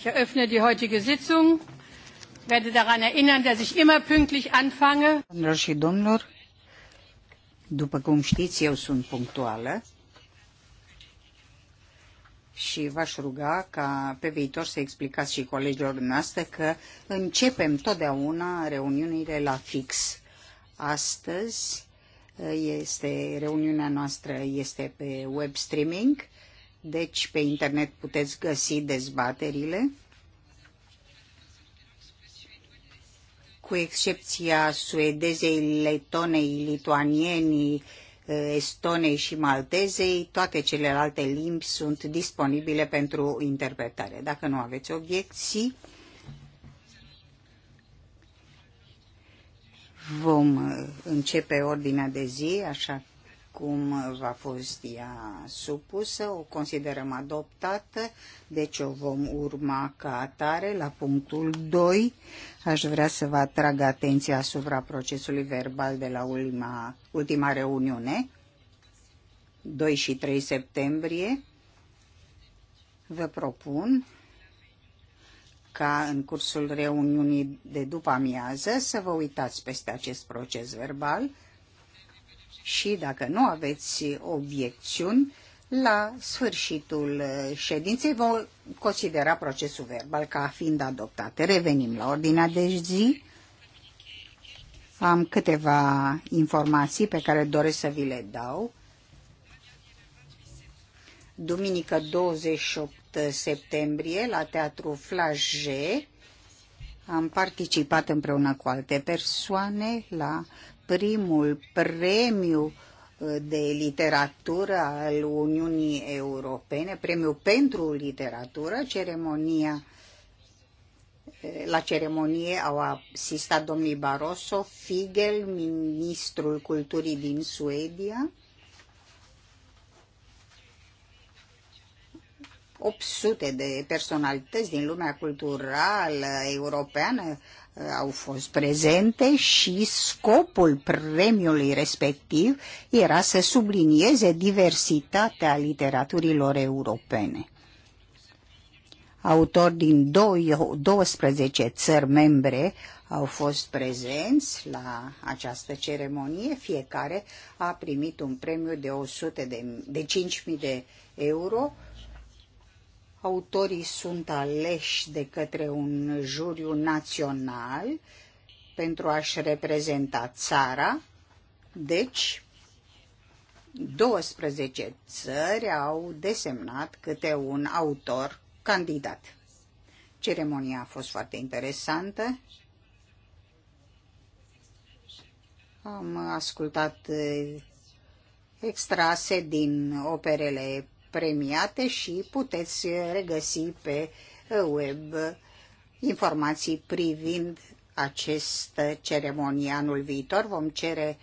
Ich eröffne die heutige Sitzung. Werde daran erinnern, dass ich immer pünktlich anfange. după cum știți, eu sunt punctuală și v-aș ruga ca pe viitor să explicați și colegilor noastre că începem totdeauna reuniunile la fix. Astăzi este reuniunea noastră este pe web streaming deci pe internet puteți găsi dezbaterile. Cu excepția suedezei, letonei, lituanienii, eh, estonei și maltezei, toate celelalte limbi sunt disponibile pentru interpretare. Dacă nu aveți obiecții, vom eh, începe ordinea de zi, așa cum va fost ea supusă, o considerăm adoptată, deci o vom urma ca atare. La punctul 2 aș vrea să vă atrag atenția asupra procesului verbal de la ultima, ultima reuniune, 2 și 3 septembrie. Vă propun ca în cursul reuniunii de după amiază să vă uitați peste acest proces verbal, și dacă nu aveți obiecțiuni, la sfârșitul uh, ședinței vom considera procesul verbal ca fiind adoptat. Revenim la ordinea de zi. Am câteva informații pe care doresc să vi le dau. Duminică 28 septembrie la Teatru Flage, am participat împreună cu alte persoane la primul premiu uh, de literatură al Uniunii Europene, premiu pentru literatură, ceremonia la ceremonie au asistat domnii Barroso, Figel, ministrul culturii din Suedia, 800 de personalități din lumea culturală europeană Uh, au fost prezente și scopul premiului respectiv era să sublinieze diversitatea literaturilor europene. Autori din 12 țări membre au fost prezenți la această ceremonie. Fiecare a primit un premiu de, 100 de, de 5.000 de euro autorii sunt aleși de către un juriu național pentru a-și reprezenta țara, deci 12 țări au desemnat câte un autor candidat. Ceremonia a fost foarte interesantă. Am ascultat eh, extrase din operele premiate și puteți regăsi pe uh, web informații privind acest ceremonie anul viitor. Vom cere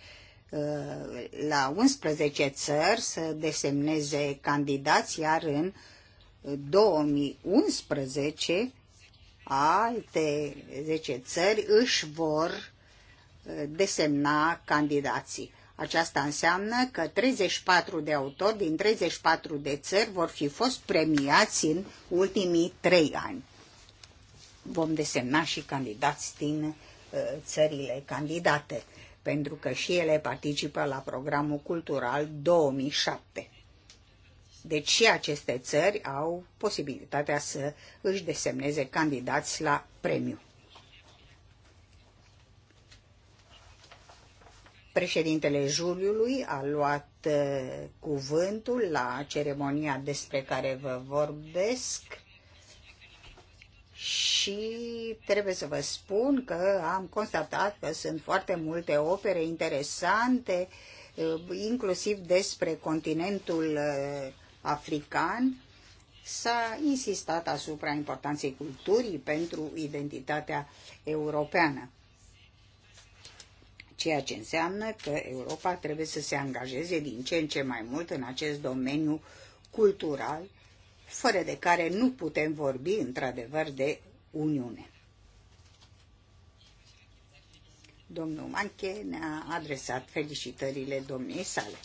uh, la 11 țări să desemneze candidați, iar în 2011 alte 10 țări își vor uh, desemna candidații. Aceasta înseamnă că 34 de autori din 34 de țări vor fi fost premiați în ultimii trei ani. Vom desemna și candidați din uh, țările candidate, pentru că și ele participă la programul cultural 2007. Deci și aceste țări au posibilitatea să își desemneze candidați la premiu. Președintele Juliului a luat uh, cuvântul la ceremonia despre care vă vorbesc și trebuie să vă spun că am constatat că sunt foarte multe opere interesante, uh, inclusiv despre continentul uh, african. S-a insistat asupra importanței culturii pentru identitatea europeană ceea ce înseamnă că Europa trebuie să se angajeze din ce în ce mai mult în acest domeniu cultural, fără de care nu putem vorbi într-adevăr de Uniune. Domnul Manche ne-a adresat felicitările domniei sale.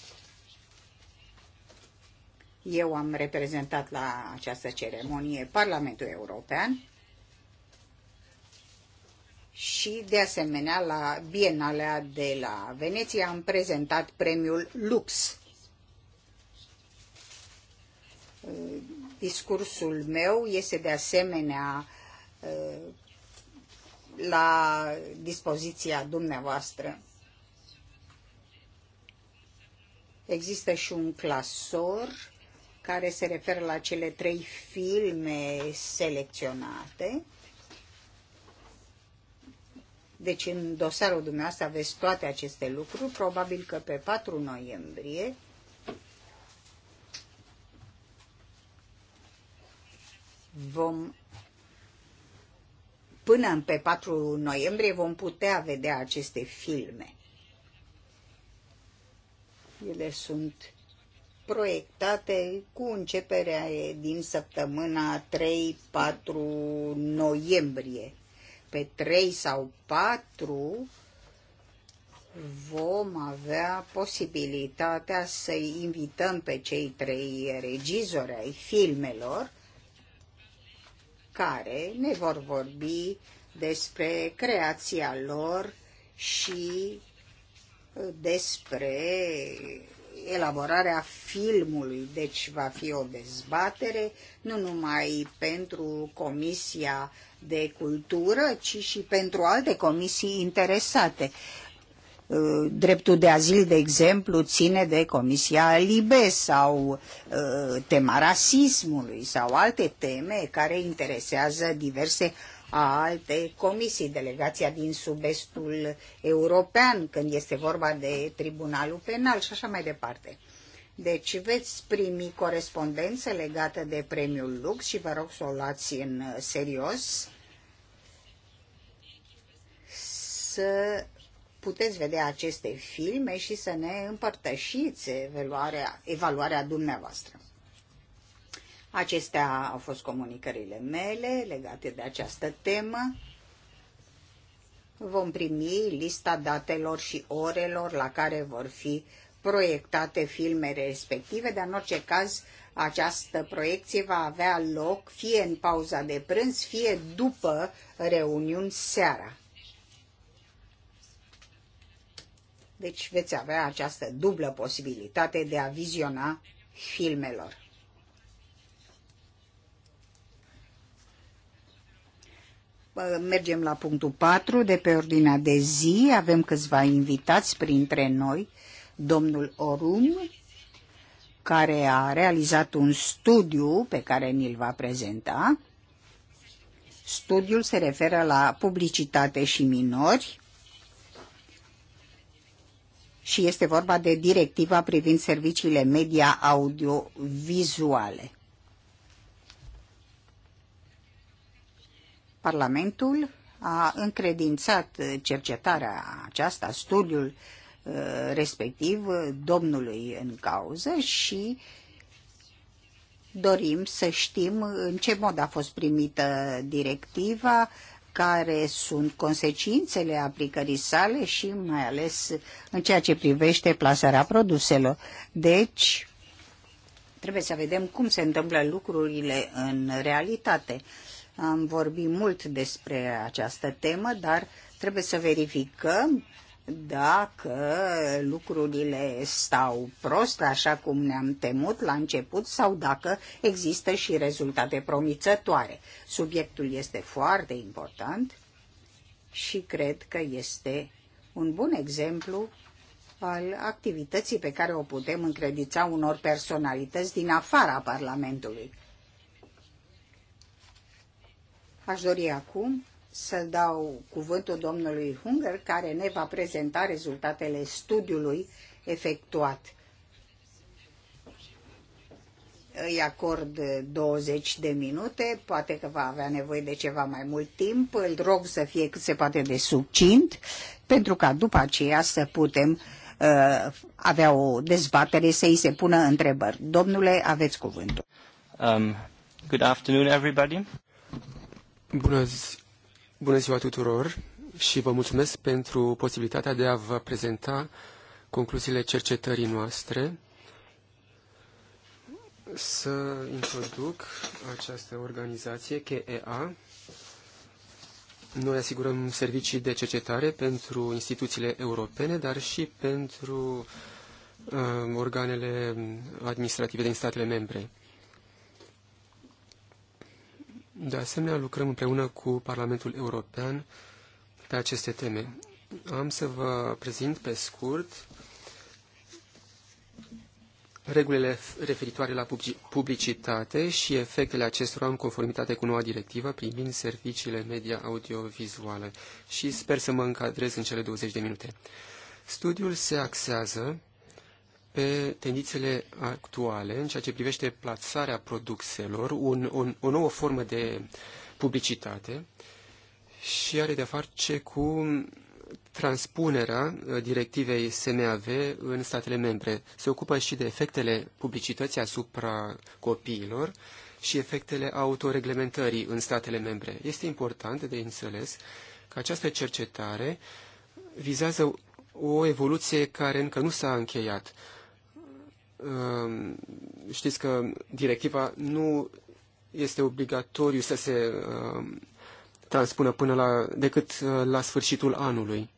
Eu am reprezentat la această ceremonie Parlamentul European și, de asemenea, la Bienalea de la Veneția am prezentat premiul Lux. Discursul meu este, de asemenea, eh, la dispoziția dumneavoastră. Există și un clasor care se referă la cele trei filme selecționate deci în dosarul dumneavoastră aveți toate aceste lucruri. Probabil că pe 4 noiembrie vom până pe 4 noiembrie vom putea vedea aceste filme. Ele sunt proiectate cu începerea din săptămâna 3-4 noiembrie pe trei sau patru vom avea posibilitatea să-i invităm pe cei trei regizori ai filmelor care ne vor vorbi despre creația lor și despre elaborarea filmului. Deci va fi o dezbatere, nu numai pentru Comisia de cultură, ci și pentru alte comisii interesate. Uh, dreptul de azil, de exemplu, ține de Comisia Libe sau uh, tema rasismului sau alte teme care interesează diverse alte comisii. Delegația din sud-estul european, când este vorba de Tribunalul Penal și așa mai departe. Deci veți primi corespondențe legate de premiul Lux și vă rog să o luați în uh, serios. Să puteți vedea aceste filme și să ne împărtășiți evaluarea, evaluarea dumneavoastră. Acestea au fost comunicările mele legate de această temă. Vom primi lista datelor și orelor la care vor fi proiectate filmele respective, dar în orice caz această proiecție va avea loc fie în pauza de prânz, fie după reuniuni seara. Deci veți avea această dublă posibilitate de a viziona filmelor. Mergem la punctul 4 de pe ordinea de zi. Avem câțiva invitați printre noi domnul Orum, care a realizat un studiu pe care ni-l va prezenta. Studiul se referă la publicitate și minori și este vorba de directiva privind serviciile media audio-vizuale. Parlamentul a încredințat cercetarea aceasta, studiul Uh, respectiv uh, domnului în cauză și dorim să știm în ce mod a fost primită directiva, care sunt consecințele aplicării sale și mai ales în ceea ce privește plasarea produselor. Deci, trebuie să vedem cum se întâmplă lucrurile în realitate. Am vorbit mult despre această temă, dar trebuie să verificăm dacă lucrurile stau prost, așa cum ne-am temut la început, sau dacă există și rezultate promițătoare. Subiectul este foarte important și cred că este un bun exemplu al activității pe care o putem încredița unor personalități din afara Parlamentului. Aș dori acum să dau cuvântul domnului Hunger, care ne va prezenta rezultatele studiului efectuat. Îi acord 20 de minute, poate că va avea nevoie de ceva mai mult timp. Îl rog să fie cât se poate de succint, pentru ca după aceea să putem uh, avea o dezbatere, să îi se pună întrebări. Domnule, aveți cuvântul. Um, good afternoon, everybody. Bună zi. Bună ziua tuturor și vă mulțumesc pentru posibilitatea de a vă prezenta concluziile cercetării noastre. Să introduc această organizație, KEA. Noi asigurăm servicii de cercetare pentru instituțiile europene, dar și pentru uh, organele administrative din statele membre. De asemenea, lucrăm împreună cu Parlamentul European pe aceste teme. Am să vă prezint pe scurt regulile referitoare la publicitate și efectele acestora în conformitate cu noua directivă privind serviciile media audiovizuale și sper să mă încadrez în cele 20 de minute. Studiul se axează pe tendințele actuale în ceea ce privește plasarea produselor, un, un, o nouă formă de publicitate și are de-a face cu transpunerea uh, directivei SMAV în statele membre. Se ocupă și de efectele publicității asupra copiilor și efectele autoreglementării în statele membre. Este important de înțeles că această cercetare vizează o evoluție care încă nu s-a încheiat. Ehm, știți că directiva nu este obligatoriu să se ehm, transpună până la, decât eh, la sfârșitul anului.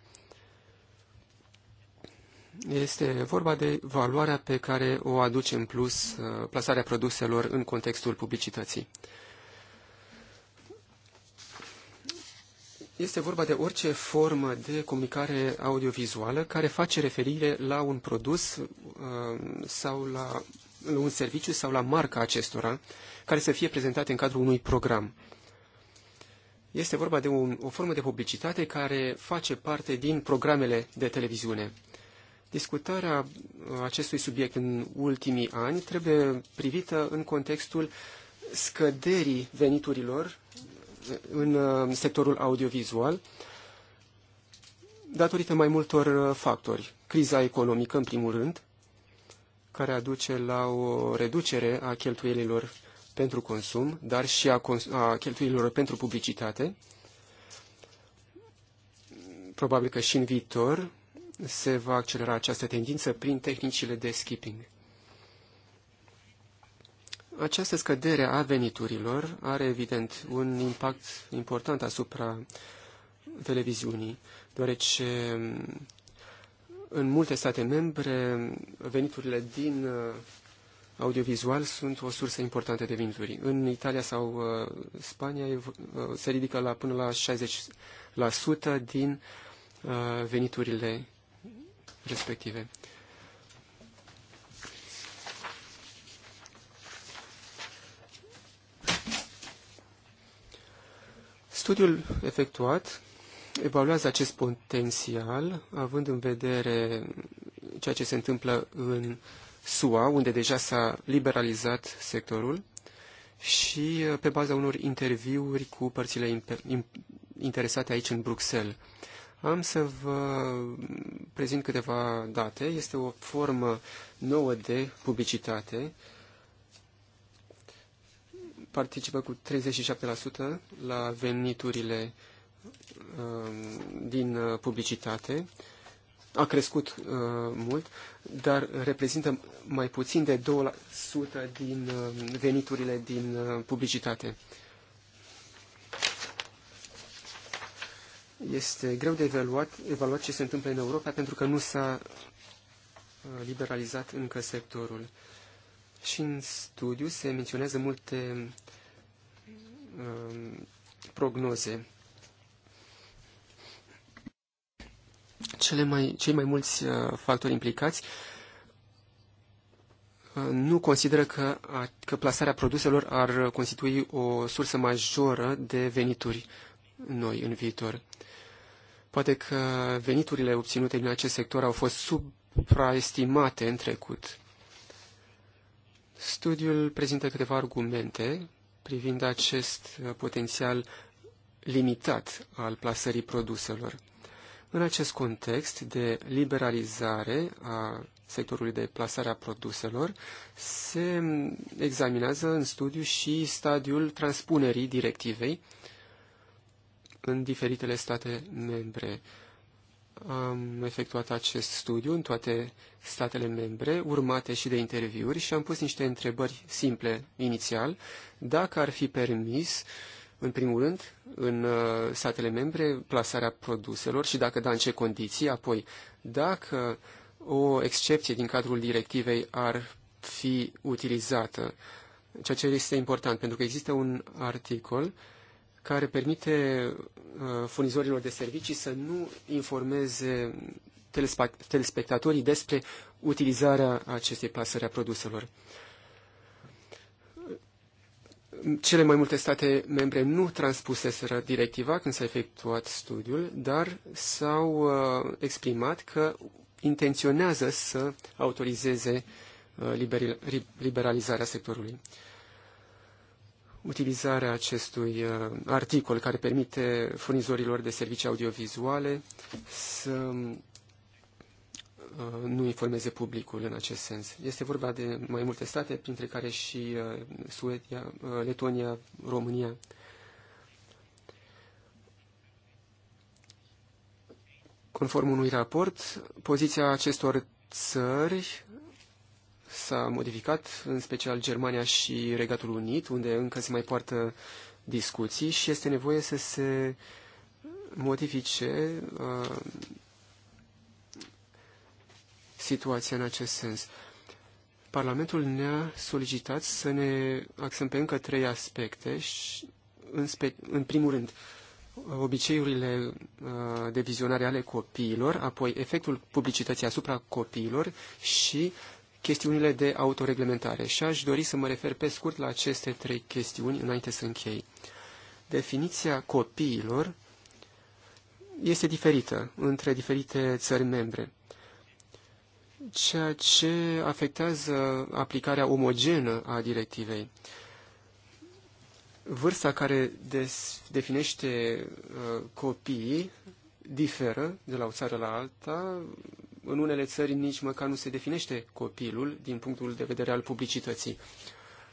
Este vorba de valoarea pe care o aduce în plus eh, plasarea produselor în contextul publicității. Este vorba de orice formă de comunicare audiovizuală care face referire la un produs uh, sau la un serviciu sau la marca acestora care să fie prezentate în cadrul unui program. Este vorba de un, o formă de publicitate care face parte din programele de televiziune. Discutarea uh, acestui subiect în ultimii ani trebuie privită în contextul scăderii veniturilor în uh, sectorul audiovizual datorită mai multor uh, factori. Criza economică, în primul rând, care aduce la o reducere a cheltuielilor pentru consum, dar și a, a cheltuielilor pentru publicitate. Probabil că și în viitor se va accelera această tendință prin tehnicile de skipping. Această scădere a veniturilor are, evident, un impact important asupra televiziunii, deoarece mm, în multe state membre veniturile din uh, audiovizual sunt o sursă importantă de venituri. În Italia sau uh, Spania uh, se ridică la până la 60% din veniturile respective. Studiul efectuat evaluează acest potențial, având în vedere ceea ce se întâmplă în SUA, unde deja s-a liberalizat sectorul, și uh, pe baza unor interviuri cu părțile interesate aici în Bruxelles. Am să vă prezint câteva date. Este o formă nouă de publicitate participă cu 37% la veniturile um, din uh, publicitate. A crescut uh, mult, dar reprezintă mai puțin de 2% din um, veniturile din uh, publicitate. Este greu de evaluat, evaluat ce se întâmplă în Europa pentru că nu s-a liberalizat încă sectorul. Și în studiu se menționează multe um, prognoze. Cele mai, cei mai mulți uh, factori implicați uh, nu consideră că, că plasarea produselor ar constitui o sursă majoră de venituri noi în viitor. Poate că veniturile obținute din acest sector au fost supraestimate în trecut. Studiul prezintă câteva argumente privind acest uh, potențial limitat al plasării produselor. În acest context de liberalizare a sectorului de plasare a produselor, se examinează în studiu și stadiul transpunerii directivei în diferitele state membre am efectuat acest studiu în toate statele membre, urmate și de interviuri, și am pus niște întrebări simple inițial, dacă ar fi permis, în primul rând, în uh, statele membre, plasarea produselor și dacă da, în ce condiții, apoi dacă o excepție din cadrul directivei ar fi utilizată, ceea ce este important, pentru că există un articol uh, care permite uh, furnizorilor de servicii să nu informeze telespectatorii despre utilizarea acestei pasări a produselor. Cele mai multe state membre nu transpuseseră directiva când s-a efectuat studiul, dar s-au uh, exprimat că intenționează să autorizeze uh, liberalizarea sectorului utilizarea acestui uh, articol care permite furnizorilor de servicii audiovizuale să uh, nu informeze publicul în acest sens. Este vorba de mai multe state, printre care și uh, Suedia, Letonia, România. Conform unui raport, poziția acestor țări s-a modificat, în special Germania și Regatul Unit, unde încă se mai poartă discuții și este nevoie să se modifice uh, situația în acest sens. Parlamentul ne-a solicitat să ne axăm pe încă trei aspecte și, în, spe, în primul rând, obiceiurile uh, de vizionare ale copiilor, apoi efectul publicității asupra copiilor și chestiunile de autoreglementare și aș dori să mă refer pe scurt la aceste trei chestiuni înainte să închei. Definiția copiilor este diferită între diferite țări membre, ceea ce afectează aplicarea omogenă a directivei. Vârsta care definește uh, copiii diferă de la o țară la alta, în unele țări nici măcar nu se definește copilul din punctul de vedere al publicității.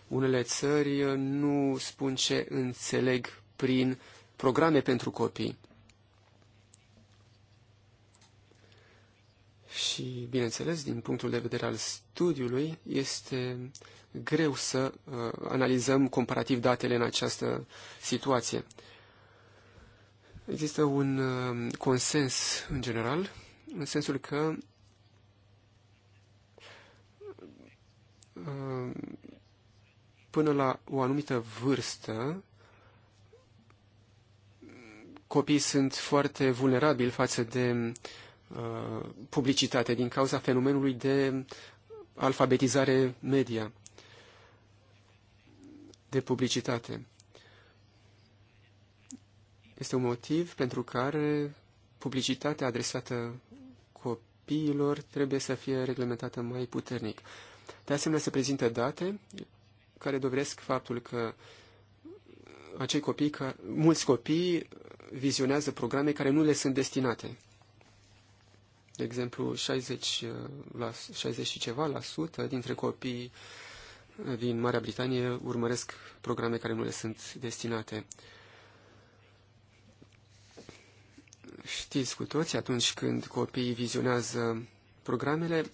Unele țări uh, nu spun ce înțeleg prin programe pentru copii. Și, bineînțeles, din punctul de vedere al studiului, este greu să uh, analizăm comparativ datele în această situație. Există un uh, consens în general în sensul că uh, până la o anumită vârstă, copiii sunt foarte vulnerabili față de uh, publicitate din cauza fenomenului de alfabetizare media, de publicitate. Este un motiv pentru care publicitatea adresată copiilor trebuie să fie reglementată mai puternic. De asemenea, se prezintă date care dovedesc faptul că acei copii, că mulți copii vizionează programe care nu le sunt destinate. De exemplu, 60, la, 60 și ceva la sută dintre copii din Marea Britanie urmăresc programe care nu le sunt destinate. știți cu toți, atunci când copiii vizionează programele,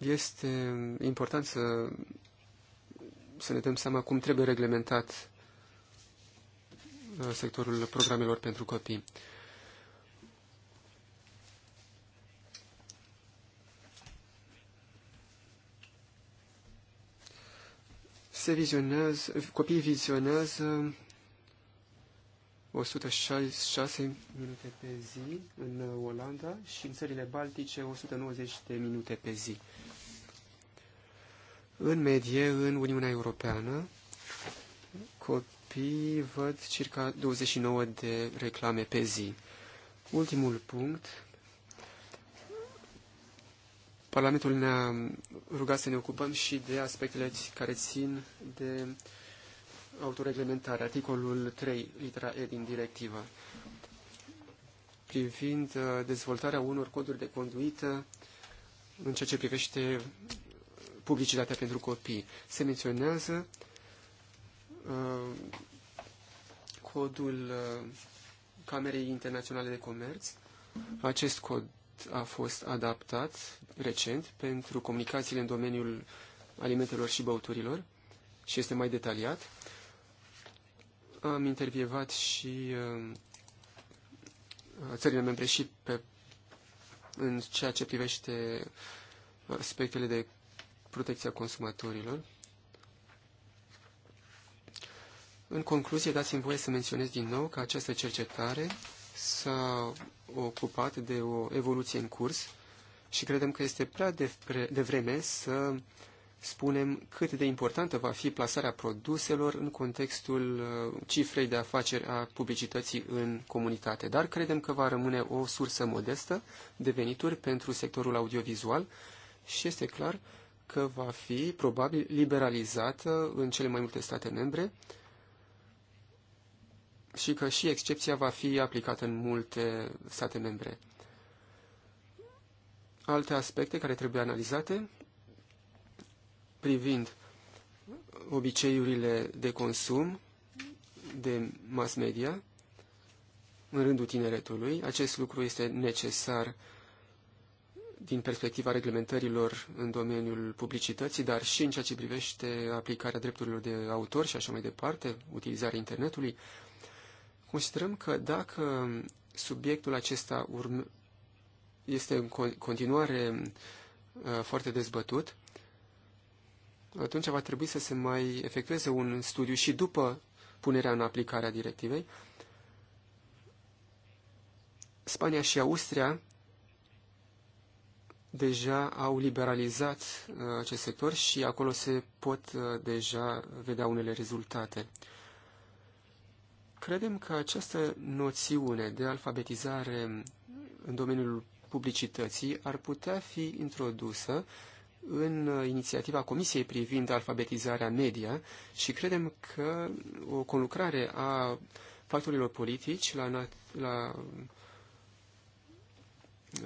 este important să, să ne dăm seama cum trebuie reglementat uh, sectorul programelor pentru copii. Se vizionează, copiii vizionează 106 minute pe zi în Olanda și în țările Baltice 190 de minute pe zi. În medie, în Uniunea Europeană, copiii văd circa 29 de reclame pe zi. Ultimul punct. Parlamentul ne-a rugat să ne ocupăm și de aspectele care țin de uh, autoreglementare, articolul 3, litera E din directivă, privind uh, dezvoltarea unor coduri de conduită în ceea ce privește publicitatea pentru copii. Se menționează uh, codul uh, Camerei Internaționale de Comerț. Acest cod a fost adaptat recent pentru comunicațiile în domeniul alimentelor și băuturilor și este mai detaliat. Am intervievat și uh, uh, țările membre și pe, în ceea ce privește uh, aspectele de protecția consumatorilor. În concluzie, dați-mi voie să menționez din nou că această cercetare s-a ocupat de o evoluție în curs și credem că este prea de, de vreme să spunem cât de importantă va fi plasarea produselor în contextul uh, cifrei de afaceri a publicității în comunitate, dar credem că va rămâne o sursă modestă de venituri pentru sectorul audiovizual și este clar că va fi probabil liberalizată în cele mai multe state membre și că și excepția va fi aplicată în multe state membre. Alte aspecte care trebuie analizate privind obiceiurile de consum de mass media în rândul tineretului. Acest lucru este necesar din perspectiva reglementărilor în domeniul publicității, dar și în ceea ce privește aplicarea drepturilor de autor și așa mai departe, utilizarea internetului, considerăm că dacă subiectul acesta urme, este în continuare uh, foarte dezbătut, atunci va trebui să se mai efectueze un studiu și după punerea în aplicare a directivei. Spania și Austria deja au liberalizat uh, acest sector și acolo se pot uh, deja vedea unele rezultate. Credem că această noțiune de alfabetizare în domeniul publicității ar putea fi introdusă în inițiativa Comisiei privind alfabetizarea media și credem că o conlucrare a factorilor politici la, la,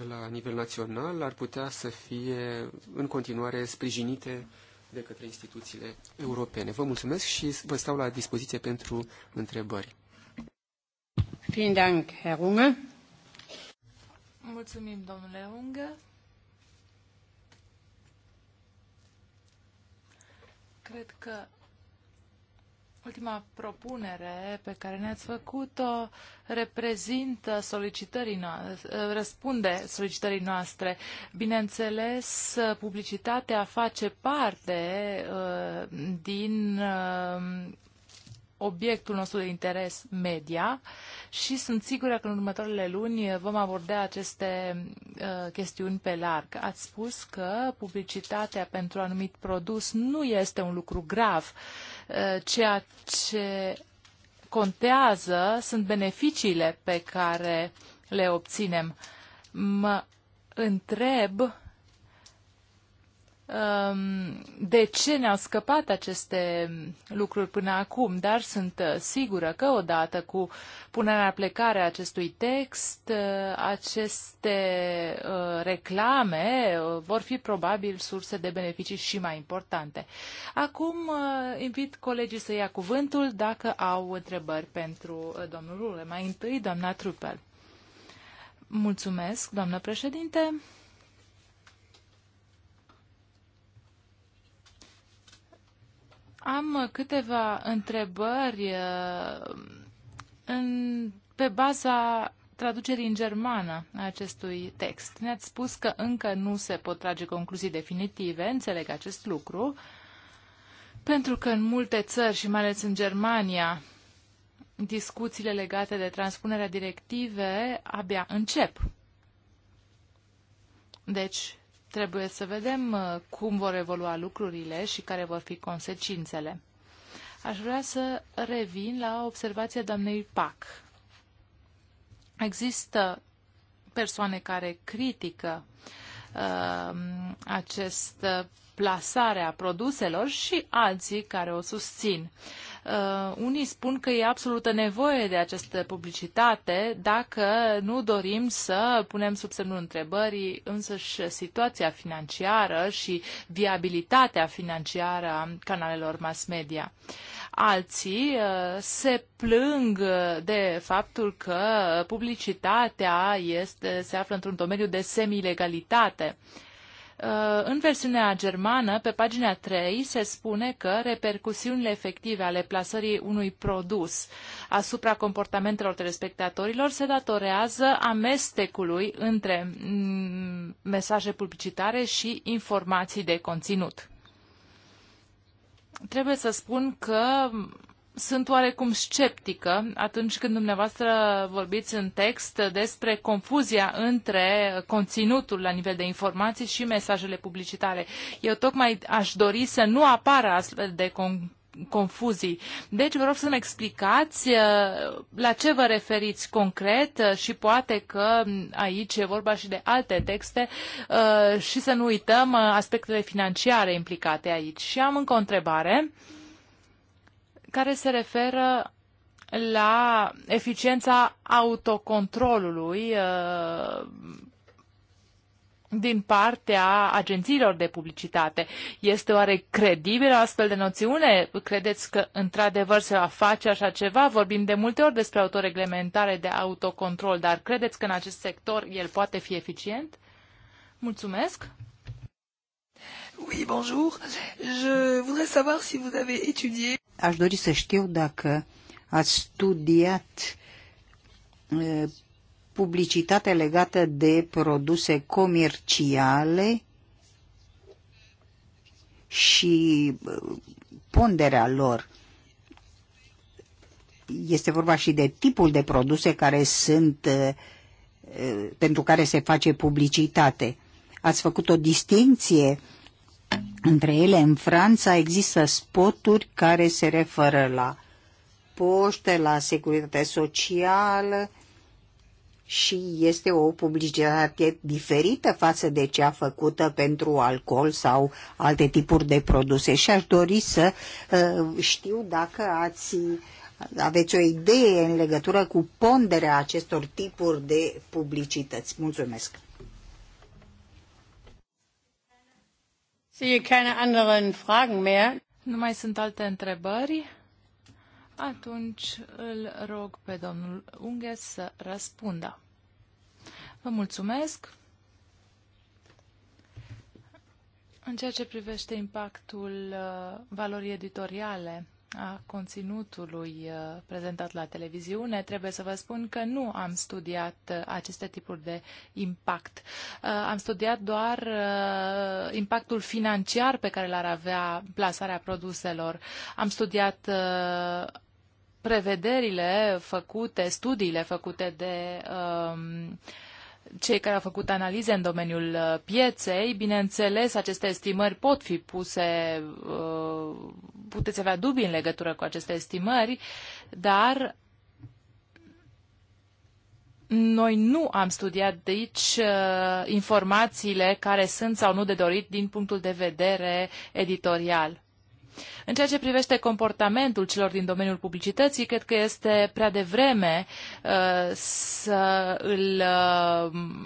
la nivel național ar putea să fie în continuare sprijinite de către instituțiile europene. Vă mulțumesc și vă stau la dispoziție pentru întrebări. Vielen Dank, Herr Runge. Mulțumim, domnule Unge. Cred că ultima propunere pe care ne-ați făcut-o reprezintă solicitării noastre, răspunde solicitării noastre. Bineînțeles, publicitatea face parte uh, din uh, obiectul nostru de interes media și sunt sigură că în următoarele luni vom aborda aceste uh, chestiuni pe larg. Ați spus că publicitatea pentru anumit produs nu este un lucru grav, uh, ceea ce contează sunt beneficiile pe care le obținem. Mă întreb Um, de ce ne-au scăpat aceste lucruri până acum, dar sunt uh, sigură că odată cu punerea în plecare a acestui text, uh, aceste uh, reclame vor fi probabil surse de beneficii și mai importante. Acum invit colegii să ia cuvântul dacă au întrebări pentru domnul Rule. Mai întâi, doamna Trupel. Mulțumesc, doamnă președinte. Am uh, câteva întrebări uh, în, pe baza traducerii în germană a acestui text. Ne-ați spus că încă nu se pot trage concluzii definitive, înțeleg acest lucru, pentru că în multe țări și mai ales în Germania discuțiile legate de transpunerea directive abia încep. Deci, Trebuie să vedem uh, cum vor evolua lucrurile și care vor fi consecințele. Aș vrea să revin la observația doamnei Pac. Există persoane care critică uh, acest uh, plasare a produselor și alții care o susțin. Uh, Uh, unii spun că e absolută nevoie de această publicitate dacă nu dorim să punem sub semnul întrebării însăși situația financiară și viabilitatea financiară a canalelor mass media. Alții uh, se plâng de faptul că publicitatea este, se află într-un domeniu de semi-legalitate. Uh, în versiunea germană, pe pagina 3, se spune că repercusiunile efective ale plasării unui produs asupra comportamentelor telespectatorilor se datorează amestecului între mm, mesaje publicitare și informații de conținut. Trebuie să spun că sunt oarecum sceptică atunci când dumneavoastră vorbiți în text despre confuzia între conținutul la nivel de informații și mesajele publicitare. Eu tocmai aș dori să nu apară astfel de con- confuzii. Deci vă rog să-mi explicați uh, la ce vă referiți concret uh, și poate că aici e vorba și de alte texte uh, și să nu uităm aspectele financiare implicate aici. Și am încă o întrebare. Uh, care se referă la eficiența autocontrolului uh, din partea agențiilor de publicitate. Este oare credibilă astfel de noțiune? Credeți că într-adevăr se va face așa ceva? Vorbim de multe ori despre autoreglementare, de autocontrol, dar credeți că în acest sector el poate fi eficient? Mulțumesc! Oui, bonjour. Je voudrais savoir si vous avez étudié. Aș dori să știu dacă ați studiat publicitate legată de produse comerciale și ponderea lor. Este vorba și de tipul de produse care sunt pentru care se face publicitate. Ați făcut o distinție între ele, în Franța, există spoturi care se referă la poște, la securitate socială și este o publicitate diferită față de cea făcută pentru alcool sau alte tipuri de produse. Și aș dori să uh, știu dacă ați aveți o idee în legătură cu ponderea acestor tipuri de publicități. Mulțumesc! Sehe keine anderen Fragen mehr. Nu mai sunt alte întrebări. Atunci îl rog pe domnul Unghe să răspundă. Vă mulțumesc. În ceea ce privește impactul uh, valorii editoriale a conținutului uh, prezentat la televiziune, trebuie să vă spun că nu am studiat uh, aceste tipuri de impact. Uh, am studiat doar impactul financiar pe care l-ar avea plasarea produselor. Am studiat prevederile făcute, studiile făcute de um, cei care au făcut analize în domeniul pieței, bineînțeles, aceste estimări pot fi puse puteți avea dubii în legătură cu aceste estimări, dar noi nu am studiat de aici uh, informațiile care sunt sau nu de dorit din punctul de vedere editorial. În ceea ce privește comportamentul celor din domeniul publicității, cred că este prea devreme uh, să îl uh,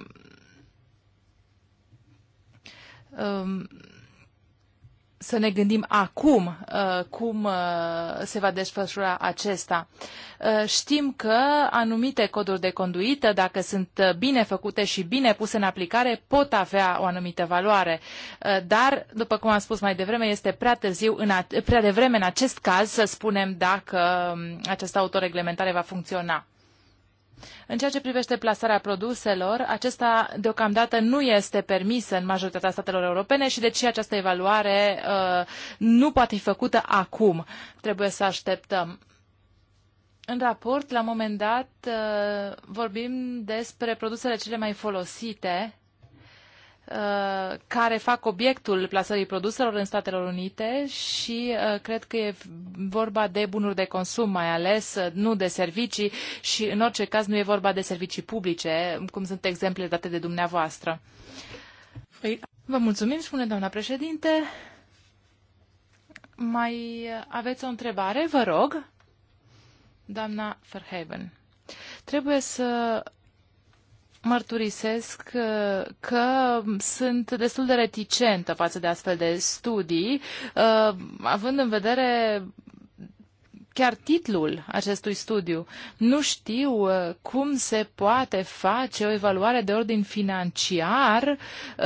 um, să ne gândim acum uh, cum uh, se va desfășura acesta. Uh, știm că anumite coduri de conduită, dacă sunt bine făcute și bine puse în aplicare, pot avea o anumită valoare. Dar, după cum am spus mai devreme, este prea târziu, în a, prea devreme în acest caz să spunem dacă um, această autoreglementare va funcționa. În ceea ce privește plasarea produselor, acesta deocamdată nu este permis în majoritatea statelor europene și deci această evaluare uh, nu poate fi făcută acum. Trebuie să așteptăm. În raport, la un moment dat, uh, vorbim despre produsele cele mai folosite Uh, care fac obiectul plasării produselor în Statele Unite și uh, cred că e vorba de bunuri de consum mai ales, uh, nu de servicii și în orice caz nu e vorba de servicii publice, cum sunt exemplele date de dumneavoastră. Păi- vă mulțumim, spune doamna președinte. Mai aveți o întrebare, vă rog? Doamna Verheven. Trebuie să mărturisesc uh, că sunt destul de reticentă față de astfel de studii, uh, având în vedere chiar titlul acestui studiu. Nu știu uh, cum se poate face o evaluare de ordin financiar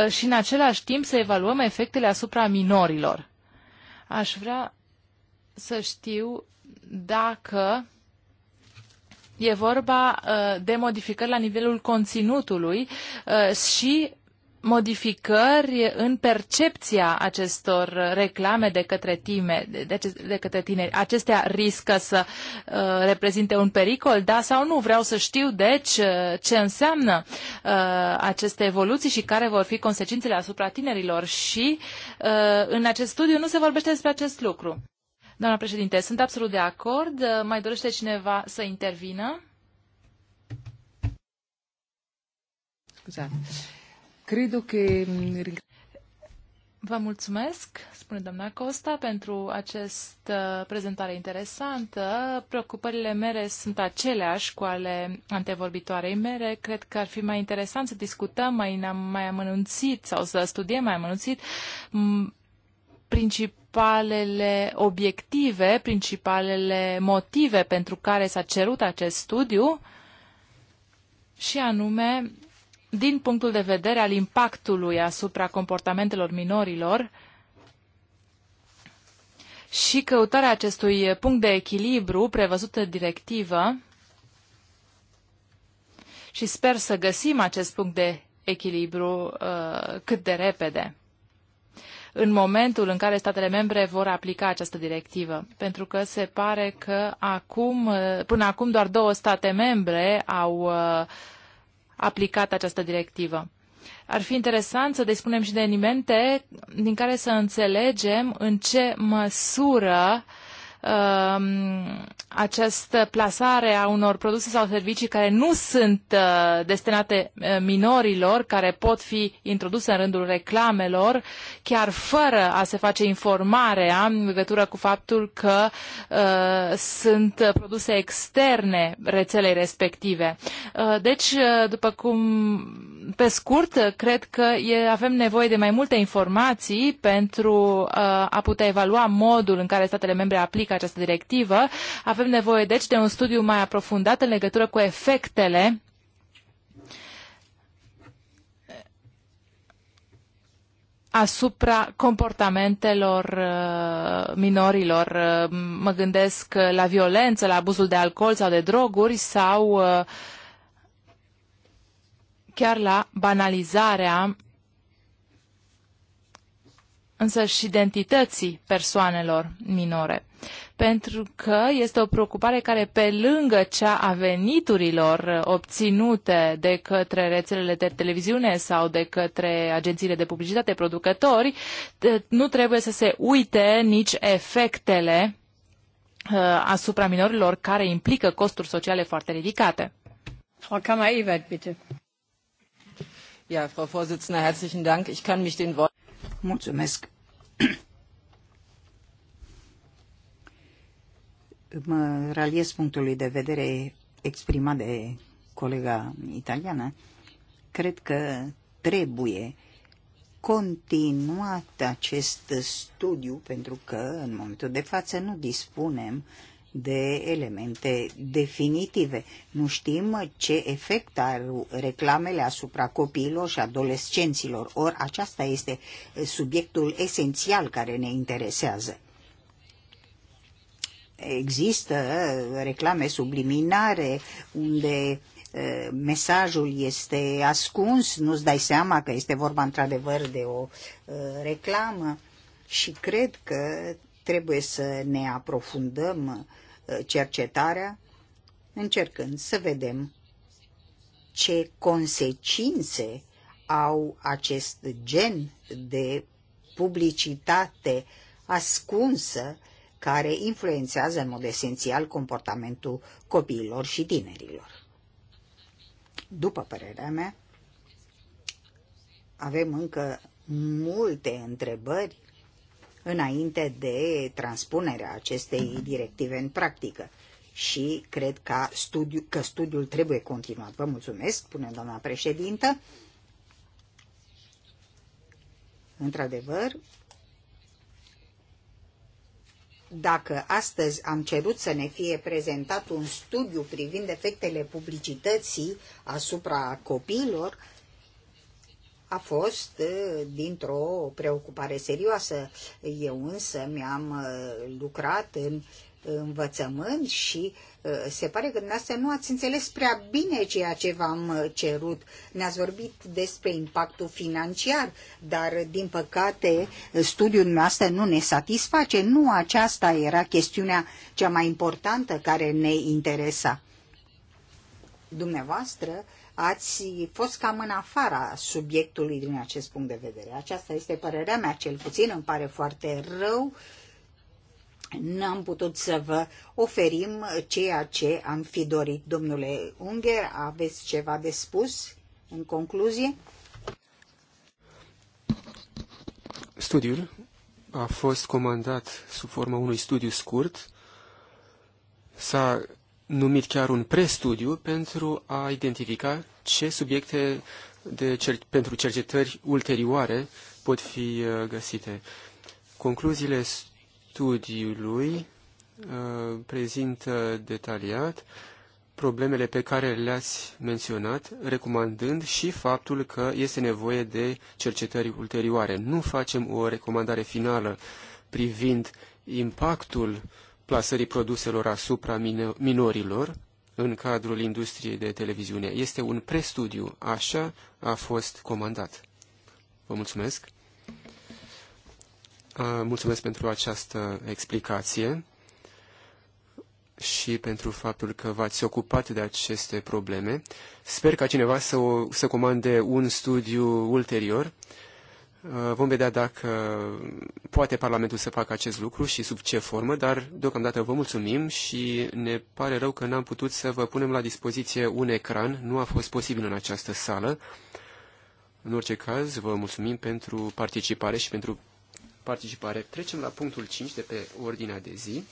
și în același timp să evaluăm efectele asupra minorilor. Aș vrea să știu dacă E vorba uh, de modificări la nivelul conținutului uh, și modificări în percepția acestor reclame de către, time, de, de către tineri. Acestea riscă să uh, reprezinte un pericol, da sau nu? Vreau să știu, deci, uh, ce înseamnă uh, aceste evoluții și care vor fi consecințele asupra tinerilor. Și uh, în acest studiu nu se vorbește despre acest lucru. Doamna președinte, sunt absolut de acord. Mai dorește cineva să intervină? Scuzați. Cred că... Mm, Vă mulțumesc, spune doamna Costa, pentru această prezentare interesantă. Preocupările mele sunt aceleași cu ale antevorbitoarei mele. Cred că ar fi mai interesant să discutăm mai, mai amănunțit sau să studiem mai amănunțit princip principalele obiective, principalele motive pentru care s-a cerut acest studiu și anume din punctul de vedere al impactului asupra comportamentelor minorilor și căutarea acestui punct de echilibru prevăzut de directivă și sper să găsim acest punct de echilibru uh, cât de repede în momentul în care statele membre vor aplica această directivă. Pentru că se pare că acum, uh, până acum doar două state membre au uh, aplicat această directivă. Ar fi interesant să dispunem și de elemente din care să înțelegem în ce măsură uh, Um, această plasare a unor produse sau servicii care nu sunt uh, destinate uh, minorilor, care pot fi introduse în rândul reclamelor, chiar fără a se face informarea în legătură cu faptul că uh, sunt produse externe rețelei respective. deci, după cum pe scurt, cred că e, avem nevoie de mai multe informații pentru a putea evalua modul în care statele membre aplică aplică această directivă. Avem nevoie, deci, de un studiu mai aprofundat în legătură cu efectele asupra comportamentelor uh, minorilor. Uh, mă gândesc uh, la violență, la abuzul de alcool sau de droguri sau chiar la banalizarea însă și identității persoanelor minore pentru că este o preocupare care, pe lângă cea a veniturilor uh, obținute de către rețelele de televiziune sau de către agențiile de publicitate producători, nu trebuie să se uite nici efectele uh, asupra minorilor care implică costuri sociale foarte ridicate. Frau Kammer-Ebert, bitte. Ja, Frau Vorsitzende, herzlichen Dank. Ich kann mich den Worten... Mulțumesc. mă raliez punctului de vedere exprimat de colega italiană. Cred că trebuie continuat acest studiu pentru că în momentul de față nu dispunem de elemente definitive. Nu știm ce efect ar reclamele asupra copiilor și adolescenților. Ori aceasta este subiectul esențial care ne interesează există reclame subliminare unde mesajul este ascuns, nu-ți dai seama că este vorba într-adevăr de o reclamă și cred că trebuie să ne aprofundăm cercetarea încercând să vedem ce consecințe au acest gen de publicitate ascunsă care influențează în mod esențial comportamentul copiilor și tinerilor. După părerea mea, avem încă multe întrebări înainte de transpunerea acestei directive în practică și cred că, studiu, că studiul trebuie continuat. Vă mulțumesc, spune doamna președintă. Într-adevăr, dacă astăzi am cerut să ne fie prezentat un studiu privind efectele publicității asupra copiilor, a fost uh, dintr-o preocupare serioasă. Eu însă mi-am uh, lucrat în învățământ și uh, se pare că dumneavoastră nu ați înțeles prea bine ceea ce v-am uh, cerut. Ne-ați vorbit despre impactul financiar, dar uh, din păcate studiul dumneavoastră nu ne satisface. Nu aceasta era chestiunea cea mai importantă care ne interesa. Dumneavoastră ați fost cam în afara subiectului din acest punct de vedere. Aceasta este părerea mea, cel puțin îmi pare foarte rău uh, n-am putut să vă oferim ceea ce am fi dorit. Domnule Unger, aveți ceva de spus în concluzie? Studiul a fost comandat sub forma unui studiu scurt. S-a numit chiar un prestudiu pentru a identifica ce subiecte de cer pentru cercetări ulterioare pot fi uh, găsite. Concluziile studiului uh, prezintă detaliat problemele pe care le-ați menționat, recomandând și faptul că este nevoie de cercetări ulterioare. Nu facem o recomandare finală privind impactul plasării produselor asupra minorilor în cadrul industriei de televiziune. Este un prestudiu. Așa a fost comandat. Vă mulțumesc. Mulțumesc pentru această explicație și pentru faptul că v-ați ocupat de aceste probleme. Sper ca cineva să, o, să comande un studiu ulterior. Vom vedea dacă poate Parlamentul să facă acest lucru și sub ce formă, dar deocamdată vă mulțumim și ne pare rău că n-am putut să vă punem la dispoziție un ecran. Nu a fost posibil în această sală. În orice caz, vă mulțumim pentru participare și pentru participare. Trecem la punctul 5 de pe ordinea de zi.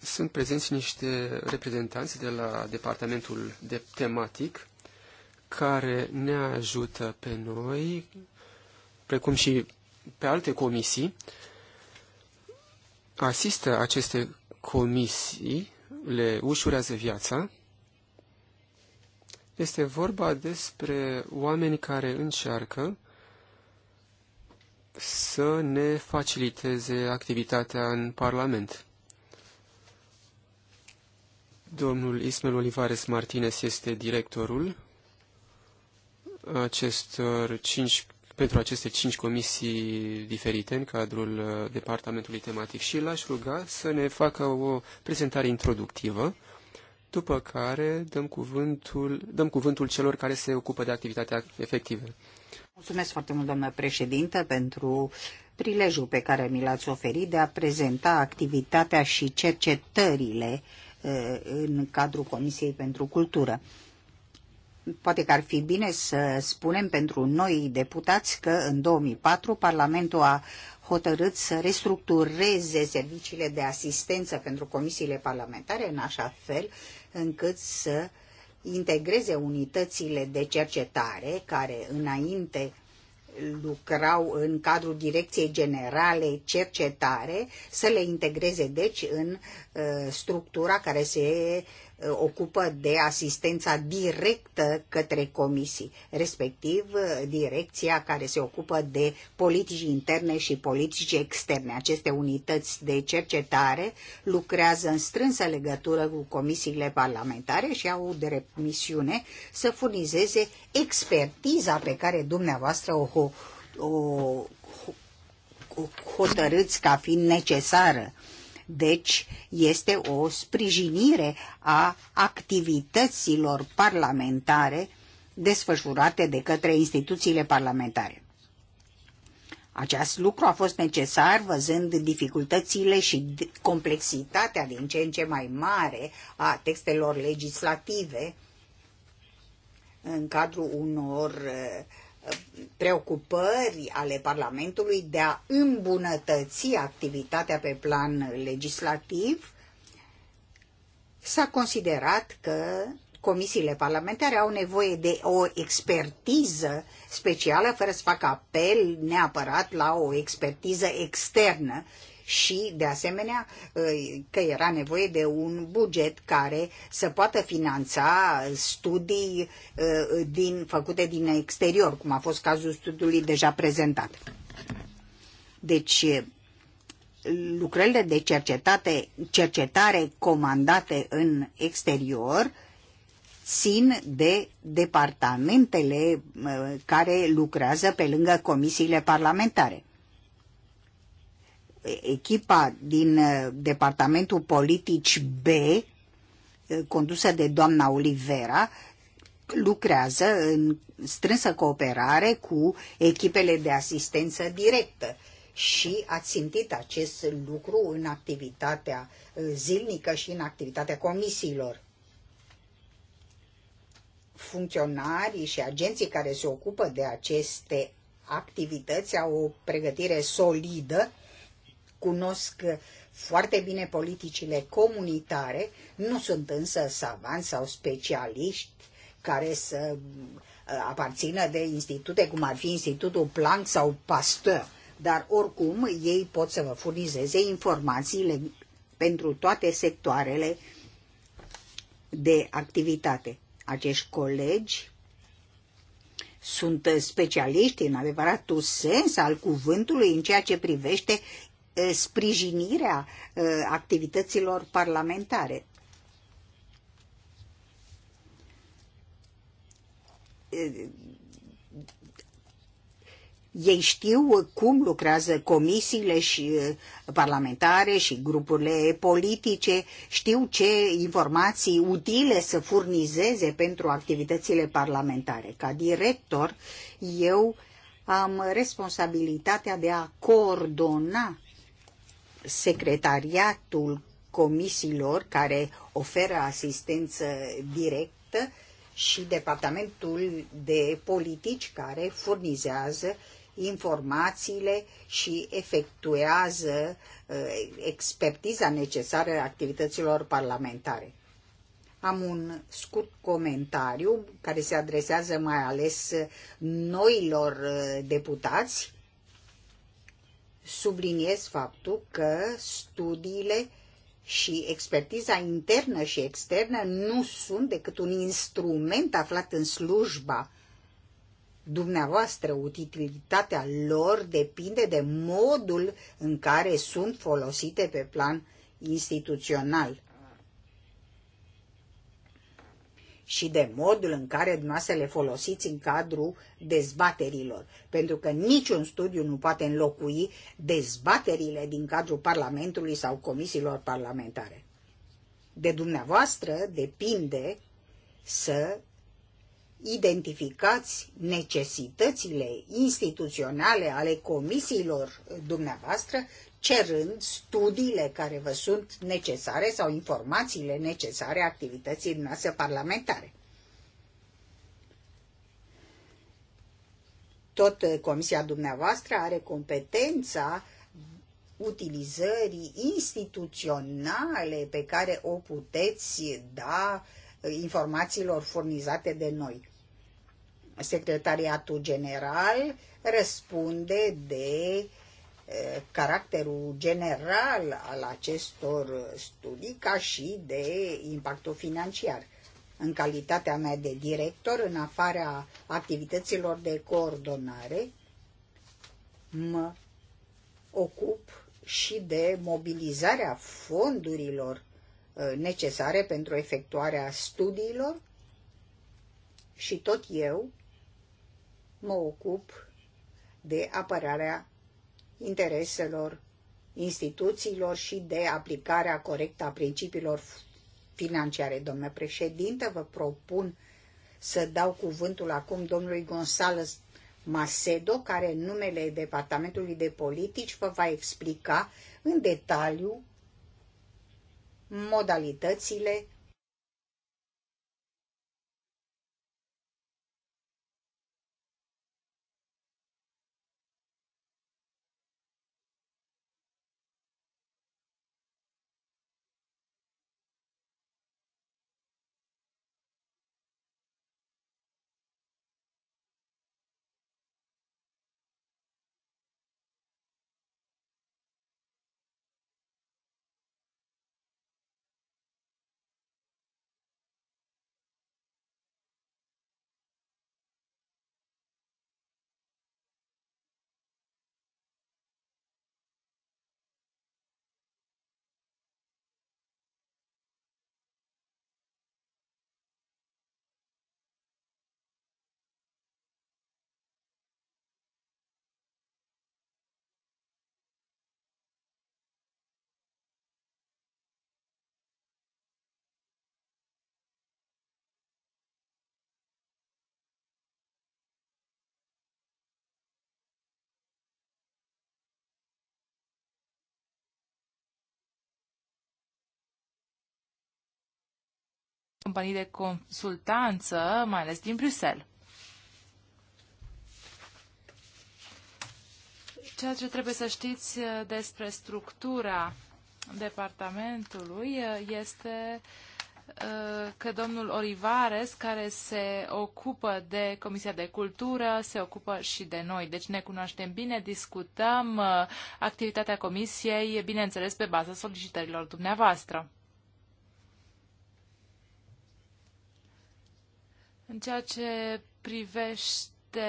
Sunt prezenți niște reprezentanți de la departamentul de tematic care ne ajută pe noi, precum și pe alte comisii, asistă aceste comisii le ușurează viața. Este vorba despre oameni care încearcă să ne faciliteze activitatea în Parlament. Domnul Ismel Olivares Martinez este directorul acestor cinci pentru aceste cinci comisii diferite în cadrul uh, departamentului tematic și l-aș ruga să ne facă o prezentare introductivă, după care dăm cuvântul, dăm cuvântul celor care se ocupă de activitatea efectivă. Mulțumesc foarte mult, doamnă președintă, pentru prilejul pe care mi l-ați oferit de a prezenta activitatea și cercetările uh, în cadrul Comisiei pentru Cultură. Poate că ar fi bine să spunem pentru noi deputați că în 2004 Parlamentul a hotărât să restructureze serviciile de asistență pentru comisiile parlamentare în așa fel încât să integreze unitățile de cercetare care înainte lucrau în cadrul Direcției Generale Cercetare, să le integreze deci în uh, structura care se Uh, ocupă de asistența directă către comisii, respectiv uh, direcția care se ocupă de politici interne și politici externe. Aceste unități de cercetare lucrează în strânsă legătură cu comisiile parlamentare și au de misiune să furnizeze expertiza pe care dumneavoastră o, o, o hotărâți ca fiind necesară uh, deci este o sprijinire a activităților parlamentare desfășurate de către instituțiile parlamentare. Acest lucru a fost necesar văzând dificultățile și complexitatea din ce în ce mai mare a textelor legislative în cadrul unor uh, preocupări ale Parlamentului de a îmbunătăți activitatea pe plan legislativ, s-a considerat că comisiile parlamentare au nevoie de o expertiză specială, fără să facă apel neapărat la o expertiză externă și, de asemenea, că era nevoie de un buget care să poată finanța studii ă, din, făcute din exterior, cum a fost cazul studiului deja prezentat. Deci, lucrările de cercetate, cercetare comandate în exterior țin de departamentele ă, care lucrează pe lângă comisiile parlamentare echipa din uh, departamentul politici B, uh, condusă de doamna Olivera, lucrează în strânsă cooperare cu echipele de asistență directă și ați simțit acest lucru în activitatea uh, zilnică și în activitatea comisiilor. Funcționarii și agenții care se ocupă de aceste activități au o pregătire solidă cunosc foarte bine politicile comunitare, nu sunt însă savanți sau specialiști care să uh, aparțină de institute cum ar fi Institutul Planck sau Pasteur, dar oricum ei pot să vă furnizeze informațiile pentru toate sectoarele de activitate. Acești colegi sunt specialiști în adevăratul sens al cuvântului în ceea ce privește sprijinirea activităților parlamentare. Ei știu cum lucrează comisiile și parlamentare și grupurile politice, știu ce informații utile să furnizeze pentru activitățile parlamentare. Ca director, eu am responsabilitatea de a coordona secretariatul comisiilor care oferă asistență directă și departamentul de politici care furnizează informațiile și efectuează uh, expertiza necesară activităților parlamentare. Am un scurt comentariu care se adresează mai ales noilor uh, deputați subliniez faptul că studiile și expertiza internă și externă nu sunt decât un instrument aflat în slujba dumneavoastră. Utilitatea lor depinde de modul în care sunt folosite pe plan instituțional. și de modul în care dumneavoastră le folosiți în cadrul dezbaterilor. Pentru că niciun studiu nu poate înlocui dezbaterile din cadrul Parlamentului sau comisiilor parlamentare. De dumneavoastră depinde să identificați necesitățile instituționale ale comisiilor dumneavoastră cerând studiile care vă sunt necesare sau informațiile necesare activității noastre parlamentare. Tot eh, comisia dumneavoastră are competența utilizării instituționale pe care o puteți da eh, informațiilor furnizate de noi. Secretariatul General răspunde de caracterul general al acestor studii ca și de impactul financiar. În calitatea mea de director, în afara activităților de coordonare, mă ocup și de mobilizarea fondurilor necesare pentru efectuarea studiilor și tot eu mă ocup de apărarea intereselor instituțiilor și de aplicarea corectă a principiilor financiare. Domnule președinte, vă propun să dau cuvântul acum domnului Gonzales Macedo, care în numele Departamentului de Politici vă va explica în detaliu modalitățile companii de consultanță, mai ales din Bruxelles. Ceea ce trebuie să știți uh, despre structura departamentului uh, este uh, că domnul Olivares, care se ocupă de Comisia de Cultură, se ocupă și de noi. Deci ne cunoaștem bine, discutăm activitatea Comisiei, bineînțeles, pe baza solicitărilor dumneavoastră. În ceea ce privește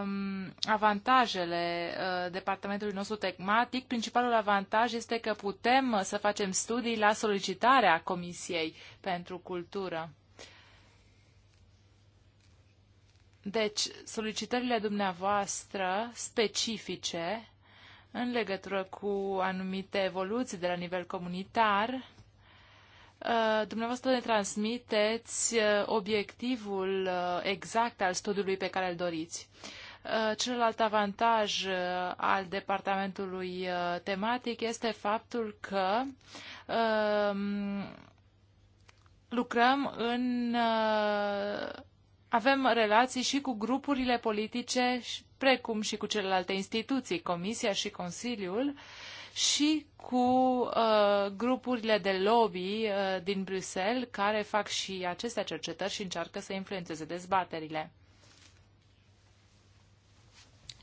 um, avantajele uh, departamentului nostru tematic, principalul avantaj este că putem uh, să facem studii la solicitarea Comisiei pentru Cultură. Deci, solicitările dumneavoastră specifice în legătură cu anumite evoluții de la nivel comunitar Uh, dumneavoastră ne transmiteți uh, obiectivul uh, exact al studiului pe care îl doriți. Celălalt avantaj al departamentului tematic este faptul că um, lucrăm în. Avem relații și cu grupurile politice, precum și cu celelalte instituții, Comisia și Consiliul, uh, și cu uh, grupurile de lobby uh, din Bruxelles care fac și aceste cercetări și încearcă să influențeze dezbaterile.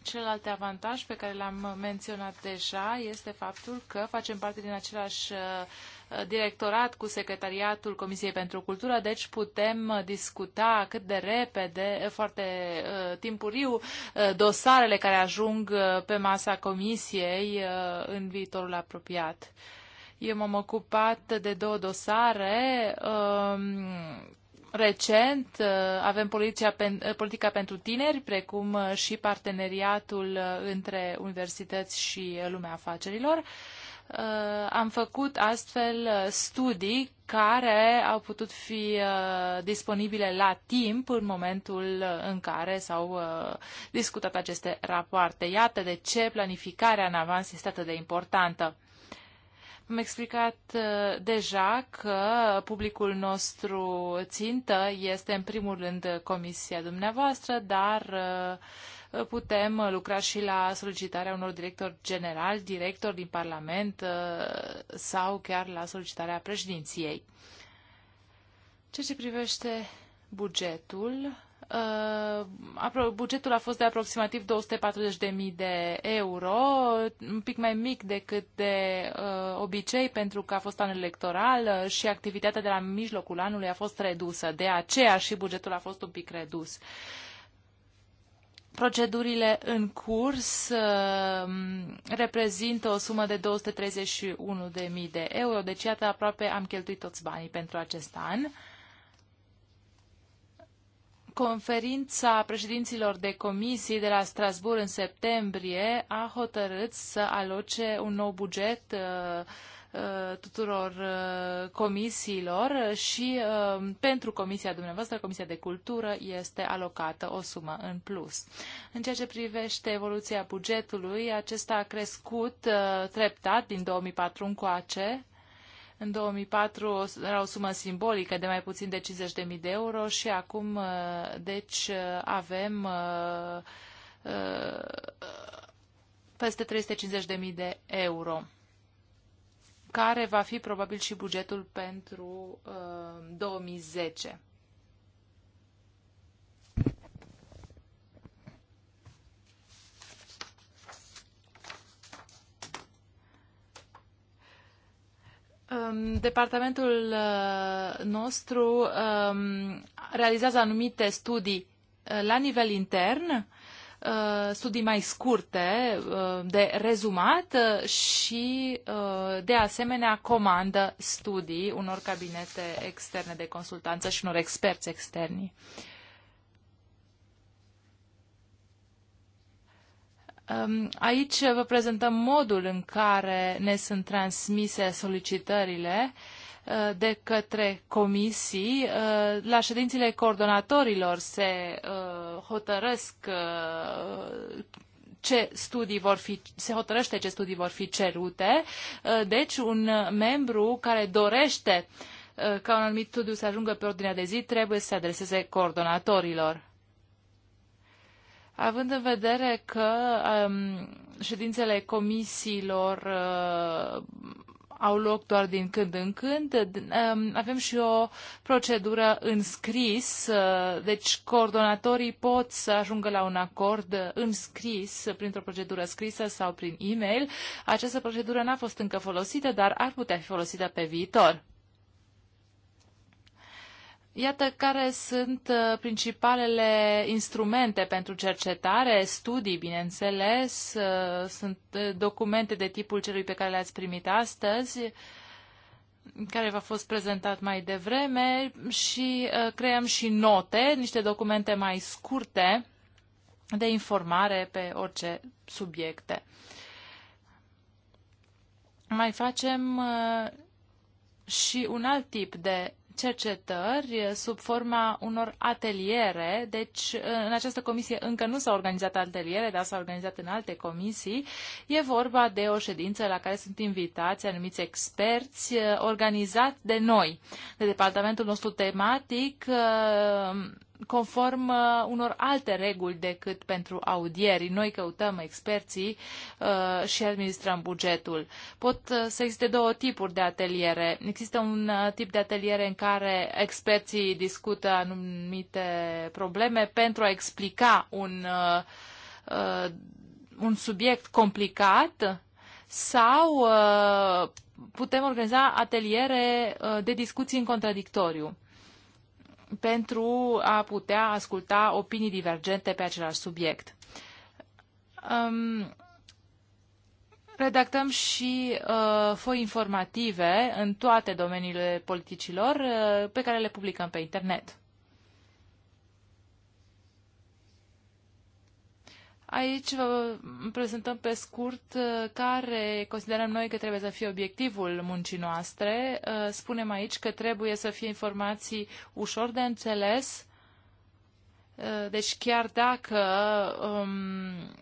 Celălalt avantaj pe care l-am menționat deja este faptul că facem parte din același uh, directorat cu Secretariatul Comisiei pentru Cultură, deci putem uh, discuta cât de repede, uh, foarte timpuriu, dosarele care ajung pe masa Comisiei în viitorul apropiat. Eu m-am ocupat de două dosare um, recent uh, avem poliția, uh, politica pentru tineri, precum uh, și parteneriatul între universități și lumea afacerilor. Am făcut astfel studii care au putut fi disponibile la timp în momentul în care s-au discutat aceste rapoarte. Iată de ce planificarea în avans este atât de importantă am explicat uh, deja că publicul nostru țintă este în primul rând comisia dumneavoastră, dar uh, putem lucra și la solicitarea unor directori generali, directori din Parlament uh, sau chiar la solicitarea președinției. Ceea ce privește bugetul, Uh, bugetul a fost de aproximativ 240.000 de euro, un pic mai mic decât de uh, obicei pentru că a fost an electoral uh, și activitatea de la mijlocul anului a fost redusă. De aceea și bugetul a fost un pic redus. Procedurile în curs uh, reprezintă o sumă de 231.000 de euro, deci iată aproape am cheltuit toți banii pentru acest an. Conferința președinților de comisii de la Strasbourg în septembrie a hotărât să aloce un nou buget uh, uh, tuturor uh, comisiilor și pentru comisia dumneavoastră, Comisia de Cultură, este alocată o sumă în plus. În ceea ce privește evoluția bugetului, acesta a crescut treptat din 2004 încoace în 2004 era o sumă simbolică de mai puțin de 50.000 de euro și acum, uh, deci, uh, avem uh, peste 350.000 de euro, care va fi probabil și bugetul pentru 2010. Ehm, departamentul eh, nostru ehm, realizează anumite studii eh, la nivel intern, eh, studii mai scurte de rezumat și de asemenea comandă studii unor cabinete externe de consultanță și unor experți externi. Aici vă prezentăm modul în care ne sunt transmise solicitările uh, de către comisii. Uh, la ședințele coordonatorilor se uh, hotărăsc ce studii vor fi, se hotărăște ce studii vor fi cerute. Deci un membru care dorește ca un anumit studiu să ajungă pe ordinea de zi trebuie să se adreseze coordonatorilor. Având în vedere că um, ședințele comisiilor uh, au loc doar din când în când, um, avem și o procedură înscris, uh, deci coordonatorii pot să ajungă la un acord înscris, printr-o procedură scrisă sau prin e-mail. Această procedură n-a fost încă folosită, dar ar putea fi folosită pe viitor. Iată care sunt uh, principalele instrumente pentru cercetare, studii, bineînțeles, uh, sunt uh, documente de tipul celui pe care le-ați primit astăzi, care v-a fost prezentat mai devreme și creăm și note, niște documente mai scurte de informare pe orice subiecte. Mai facem și un alt tip de cercetări sub forma unor ateliere. Deci, în această comisie încă nu s-au organizat ateliere, dar s-au organizat în alte comisii. E vorba de o ședință la care sunt invitați anumiți experți eh, organizat de noi, de departamentul nostru tematic eh, conform uh, unor alte reguli decât pentru audieri. Noi căutăm experții uh, și administrăm bugetul. Pot uh, să existe două tipuri de ateliere. Există un tip de ateliere în care experții discută anumite probleme pentru a explica un, un subiect complicat sau putem organiza ateliere de discuții în contradictoriu pentru a putea asculta opinii divergente pe același subiect. Um, redactăm și uh, foi informative în toate domeniile politicilor uh, pe care le publicăm pe internet. Aici vă prezentăm pe scurt uh, care considerăm noi că trebuie să fie obiectivul muncii noastre. Uh, spunem aici că trebuie să fie informații ușor de înțeles, uh, deci chiar dacă um,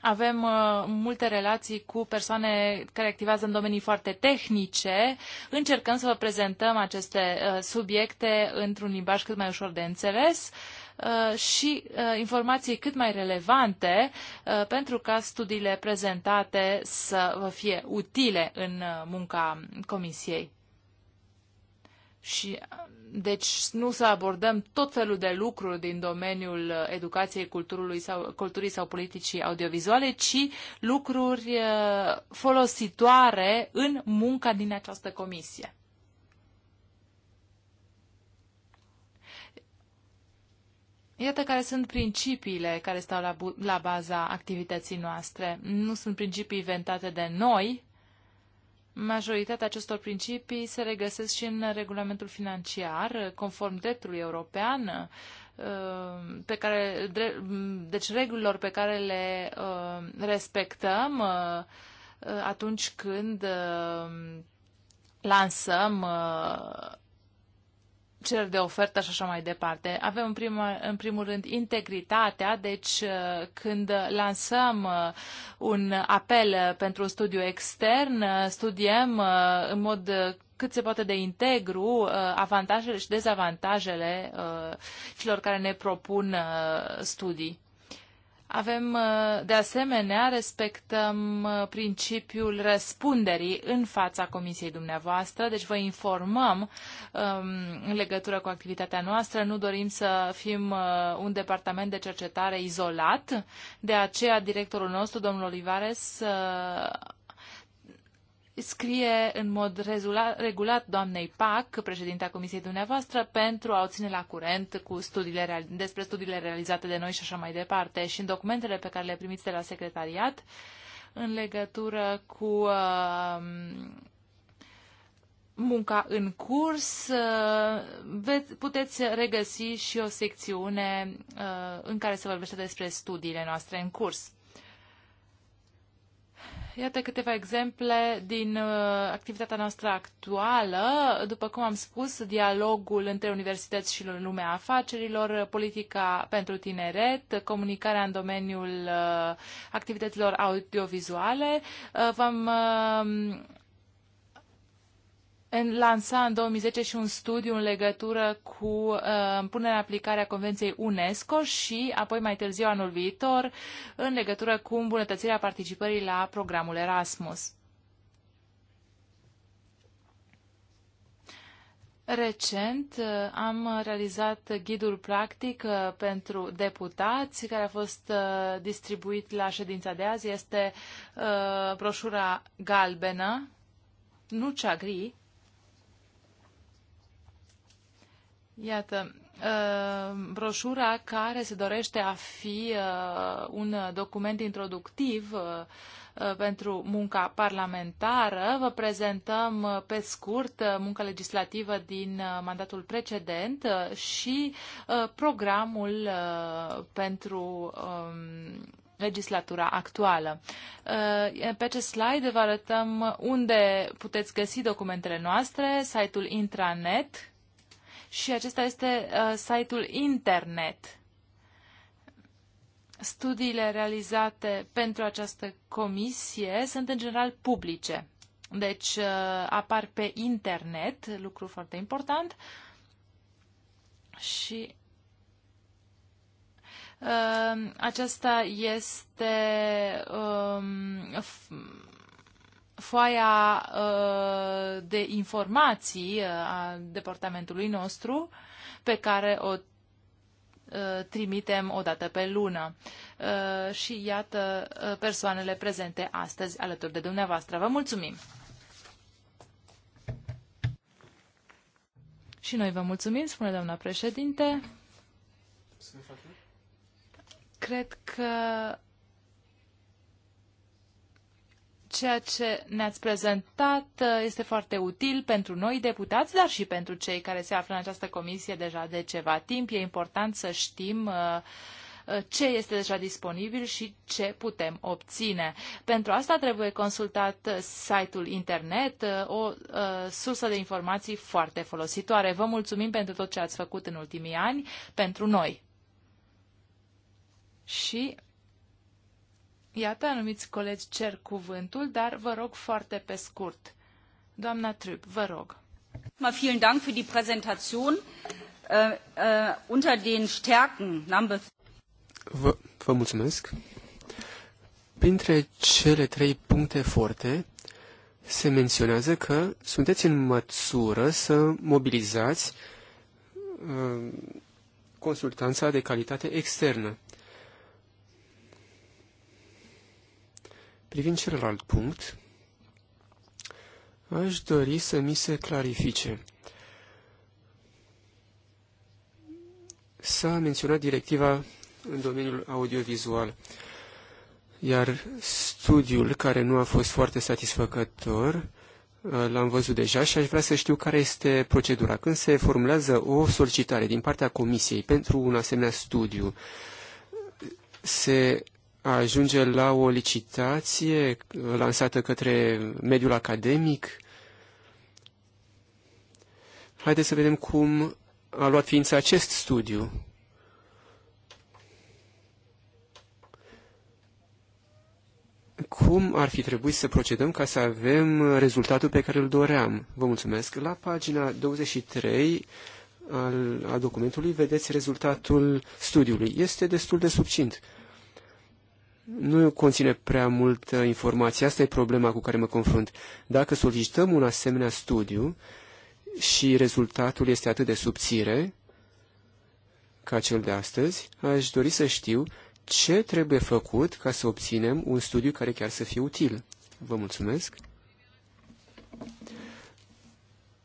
avem uh, multe relații cu persoane care activează în domenii foarte tehnice, încercăm să vă prezentăm aceste uh, subiecte într-un limbaj cât mai ușor de înțeles. Uh, Uh, și uh, informații cât mai relevante uh, pentru ca studiile prezentate să vă fie utile în munca comisiei. Și deci nu să abordăm tot felul de lucruri din domeniul educației, culturului sau, culturii sau politicii audiovizuale, ci lucruri folositoare în munca din această comisie. Iată care sunt principiile care stau la, la baza activității noastre. Nu sunt principii inventate de noi. Majoritatea acestor principii se regăsesc și în regulamentul financiar, conform dreptului european, uh, pe care, deci regulilor pe care le uh, respectăm uh, atunci când lansăm cer de ofertă și așa mai departe. Avem în, prima, în primul rând integritatea, deci uh, când lansăm uh, un apel uh, pentru un studiu extern, studiem în mod cât se poate de integru avantajele și dezavantajele celor care ne propun studii. Avem, uh, de asemenea, respectăm uh, principiul răspunderii în fața comisiei dumneavoastră, deci vă informăm um, în legătură cu activitatea noastră. Nu dorim să fim uh, un departament de cercetare izolat, de aceea directorul nostru, domnul Olivares, scrie în mod regulat doamnei PAC, președintea comisiei dumneavoastră, pentru a o ține la curent cu studiile, despre studiile realizate de noi și așa mai departe și în documentele pe care le primiți de la secretariat în legătură cu uh, munca în curs, uh, veți, puteți regăsi și o secțiune uh, în care se vorbește despre studiile noastre în curs. Iată câteva exemple din uh, activitatea noastră actuală. După cum am spus, dialogul între universități și lumea afacerilor, politica pentru tineret, comunicarea în domeniul uh, activităților audiovizuale. Uh, v-am uh, în lansa în 2010 și un studiu în legătură cu uh, punerea în aplicare a Convenției UNESCO și apoi mai târziu anul viitor în legătură cu îmbunătățirea participării la programul Erasmus. Recent uh, am realizat ghidul practic uh, pentru deputați, care a fost uh, distribuit la ședința de azi. Este broșura galbenă, nu cea gri, Iată, uh, broșura care se dorește a fi uh, un document introductiv uh, pentru munca parlamentară. Vă prezentăm pe scurt munca legislativă din mandatul precedent și programul pentru um, legislatura actuală. Pe acest slide vă arătăm unde puteți găsi documentele noastre, site-ul intranet și acesta este uh, site-ul internet. Studiile realizate pentru această comisie sunt în general publice. Deci uh, apar pe internet, lucru foarte important. Și uh, aceasta este um, foaia uh, de informații uh, a departamentului nostru pe care o uh, trimitem o dată pe lună. Și iată persoanele prezente astăzi alături de dumneavoastră. Vă mulțumim! Și noi vă mulțumim, spune doamna președinte. Cred că Ceea ce ne-ați prezentat uh, este foarte util pentru noi deputați, dar și pentru cei care se află în această comisie deja de ceva timp. E important să știm uh, uh, ce este deja disponibil și ce putem obține. Pentru asta trebuie consultat site-ul internet, o sursă de informații foarte folositoare. Vă mulțumim pentru tot ce ați făcut în ultimii ani pentru noi. Și Iată, anumiți colegi cer cuvântul, dar vă rog foarte pe scurt. Doamna Trüb, vă rog. Mă vielen Dank für die Präsentation. Uh, uh, unter den Stärken number... Vă, vă mulțumesc. Printre cele trei puncte forte se menționează că sunteți în măsură să mobilizați uh, consultanța de calitate externă. Privind celălalt punct, aș dori să mi se clarifice. S-a menționat directiva în domeniul audiovizual, iar studiul, care nu a fost foarte satisfăcător, uh, l-am văzut deja și aș vrea să știu care este procedura. Când se formulează o solicitare din partea Comisiei pentru un asemenea studiu, se a ajunge la o licitație lansată către mediul academic? Haideți să vedem cum a luat ființă acest studiu. Cum ar fi trebuit să procedăm ca să avem rezultatul pe care îl doream? Vă mulțumesc. La pagina 23 al, al documentului vedeți rezultatul studiului. Este destul de subcint nu conține prea multă uh, informație. Asta e problema cu care mă confrunt. Dacă solicităm un asemenea studiu și rezultatul este atât de subțire ca cel de astăzi, aș dori să știu ce trebuie făcut ca să obținem un studiu care chiar să fie util. Vă mulțumesc.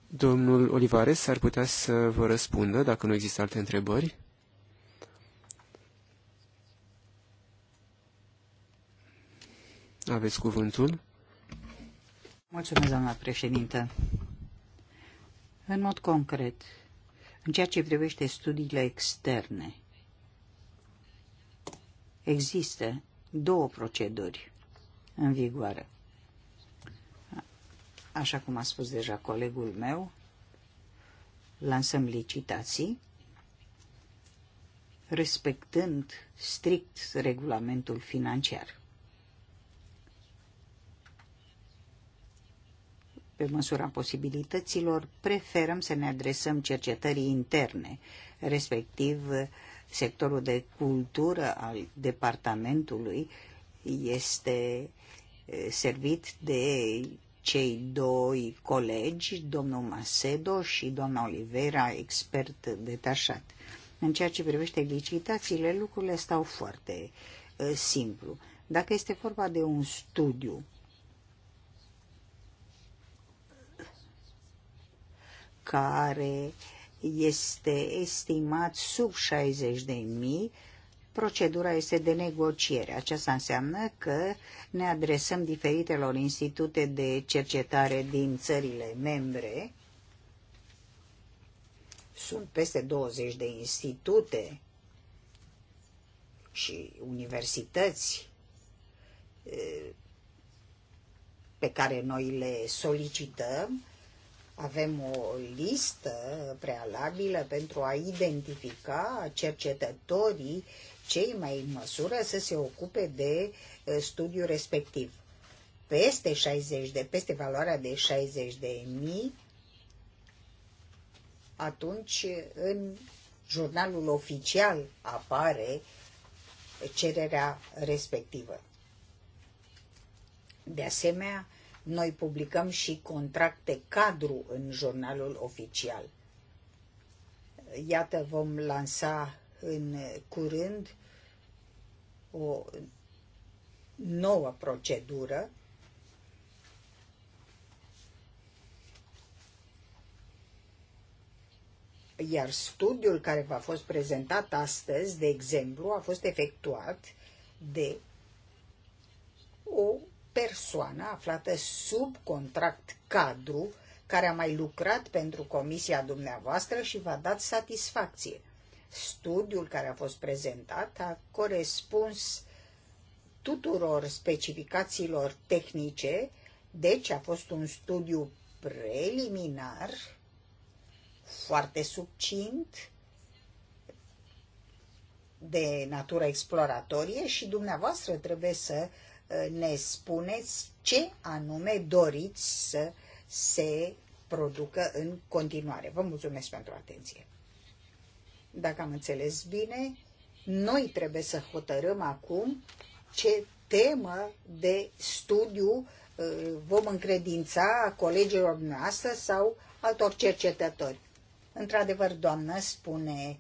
Domnul Olivares ar putea să vă răspundă dacă nu există alte întrebări. Aveți cuvântul. Mulțumesc, doamna președintă. În mod concret, în ceea ce privește studiile externe, există două proceduri în vigoare. Așa cum a spus deja colegul meu, lansăm licitații, respectând strict regulamentul financiar. Pe măsura posibilităților, preferăm să ne adresăm cercetării interne, respectiv sectorul de cultură al departamentului este servit de cei doi colegi, domnul Macedo și doamna Oliveira, expert detașat. În ceea ce privește licitațiile, lucrurile stau foarte simplu. Dacă este vorba de un studiu care este estimat sub 60 de mii, procedura este de negociere. Aceasta înseamnă că ne adresăm diferitelor institute de cercetare din țările membre. Sunt peste 20 de institute și universități eh, pe care noi le solicităm avem o listă prealabilă pentru a identifica cercetătorii cei mai în măsură să se ocupe de uh, studiul respectiv. Peste 60 de, peste valoarea de 60 de mii, atunci în jurnalul oficial apare cererea respectivă. De asemenea, noi publicăm și contracte cadru în jurnalul oficial. Iată, vom lansa în curând o nouă procedură iar studiul care v-a fost prezentat astăzi, de exemplu, a fost efectuat de o persoană aflată sub contract cadru care a mai lucrat pentru comisia dumneavoastră și v-a dat satisfacție. Studiul care a fost prezentat a corespuns tuturor specificațiilor tehnice, deci a fost un studiu preliminar, foarte succint, de natură exploratorie și dumneavoastră trebuie să ne spuneți ce anume doriți să se producă în continuare. Vă mulțumesc pentru atenție. Dacă am înțeles bine, noi trebuie să hotărâm acum ce temă de studiu uh, vom încredința colegilor noastre sau altor cercetători. Într-adevăr, doamnă, spune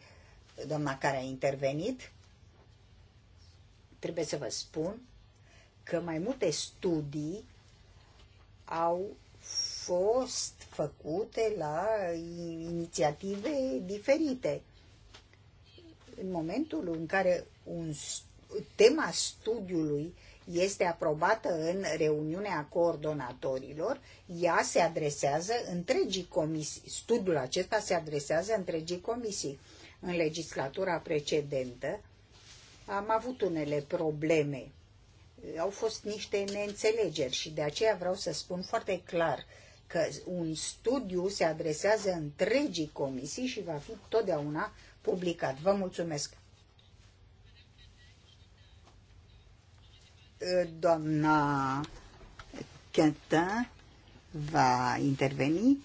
doamna care a intervenit, trebuie să vă spun că mai multe studii au fost făcute la inițiative diferite. În momentul în care un, tema studiului este aprobată în reuniunea coordonatorilor, ea se adresează întregii comisii. Studiul acesta se adresează întregii comisii. În legislatura precedentă am avut unele probleme au fost niște neînțelegeri și de aceea vreau să spun foarte clar că un studiu se adresează întregii comisii și va fi totdeauna publicat. Vă mulțumesc! Doamna Quentin va interveni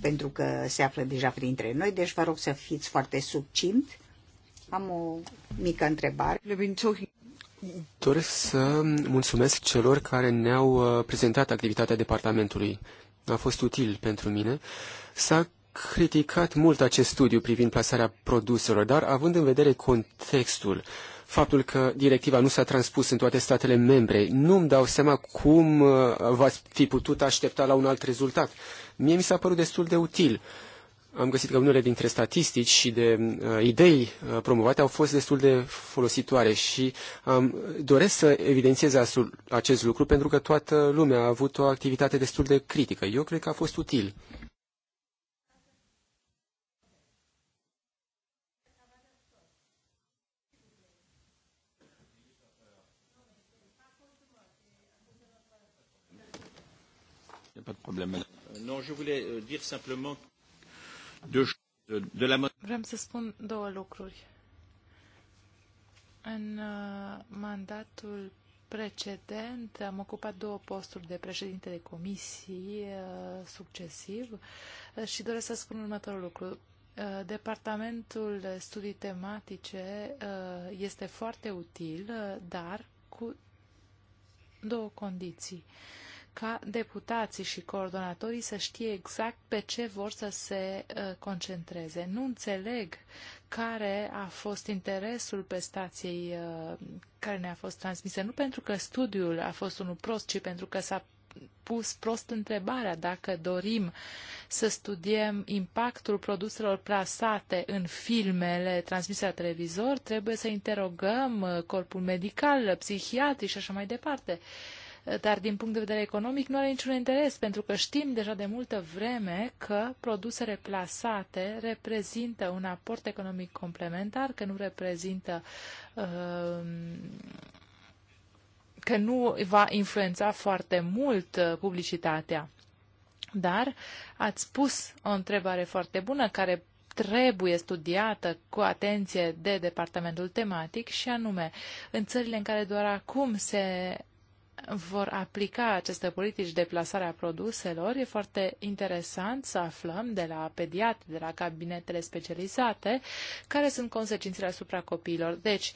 pentru că se află deja printre noi, deci vă rog să fiți foarte subcint. Am o mică întrebare. Doresc să mulțumesc celor care ne-au uh, prezentat activitatea departamentului. A fost util pentru mine. S-a criticat mult acest studiu privind plasarea produselor, dar având în vedere contextul, faptul că directiva nu s-a transpus în toate statele membre, nu-mi dau seama cum uh, v-ați fi putut aștepta la un alt rezultat. Mie mi s-a părut destul de util. Uh, am găsit că unele dintre statistici și de uh, idei uh, promovate au fost destul de folositoare și um, doresc să evidențiez acest lucru pentru că toată lumea a avut o activitate destul de critică. Eu cred că a fost util. Euh, non, je voulais euh, dire simplement Vrem să spun două lucruri. În uh, mandatul precedent am ocupat două posturi de președinte de comisii uh, succesiv uh, și doresc să spun următorul lucru. Departamentul studii tematice este foarte util, dar cu două condiții ca deputații și coordonatorii să știe exact pe ce vor să se uh, concentreze. Nu înțeleg care a fost interesul pe stației uh, care ne-a fost transmisă. Nu pentru că studiul a fost unul prost, ci pentru că s-a pus prost întrebarea dacă dorim să studiem impactul produselor plasate în filmele transmise la televizor, trebuie să interogăm uh, corpul medical, psihiatric și așa mai departe. Uh, dar din punct de vedere economic nu are niciun interes, pentru că știm deja de multă vreme că produsele plasate reprezintă un aport economic complementar, că nu reprezintă um, că nu va influența foarte mult uh, publicitatea. Dar ați pus o întrebare foarte bună care trebuie studiată cu atenție de departamentul tematic și anume în țările în care doar acum se vor aplica aceste politici de plasare a produselor. E foarte interesant să aflăm de la pediatri, de la cabinetele specializate, care sunt consecințele asupra copiilor. Deci,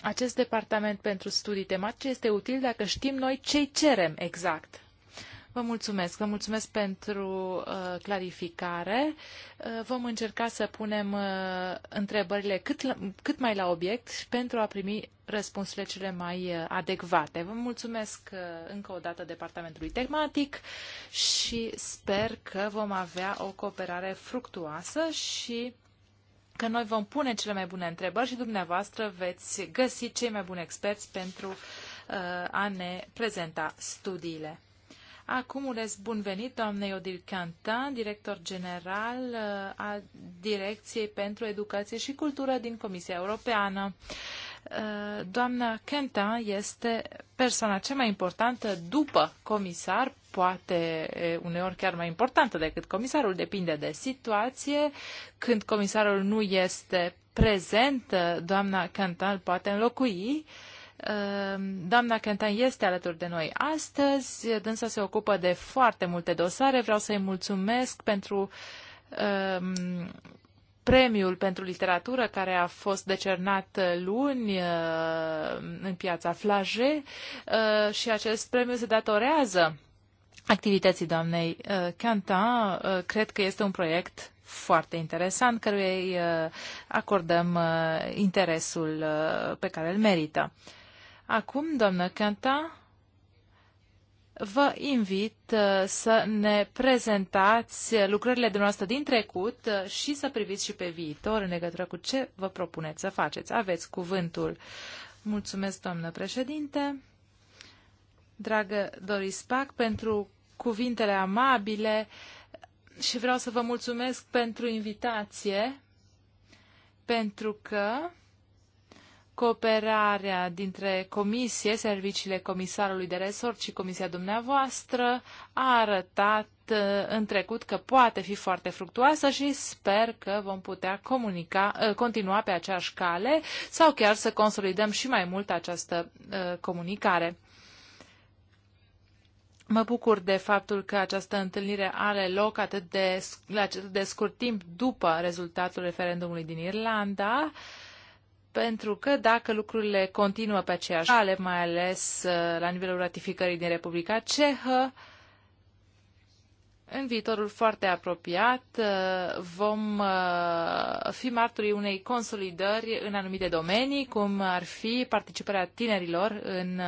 acest departament pentru studii tematice este util dacă știm noi ce cerem exact. Vă mulțumesc, vă mulțumesc pentru uh, clarificare. Uh, vom încerca să punem uh, întrebările cât, la, cât mai la obiect pentru a primi răspunsurile cele mai uh, adecvate. Vă mulțumesc uh, încă o dată departamentului tematic și sper că vom avea o cooperare fructuoasă și că noi vom pune cele mai bune întrebări și dumneavoastră veți găsi cei mai buni experți pentru uh, a ne prezenta studiile. Acum urez bun venit doamnei Odil Cantan, director general uh, al Direcției pentru Educație și Cultură din Comisia Europeană. Uh, doamna Cantan este persoana cea mai importantă după comisar, poate eh, uneori chiar mai importantă decât comisarul, depinde de situație. Când comisarul nu este prezent, uh, doamna Cantan poate înlocui uh, Ehm, doamna Cantan este alături de noi astăzi, dânsa se ocupă de foarte multe dosare. Vreau să-i mulțumesc pentru ehm, premiul pentru literatură care a fost decernat luni ehm, în piața Flage și acest premiu se datorează activității doamnei uh, Canta. Cred că este un proiect foarte interesant, căruia îi acordăm interesul pe care îl merită. Acum, doamnă Canta, vă invit uh, să ne prezentați lucrările dumneavoastră din trecut uh, și să priviți și pe viitor în legătură cu ce vă propuneți să faceți. Aveți cuvântul. Mulțumesc, doamnă președinte. Dragă Doris Pac, pentru cuvintele amabile și vreau să vă mulțumesc pentru invitație, pentru că cooperarea dintre comisie, serviciile comisarului de resort și comisia dumneavoastră a arătat uh, în trecut că poate fi foarte fructuoasă și sper că vom putea comunica, uh, continua pe aceeași cale sau chiar să consolidăm și mai mult această uh, comunicare. Mă bucur de faptul că această întâlnire are loc atât de, la atât de scurt timp după rezultatul referendumului din Irlanda. Uh, pentru că dacă lucrurile continuă pe aceeași cale, mai ales uh, la nivelul ratificării din Republica Cehă, în viitorul foarte apropiat uh, vom uh, fi martorii unei consolidări în anumite domenii, cum ar fi participarea tinerilor în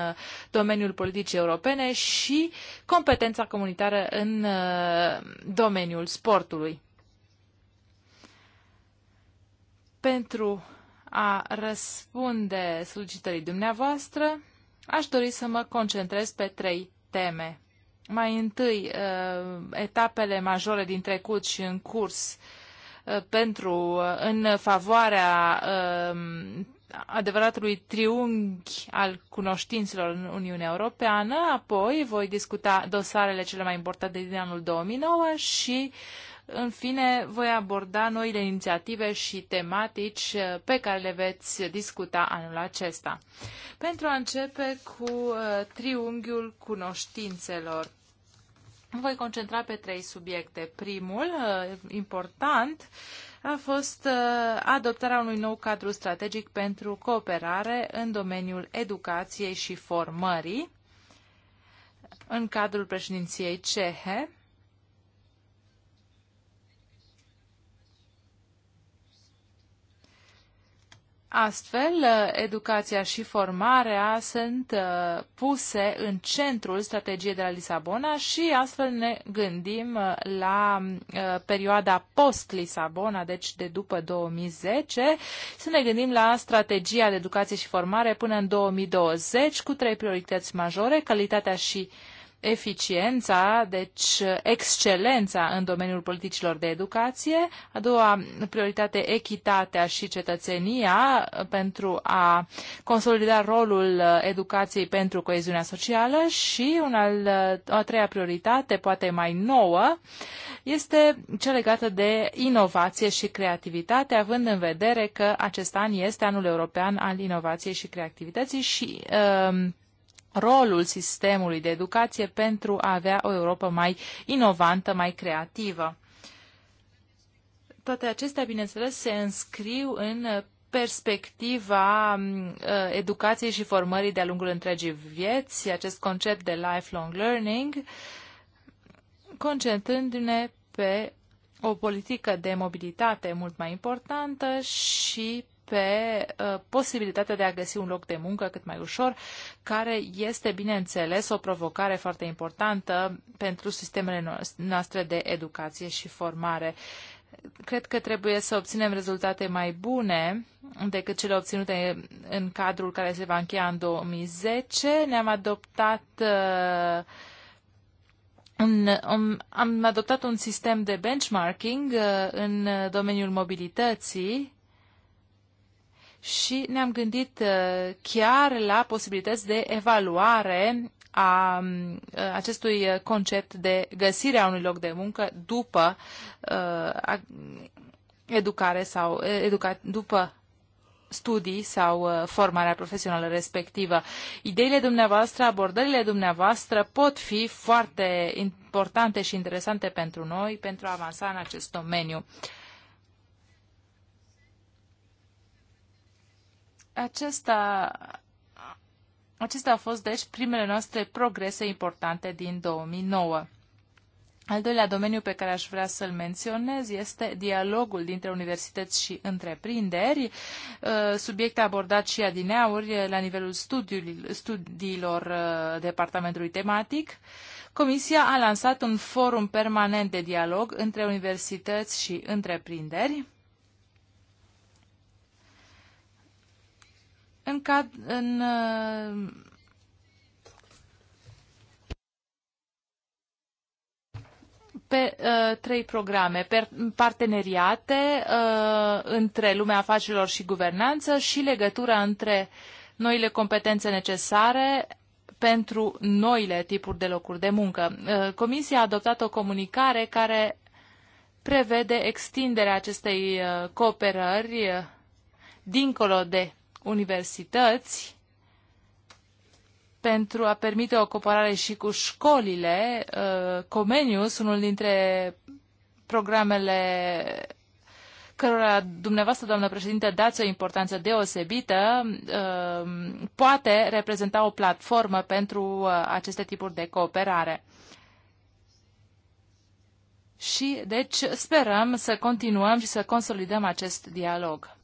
domeniul politicii europene și competența comunitară în domeniul sportului. Pentru a răspunde solicitării dumneavoastră, aș dori să mă concentrez pe trei teme. Mai întâi, uh, etapele majore din trecut și în curs uh, pentru, uh, în favoarea um, adevăratului triunghi al cunoștințelor în Uniunea Europeană, apoi voi discuta dosarele cele mai importante din anul 2009 și în fine, voi aborda noile inițiative și tematici uh, pe care le veți discuta anul acesta. Pentru a începe cu uh, triunghiul cunoștințelor. Voi concentra pe trei subiecte. Primul, uh, important, a fost adoptarea unui nou cadru strategic pentru cooperare în domeniul educației și formării în cadrul președinției cehe Astfel, educația și formarea sunt uh, puse în centrul strategiei de la Lisabona și astfel ne gândim uh, la uh, perioada post-Lisabona, deci de după 2010, să ne gândim la strategia de educație și formare până în 2020 cu trei priorități majore, calitatea și uh, eficiența, deci excelența în domeniul politicilor de educație, a doua prioritate echitatea și cetățenia pentru a consolida rolul educației pentru coeziunea socială și un al, o treia prioritate, poate mai nouă, este cea legată de inovație și creativitate, având în vedere că acest an este anul european al inovației și creativității și uh, rolul sistemului de educație pentru a avea o Europa mai inovantă, mai creativă. Toate acestea, bineînțeles, se înscriu în perspectiva mm, uh, educației și formării de-a lungul întregii vieți, acest concept de lifelong learning, concentrându-ne pe o politică de mobilitate mult mai importantă și pe uh, posibilitatea de a găsi un loc de muncă cât mai ușor, care este, bineînțeles, o provocare foarte importantă pentru sistemele noastre de educație și formare. Cred că trebuie să obținem rezultate mai bune decât cele obținute în cadrul care se va încheia în 2010. Ne-am adoptat uh, un, um, am adoptat un sistem de benchmarking uh, în domeniul mobilității și ne-am gândit uh, chiar la posibilități de evaluare a mm, uh, acestui concept de găsire unui loc de muncă după uh, educare sau educa, după studii sau formarea profesională respectivă. Ideile dumneavoastră, abordările dumneavoastră pot fi foarte importante și interesante pentru noi pentru a avansa în acest domeniu. Acesta, acestea au fost, deci, primele noastre progrese importante din 2009. Al doilea domeniu pe care aș vrea să-l menționez este dialogul dintre universități și întreprinderi, ă, subiect abordat și adineauri la nivelul studiilor ă, departamentului tematic. Comisia a lansat un forum permanent de dialog între universități și întreprinderi în, cad, în uh, pe uh, trei programe, per, parteneriate uh, între lumea afacerilor și guvernanță și legătura între noile competențe necesare pentru noile tipuri de locuri de muncă. Uh, Comisia a adoptat o comunicare care prevede extinderea acestei uh, cooperări uh, dincolo de universități pentru a permite o cooperare și cu școlile. Uh, Comenius, unul dintre programele cărora dumneavoastră, doamnă președinte, dați o importanță deosebită, uh, poate reprezenta o platformă pentru uh, aceste tipuri de cooperare. Și, deci, sperăm să continuăm și să consolidăm acest dialog.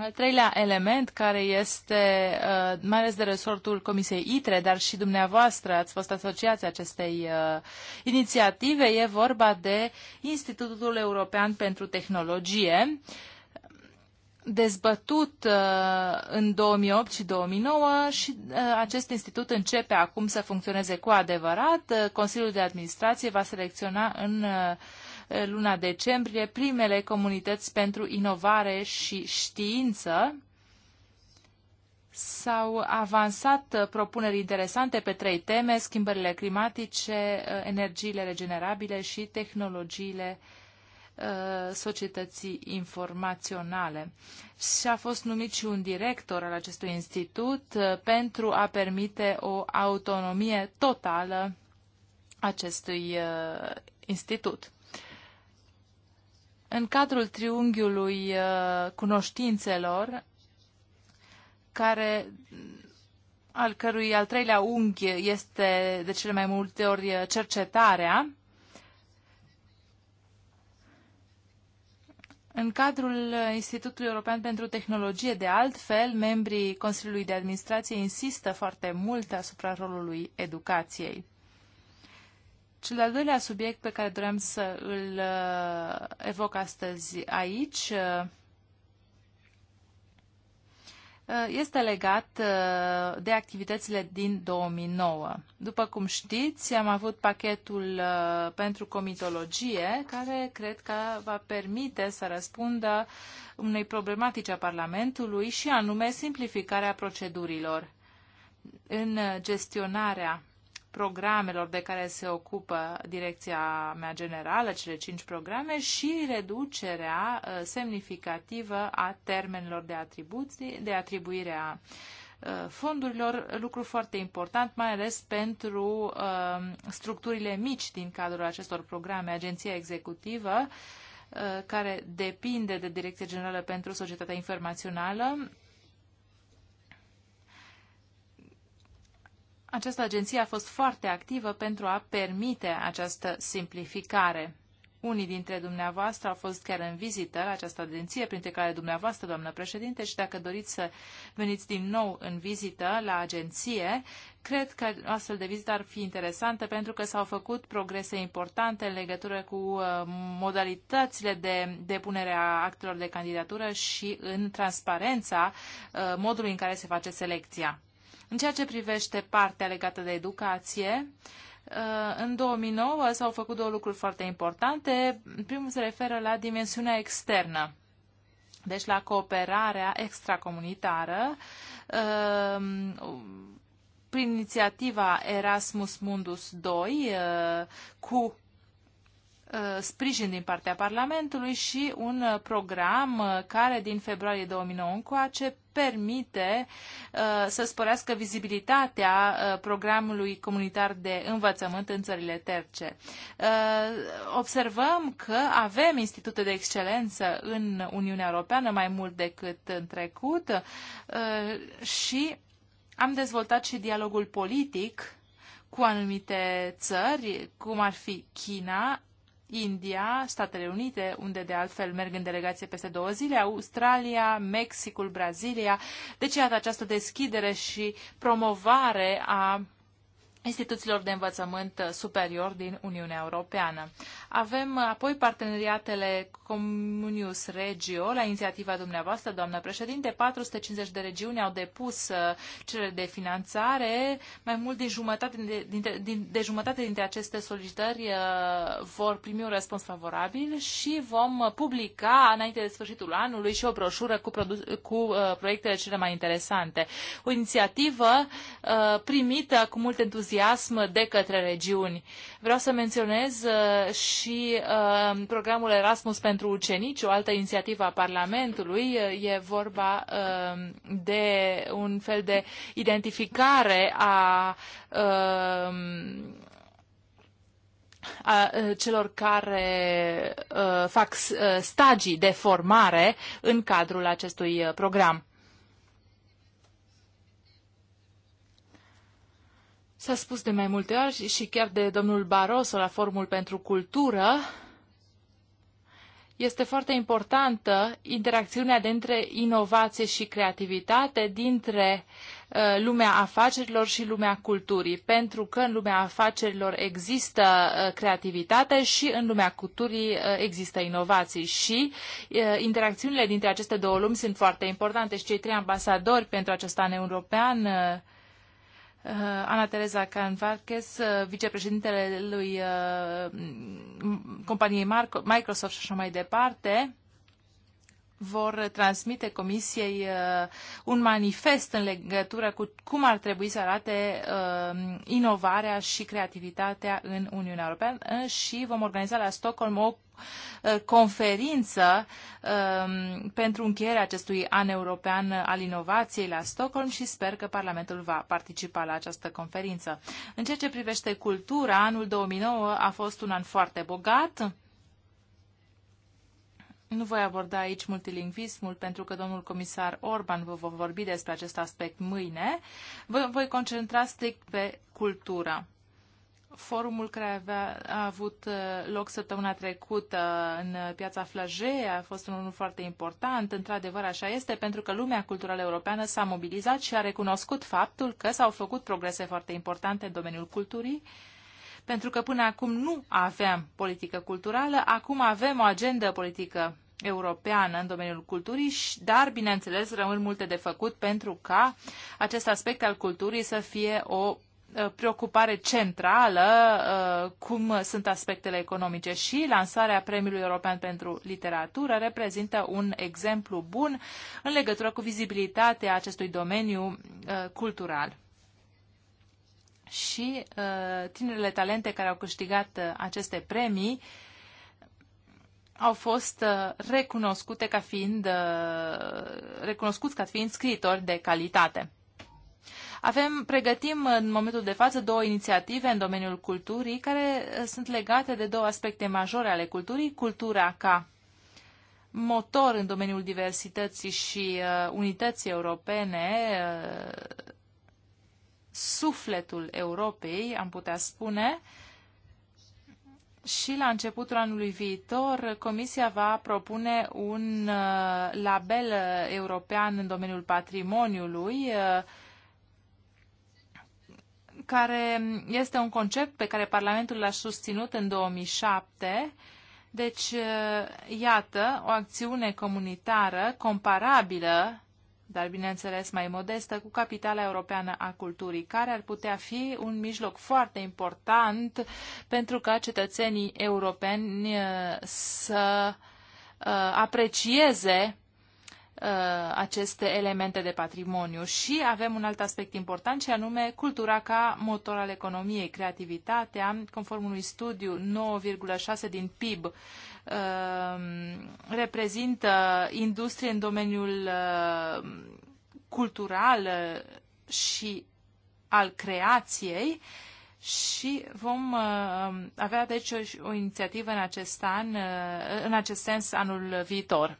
Al treilea element, care este uh, mai ales de resortul Comisiei ITRE, dar și dumneavoastră ați fost asociați acestei uh, inițiative, e vorba de Institutul European pentru Tehnologie, dezbătut uh, în 2008 și 2009 și uh, acest institut începe acum să funcționeze cu adevărat. Consiliul de Administrație va selecționa în uh, Eh, luna decembrie primele comunități pentru inovare și știință. S-au avansat eh, propuneri interesante pe trei teme, schimbările climatice, eh, energiile regenerabile și tehnologiile societății informaționale. Și a fost numit și un director al acestui institut pentru a permite o autonomie totală acestui institut. În cadrul triunghiului uh, cunoștințelor, care, al cărui al treilea unghi este de cele mai multe ori uh, cercetarea, În cadrul uh, Institutului European pentru Tehnologie, de altfel, membrii Consiliului de Administrație insistă foarte mult asupra rolului educației. Cel de-al doilea subiect pe care doream să îl uh, evoc astăzi aici uh, uh, este legat de activitățile din 2009. După cum știți, am avut pachetul pentru comitologie, care cred că va permite să răspundă unei problematici a Parlamentului și anume simplificarea procedurilor în gestionarea programelor de care se ocupă direcția mea generală, cele cinci programe, și reducerea uh, semnificativă a termenilor de, atribuții, de atribuire a uh, fondurilor, lucru foarte important, mai ales pentru uh, structurile mici din cadrul acestor programe, agenția executivă, care depinde de Direcția Generală pentru Societatea Informațională, Această agenție a fost foarte activă pentru a permite această simplificare. Unii dintre dumneavoastră au fost chiar în vizită la această agenție, printre care dumneavoastră, doamnă președinte, și dacă doriți să veniți din nou în vizită la agenție, cred că astfel de vizită ar fi interesantă pentru că s-au făcut progrese importante în legătură cu uh, modalitățile de depunere a actelor de candidatură și în transparența uh, modului în care se face selecția. În ceea ce privește partea legată de educație, uh, în 2009 s-au făcut două lucruri foarte importante. Primul se referă la dimensiunea externă, deci la cooperarea extracomunitară uh, prin inițiativa Erasmus Mundus II, uh, cu Uh, sprijin din partea Parlamentului și un uh, program uh, care din februarie 2009 încoace permite să sporească vizibilitatea programului comunitar de învățământ în țările terce. Observăm că avem institute de excelență în Uniunea Europeană mai mult decât în trecut și am dezvoltat și dialogul politic cu anumite țări, cum ar fi China, India, Statele Unite, unde de altfel merg în delegație peste două zile, Australia, Mexicul, Brazilia. Deci, iată această deschidere și promovare a instituțiilor de învățământ uh, superior din Uniunea Europeană. Avem uh, apoi parteneriatele Comunius Regio, la inițiativa dumneavoastră, doamnă președinte. 450 de regiuni au depus uh, cereri de finanțare. Mai mult de jumătate, dintre, din, de jumătate dintre aceste solicitări vor primi un răspuns favorabil și vom publica înainte de sfârșitul anului și o broșură cu, cu proiectele cele mai interesante. O inițiativă primită cu mult entuziasm entuziasm de către regiuni. Vreau să menționez uh, și uh, programul Erasmus pentru ucenici, o altă inițiativă a Parlamentului. E vorba uh, de un fel de identificare a a celor care uh, fac stagii de formare în cadrul acestui program. S-a spus de mai multe ori și chiar de domnul Barroso la Formul pentru Cultură, este foarte importantă interacțiunea dintre inovație și creativitate, dintre uh, lumea afacerilor și lumea culturii, pentru că în lumea afacerilor există uh, creativitate și în lumea culturii uh, există inovații și interacțiunile dintre aceste două lumi sunt foarte importante și cei trei ambasadori pentru acest an european Uh, Ana Teresa Canvarques, uh, vicepreședintele lui uh, companiei Microsoft și așa mai departe, vor transmite Comisiei un manifest în legătură cu cum ar trebui să arate inovarea și creativitatea în Uniunea Europeană și vom organiza la Stockholm o Uh, conferință um, pentru încheierea acestui an european al inovației la Stockholm și sper că Parlamentul va participa la această conferință. În ceea ce privește cultura, anul 2009 a fost un an foarte bogat. Nu voi aborda aici multilingvismul, pentru că domnul comisar Orban vă va vorbi despre acest aspect mâine. Vă voi concentra strict pe cultură. Forumul care avea, a avut uh, loc săptămâna trecută în uh, piața Flăjei a fost unul foarte important. Într-adevăr, așa este, pentru că lumea culturală europeană s-a mobilizat și a recunoscut faptul că s-au făcut progrese foarte importante în domeniul culturii, pentru că până acum nu aveam politică culturală, acum avem o agendă politică europeană în domeniul culturii, dar, bineînțeles, rămân multe de făcut pentru ca acest aspect al culturii să fie o Uh, preocupare centrală, uh, cum sunt aspectele economice și lansarea Premiului European pentru Literatură reprezintă un exemplu bun în legătură cu vizibilitatea acestui domeniu uh, cultural. Și tinerele talente care au câștigat aceste premii au fost recunoscute ca fiind, recunoscuți ca fiind scriitori de calitate. Avem, pregătim în momentul de față două inițiative în domeniul culturii care uh, sunt legate de două aspecte majore ale culturii, cultura ca motor în domeniul diversității și uh, unității europene, uh, sufletul Europei, am putea spune, și la începutul anului viitor, Comisia va propune un uh, label uh, european în domeniul patrimoniului, uh, care este un concept pe care Parlamentul l-a susținut în 2007. Deci, eh, iată, o acțiune comunitară comparabilă, dar bineînțeles mai modestă, cu capitala europeană a culturii, care ar putea fi un mijloc foarte important pentru ca cetățenii europeni eh, să eh, aprecieze Uh, aceste elemente de patrimoniu. Și avem un alt aspect important, și anume cultura ca motor al economiei, creativitatea, conform unui studiu 9,6 din PIB uh, reprezintă industrie în domeniul uh, cultural și al creației și vom avea deci o, o inițiativă în acest an, în acest sens anul viitor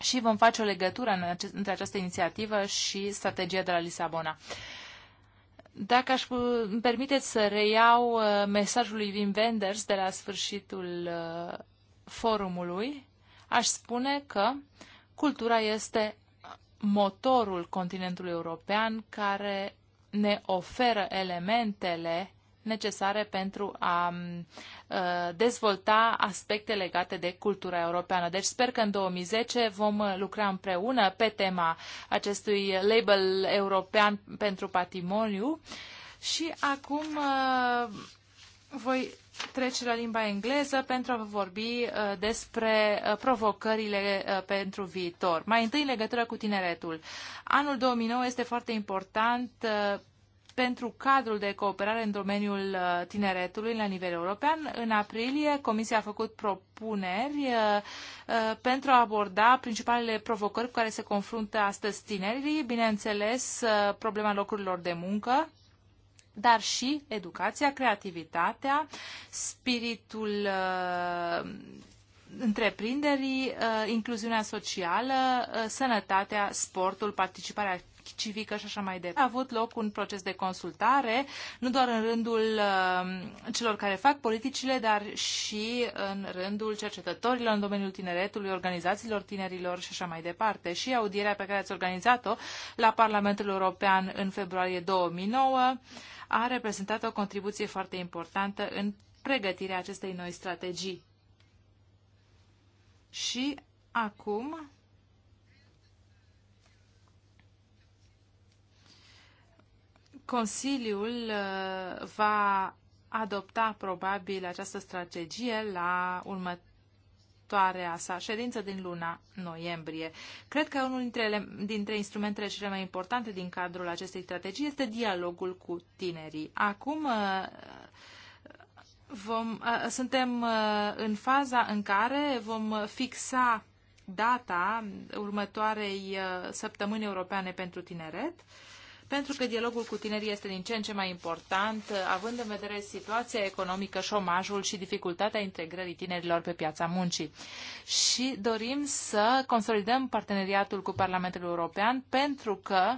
și vom face o legătură în ace- între această inițiativă și strategia de la Lisabona. Dacă aș îmi permiteți să reiau uh, mesajul lui Wim Wenders de la sfârșitul uh, forumului, aș spune că cultura este motorul continentului european care ne oferă elementele necesare pentru a ă, dezvolta aspecte legate de cultura europeană. Deci sper că în 2010 vom lucra împreună pe tema acestui label european pentru patrimoniu. Și acum ă, voi trece la limba engleză pentru a vă vorbi ă, despre provocările pentru viitor. Mai întâi, în legătură cu tineretul. Anul 2009 este foarte important pentru cadrul de cooperare în domeniul uh, tineretului la nivel european. În aprilie, Comisia a făcut propuneri uh, uh, pentru a aborda principalele provocări cu care se confruntă astăzi tinerii, bineînțeles, problema locurilor de muncă, dar și educația, creativitatea, spiritul întreprinderii, incluziunea socială, sănătatea, sportul, participarea civică și așa mai departe. A avut loc un proces de consultare, nu doar în rândul um, celor care fac politicile, dar și în rândul cercetătorilor în domeniul tineretului, organizațiilor tinerilor și așa mai departe. Și audierea pe care ați organizat-o la Parlamentul European în februarie 2009 a reprezentat o contribuție foarte importantă în pregătirea acestei noi strategii. Și acum Consiliul uh, va adopta probabil această strategie la următoarea sa ședință din luna noiembrie. Cred că unul dintre, ele, dintre instrumentele cele mai importante din cadrul acestei strategii este dialogul cu tinerii. Acum uh, vom, uh, suntem în faza în care vom fixa data următoarei săptămâni europene pentru tineret pentru că dialogul cu tinerii este din ce în ce mai important, având în vedere situația economică, șomajul și dificultatea integrării tinerilor pe piața muncii. Și dorim să consolidăm parteneriatul cu Parlamentul European pentru că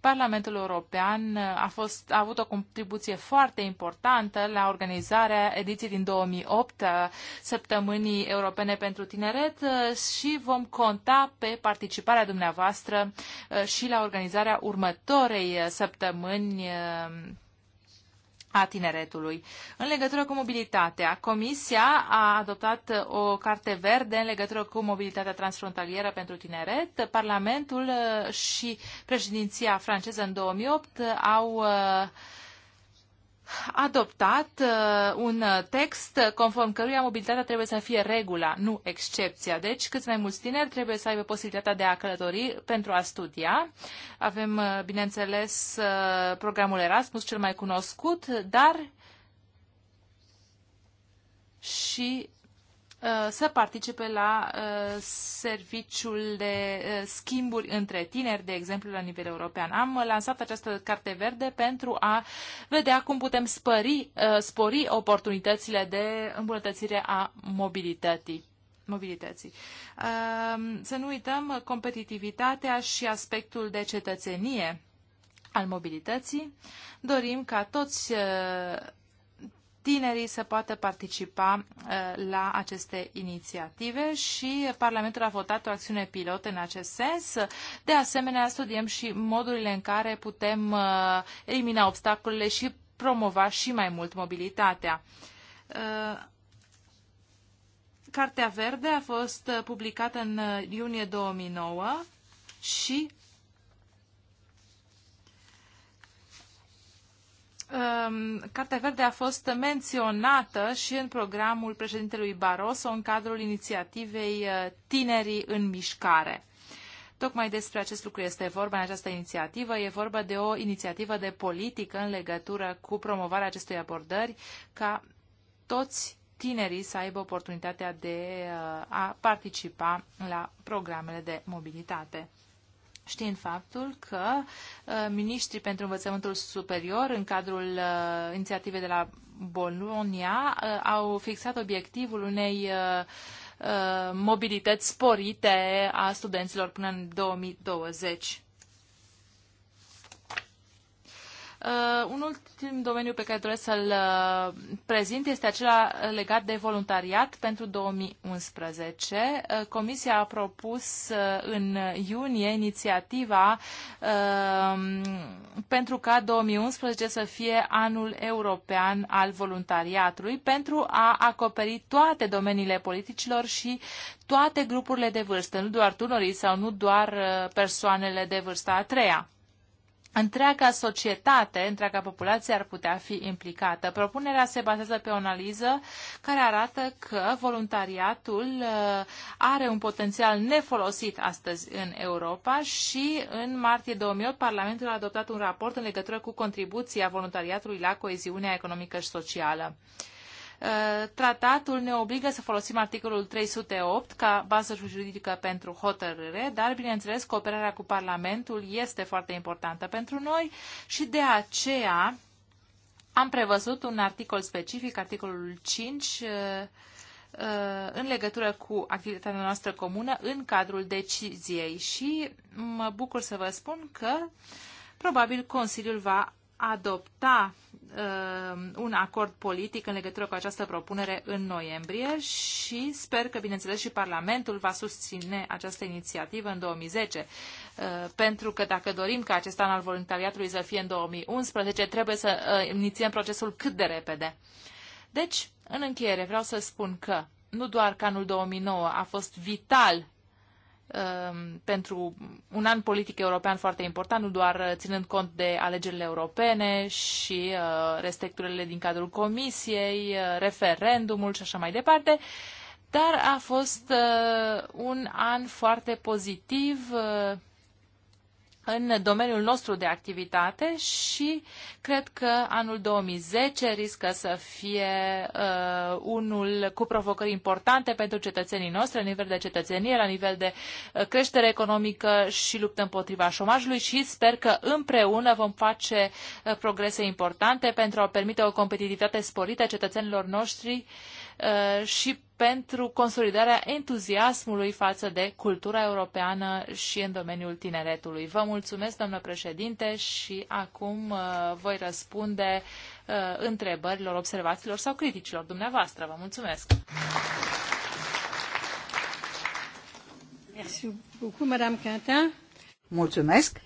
Parlamentul European uh, a, fost, a avut o contribuție foarte importantă la organizarea ediției din 2008 a uh, Săptămânii Europene pentru Tineret uh, și vom conta pe participarea dumneavoastră și la organizarea următorei săptămâni a tineretului. În legătură cu mobilitatea, Comisia a adoptat o carte verde în legătură cu mobilitatea transfrontalieră pentru tineret. Parlamentul uh, și președinția franceză în 2008 au uh, adoptat uh, un text conform căruia mobilitatea trebuie să fie regula, nu excepția. Deci, câți mai mulți tineri trebuie să aibă posibilitatea de a călători pentru a studia. Avem, uh, bineînțeles, uh, programul Erasmus, cel mai cunoscut, dar și Uh, să participe la uh, serviciul de uh, schimburi între tineri, de exemplu, la nivel european. Am lansat această carte verde pentru a vedea cum putem spări, spori oportunitățile de îmbunătățire a mobilității mobilității. Să nu uităm competitivitatea și aspectul de cetățenie al mobilității. Dorim ca toți tinerii să poată participa uh, la aceste inițiative și Parlamentul a votat o acțiune pilot în acest sens. De asemenea, studiem și modurile în care putem uh, elimina obstacolele și promova și mai mult mobilitatea. Uh, Cartea Verde a fost publicată în iunie 2009 și Um, Cartea Verde a fost menționată și în programul președintelui Barroso în cadrul inițiativei uh, Tinerii în Mișcare. Tocmai despre acest lucru este vorba în această inițiativă. E vorba de o inițiativă de politică în legătură cu promovarea acestui abordări ca toți tinerii să aibă oportunitatea de uh, a participa la programele de mobilitate știind faptul că uh, ministrii pentru învățământul superior, în cadrul uh, inițiativei de la Bologna, uh, au fixat obiectivul unei mobilități sporite a studenților până în 2020. Uh, un ultim domeniu pe care doresc să-l uh, prezint este acela legat de voluntariat pentru 2011. Uh, Comisia a propus uh, în iunie inițiativa uh, pentru ca 2011 să fie anul european al voluntariatului pentru a acoperi toate domeniile politicilor și toate grupurile de vârstă, nu doar tunorii sau nu doar persoanele de vârsta a treia întreaga societate, întreaga populație ar putea fi implicată. Propunerea se bazează pe o analiză care arată că voluntariatul uh, are un potențial nefolosit astăzi în Europa și în martie 2008 Parlamentul a adoptat un raport în legătură cu contribuția voluntariatului la coeziunea economică și socială. Uh, tratatul ne obligă să folosim articolul 308 ca bază juridică pentru hotărâre, dar, bineînțeles, cooperarea cu Parlamentul este foarte importantă pentru noi și de aceea am prevăzut un articol specific, articolul 5, uh, uh, în legătură cu activitatea noastră comună în cadrul deciziei și mă bucur să vă spun că probabil Consiliul va adopta uh, un acord politic în legătură cu această propunere în noiembrie și sper că, bineînțeles, și Parlamentul va susține această inițiativă în 2010, uh, pentru că dacă dorim ca acest an al voluntariatului să fie în 2011, trebuie să uh, inițiem procesul cât de repede. Deci, în încheiere, vreau să spun că nu doar că anul 2009 a fost vital Um, pentru un an politic european foarte important, nu doar uh, ținând cont de alegerile europene și uh, respecturile din cadrul comisiei, uh, referendumul și așa mai departe, dar a fost un an foarte pozitiv în domeniul nostru de activitate și cred că anul 2010 riscă să fie uh, unul cu provocări importante pentru cetățenii noștri, la nivel de cetățenie, la nivel de uh, creștere economică și luptă împotriva șomajului și sper că împreună vom face uh, progrese importante pentru a permite o competitivitate sporită cetățenilor noștri uh, Uh, și pentru consolidarea entuziasmului față de cultura europeană și în domeniul tineretului. Vă mulțumesc, doamnă președinte, și acum uh, voi răspunde uh, întrebărilor, observațiilor sau criticilor dumneavoastră. Vă mulțumesc! Mulțumesc!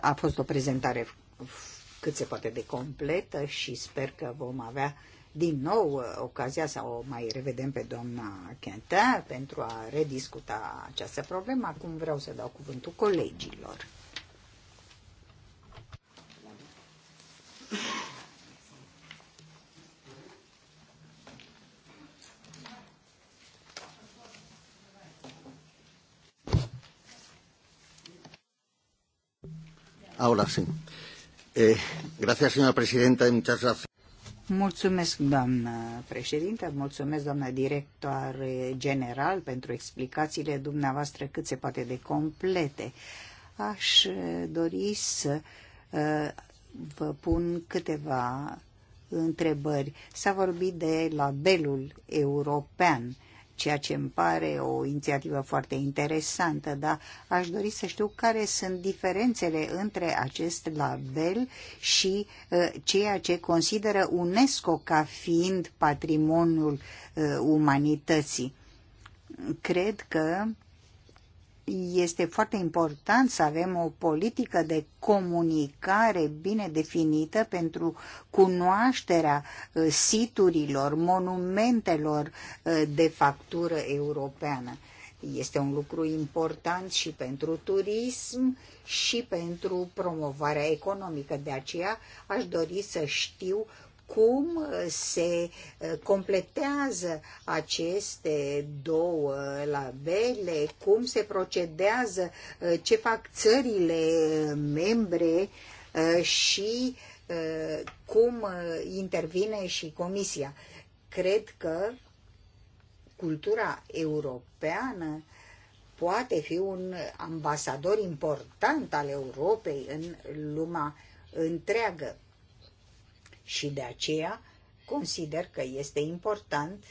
A fost o prezentare cât se poate de completă și sper că vom avea din nou uh, ocazia să o mai revedem pe doamna Quentin pentru a rediscuta această problemă. Acum vreau să dau cuvântul colegilor. Ahora sí. Eh, gracias, señora presidenta, y muchas gracias. Mulțumesc, doamnă președinte, mulțumesc, doamnă director general, pentru explicațiile dumneavoastră cât se poate de complete. Aș dori să eh, vă pun câteva întrebări. S-a vorbit de labelul european ceea ce îmi pare o inițiativă foarte interesantă, dar aș dori să știu care sunt diferențele între acest label și uh, ceea ce consideră UNESCO ca fiind patrimoniul uh, umanității. Cred că este foarte important să avem o politică de comunicare bine definită pentru cunoașterea uh, siturilor, monumentelor uh, de factură europeană. Este un lucru important și pentru turism și pentru promovarea economică. De aceea aș dori să știu cum se eh, completează aceste două labele, cum se procedează, eh, ce fac țările eh, membre și cum intervine și Comisia. Cred că cultura europeană poate fi un ambasador important al Europei în lumea întreagă și de aceea consider că este important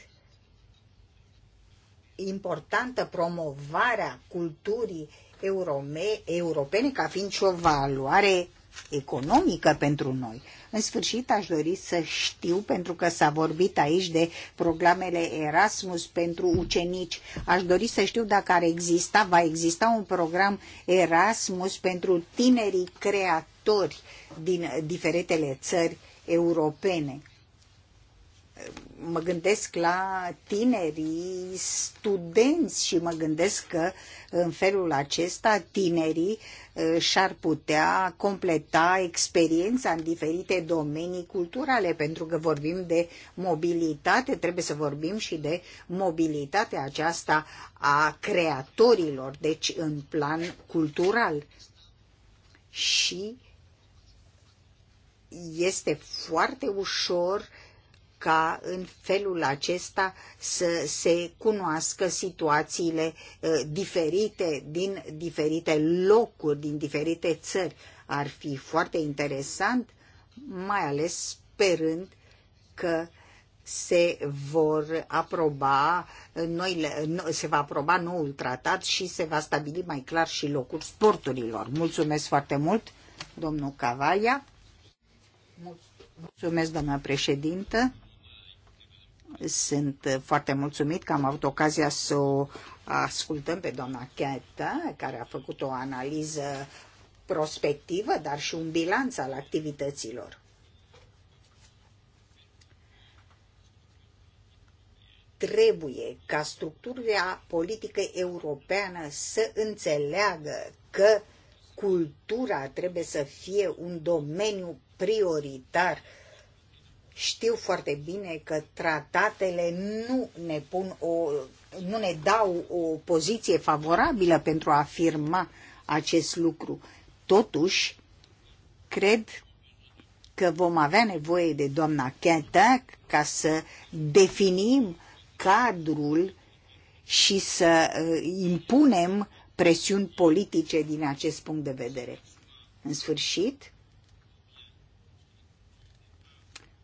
importantă promovarea culturii eurome, europene ca fiind și o valoare economică pentru noi. În sfârșit, aș dori să știu, pentru că s-a vorbit aici de programele Erasmus pentru ucenici, aș dori să știu dacă ar exista, va exista un program Erasmus pentru tinerii creatori din diferitele țări europene. Mă gândesc la tinerii studenți și mă gândesc că în felul acesta tinerii și-ar putea completa experiența în diferite domenii culturale, pentru că vorbim de mobilitate, trebuie să vorbim și de mobilitatea aceasta a creatorilor, deci în plan cultural. Și este foarte ușor ca în felul acesta să se cunoască situațiile uh, diferite din diferite locuri, din diferite țări. Ar fi foarte interesant, mai ales sperând că se vor aproba noile, se va aproba noul tratat și se va stabili mai clar și locul sporturilor. Mulțumesc foarte mult, domnul Cavaia. Mulțumesc, doamna președintă. Sunt foarte mulțumit că am avut ocazia să o ascultăm pe doamna Cheta, care a făcut o analiză prospectivă, dar și un bilanț al activităților. Trebuie ca structura politică europeană să înțeleagă că cultura trebuie să fie un domeniu prioritar. Știu foarte bine că tratatele nu ne pun o nu ne dau o poziție favorabilă pentru a afirma acest lucru. Totuși, cred că vom avea nevoie de doamna Cheta ca să definim cadrul și să uh, impunem presiuni politice din acest punct de vedere. În sfârșit,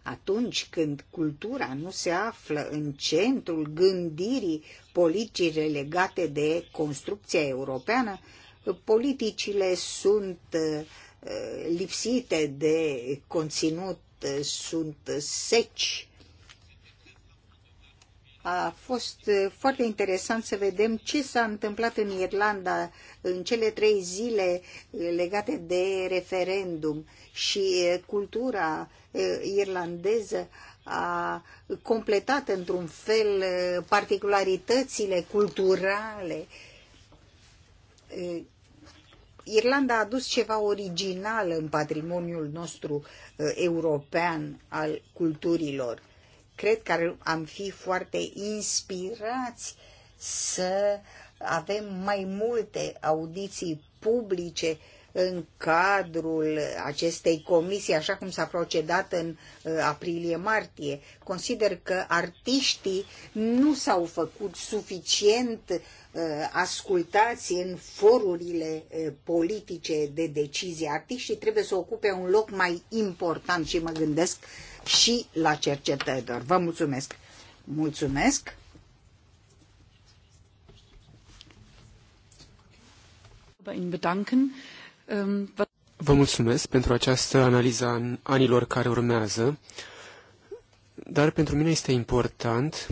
atunci când cultura nu se află în centrul gândirii politicile legate de construcția europeană, politicile sunt uh, lipsite de conținut, uh, sunt seci. A fost uh, foarte interesant să vedem ce s-a întâmplat în Irlanda în cele trei zile legate de referendum și cultura irlandeză a completat într-un fel particularitățile culturale. Irlanda a adus ceva original în patrimoniul nostru european al culturilor. Cred că am fi foarte inspirați să avem mai multe audiții publice uh, în cadrul acestei comisii, așa cum s-a procedat în uh, aprilie-martie. Consider că artiștii nu s-au făcut suficient uh, ascultați în forurile uh, politice de decizie. Artiștii trebuie să ocupe un loc mai important și mă gândesc și la cercetător. Vă mulțumesc! Mulțumesc! bei Ihnen bedanken. Vă mulțumesc pentru această analiză a anilor care urmează, dar pentru mine este important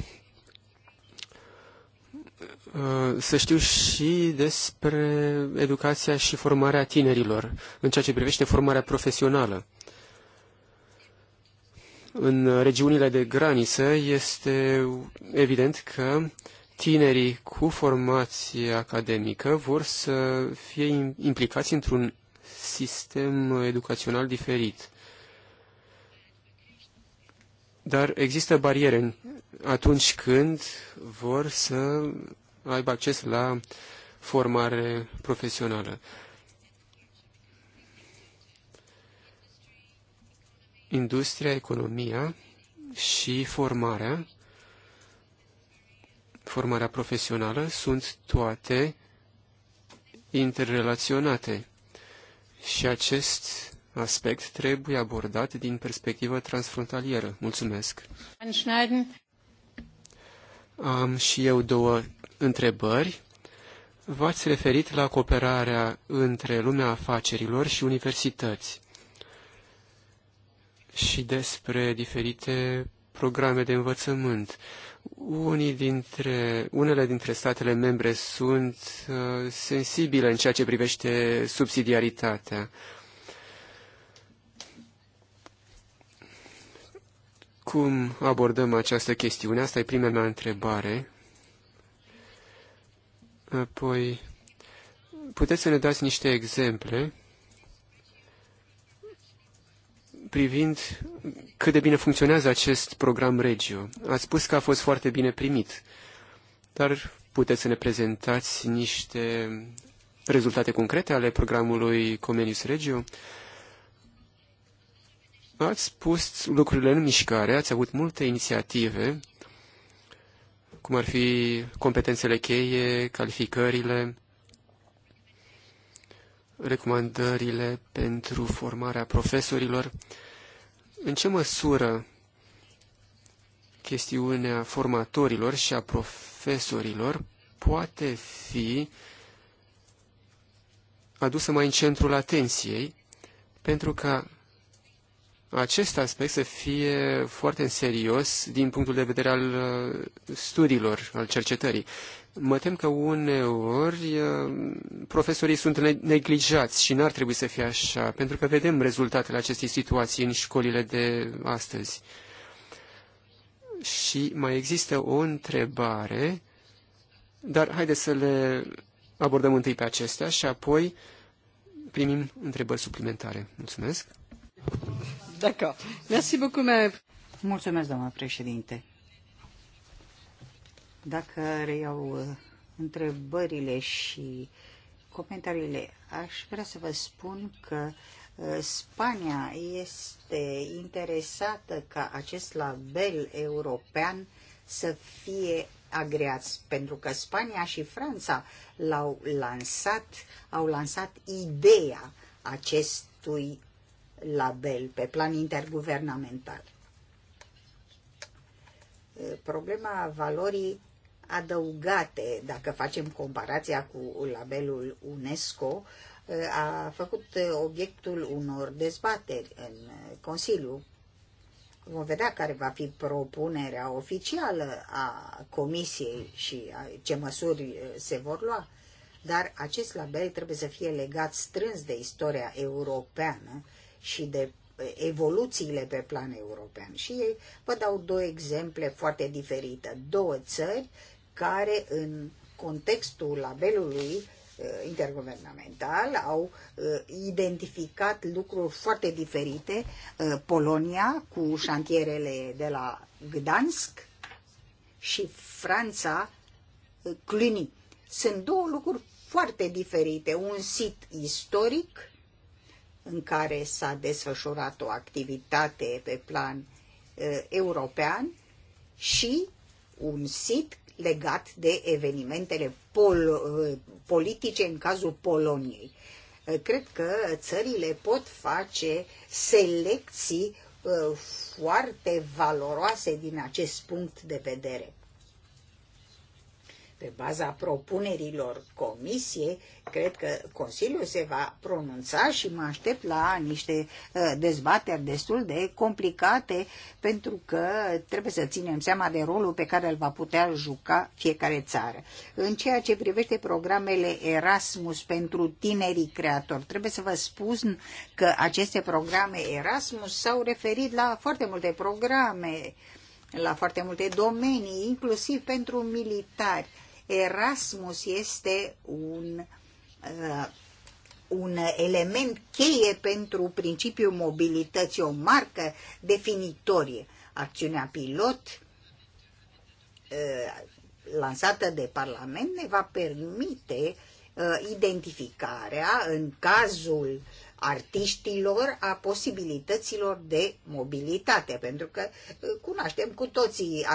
uh, să știu și despre educația și formarea tinerilor, în ceea ce privește formarea profesională. În regiunile de graniță este evident că tinerii cu formație academică vor să fie implicați într-un sistem educațional diferit. Dar există bariere atunci când vor să aibă acces la formare profesională. Industria, economia și formarea formarea profesională sunt toate interrelaționate și acest aspect trebuie abordat din perspectivă transfrontalieră. Mulțumesc! Am și eu două întrebări. V-ați referit la cooperarea între lumea afacerilor și universități și despre diferite programe de învățământ. Unii dintre, unele dintre statele membre sunt uh, sensibile în ceea ce privește subsidiaritatea. Cum abordăm această chestiune? Asta e prima mea întrebare. Apoi, puteți să ne dați niște exemple privind cât de bine funcționează acest program Regio. Ați spus că a fost foarte bine primit, dar puteți să ne prezentați niște rezultate concrete ale programului Comenius Regio? Ați pus lucrurile în mișcare, ați avut multe inițiative, cum ar fi competențele cheie, calificările, recomandările pentru formarea profesorilor în ce măsură chestiunea formatorilor și a profesorilor poate fi adusă mai în centrul atenției, pentru ca acest aspect să fie foarte în serios din punctul de vedere al uh, studiilor, al cercetării. Mă tem că uneori uh, profesorii sunt neglijați și n-ar trebui să fie așa, pentru că vedem rezultatele acestei situații în școlile de astăzi. Și mai există o întrebare, dar haideți să le abordăm întâi pe acestea și apoi primim întrebări suplimentare. Mulțumesc! D'accord. Merci beaucoup, Mulțumesc, doamna președinte. Dacă reiau uh, întrebările și comentariile, aș vrea să vă spun că uh, Spania este interesată ca acest label european să fie agreat, pentru că Spania și Franța l-au lansat, au lansat ideea acestui label pe plan interguvernamental. Uh, problema valorii adăugate, dacă facem comparația cu labelul UNESCO, eh, a făcut obiectul unor dezbateri în Consiliu. Vom vedea care va fi propunerea oficială a Comisiei și ce măsuri eh, se vor lua. Dar acest label trebuie să fie legat strâns de istoria europeană și de eh, evoluțiile pe plan european. Și ei vă dau două exemple foarte diferite. Două țări care în contextul labelului uh, interguvernamental au uh, identificat lucruri foarte diferite. Uh, Polonia cu șantierele de la Gdansk și Franța Cluny. Sunt două lucruri foarte diferite. Un sit istoric în care s-a desfășurat o activitate pe plan european și un sit legat de evenimentele pol- uh, politice în cazul Poloniei. Uh, cred că țările pot face selecții uh, foarte valoroase din acest punct de vedere. Pe baza propunerilor comisiei, cred că Consiliul se va pronunța și mă aștept la niște uh, dezbateri destul de complicate, pentru că trebuie să ținem seama de rolul pe care îl va putea juca fiecare țară. În ceea ce privește programele Erasmus pentru tinerii creatori, trebuie să vă spun că aceste programe Erasmus s-au referit la foarte multe programe la foarte multe domenii, inclusiv pentru militari. Erasmus este un, uh, un element cheie pentru principiul mobilității, o marcă definitorie. Acțiunea pilot uh, lansată de Parlament ne va permite uh, identificarea în cazul uh, artiștilor, a posibilităților de mobilitate, pentru că uh, cunoaștem cu toții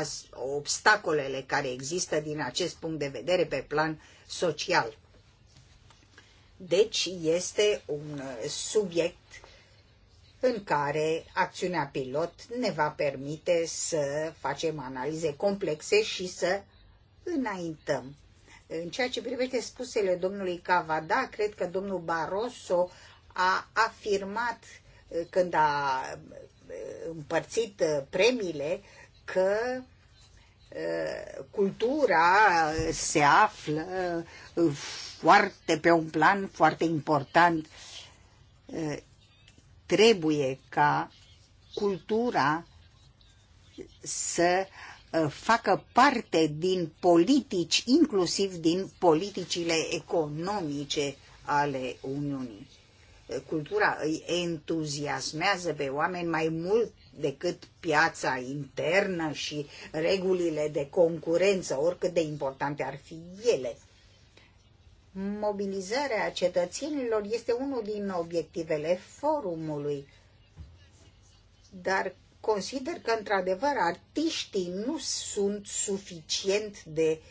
obstacolele care există din acest punct de vedere pe plan social. Deci este un uh, subiect în care acțiunea pilot ne va permite să facem analize complexe și să înaintăm. În ceea ce privește spusele domnului Cavada, cred că domnul Barroso a afirmat uh, când a uh, împărțit uh, premiile că cultura se află foarte pe un plan foarte important. Trebuie ca cultura să facă parte din politici, inclusiv din politicile economice ale Uniunii cultura îi entuziasmează pe oameni mai mult decât piața internă și regulile de concurență, oricât de importante ar fi ele. Mobilizarea cetățenilor este unul din obiectivele forumului, dar consider că, într-adevăr, artiștii nu sunt suficient de uh,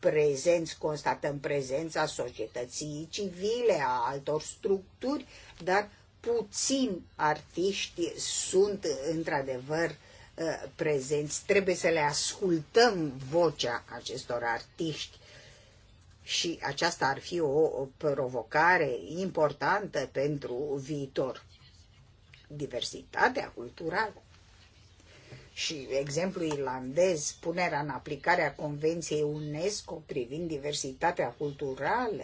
prezenți, constatăm prezența societății civile, a altor structuri, dar puțin artiști sunt într-adevăr uh, prezenți. Trebuie să le ascultăm vocea acestor artiști și aceasta ar fi o provocare importantă pentru viitor. Diversitatea culturală și exemplu irlandez, punerea în aplicare a Convenției UNESCO privind diversitatea culturală,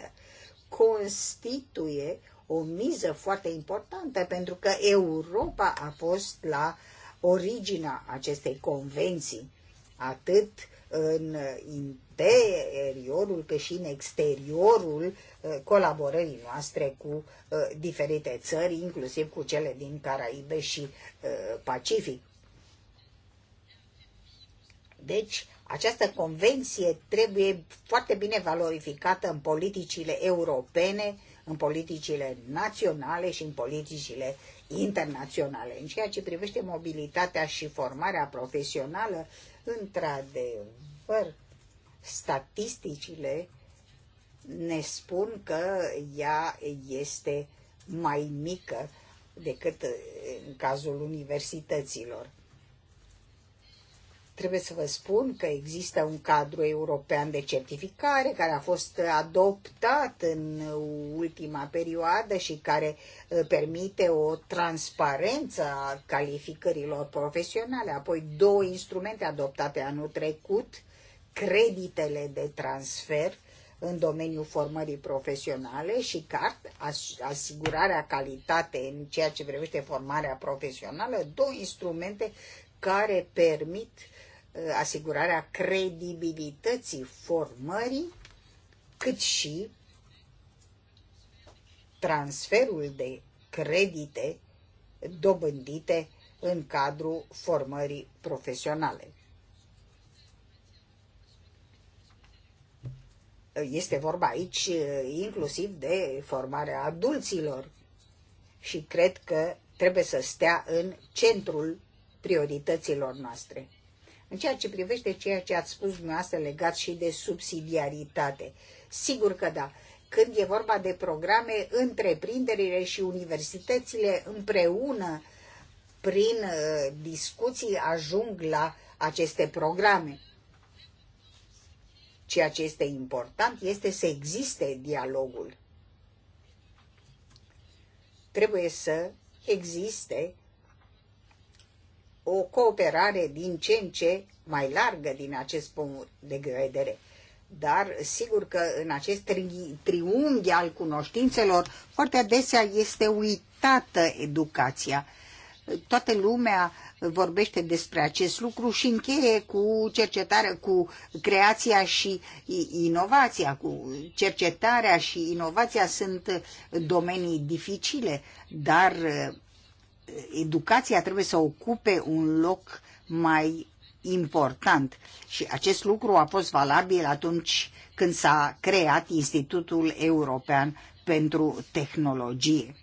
constituie o miză foarte importantă pentru că Europa a fost la originea acestei convenții, atât în interiorul cât și în exteriorul uh, colaborării noastre cu uh, diferite țări, inclusiv cu cele din Caraibe și uh, Pacific. Deci, această convenție trebuie foarte bine valorificată în politicile europene, în politicile naționale și în politicile internaționale. În ceea ce privește mobilitatea și formarea profesională, într-adevăr, statisticile ne spun că ea este mai mică decât în cazul universităților. Trebuie să vă spun că există un cadru european de certificare care a fost adoptat în ultima perioadă și care uh, permite o transparență a calificărilor profesionale. Apoi două instrumente adoptate anul trecut, creditele de transfer în domeniul formării profesionale și CART, asigurarea calitate în ceea ce privește formarea profesională, două instrumente care permit uh, asigurarea credibilității formării, cât și transferul de credite dobândite în cadrul formării profesionale. Este vorba aici inclusiv de formarea adulților și cred că trebuie să stea în centrul priorităților noastre. În ceea ce privește ceea ce ați spus dumneavoastră legat și de subsidiaritate, sigur că da. Când e vorba de programe, întreprinderile și universitățile împreună, prin uh, discuții, ajung la aceste programe. Ceea ce este important este să existe dialogul. Trebuie să existe o cooperare din ce în ce mai largă din acest punct de vedere. Dar sigur că în acest tri- triunghi al cunoștințelor foarte adesea este uitată educația. Toată lumea vorbește despre acest lucru și încheie cu cercetarea, cu creația și inovația. Cu cercetarea și inovația sunt domenii dificile, dar educația trebuie să ocupe un loc mai important și acest lucru a fost valabil atunci când s-a creat Institutul European pentru Tehnologie.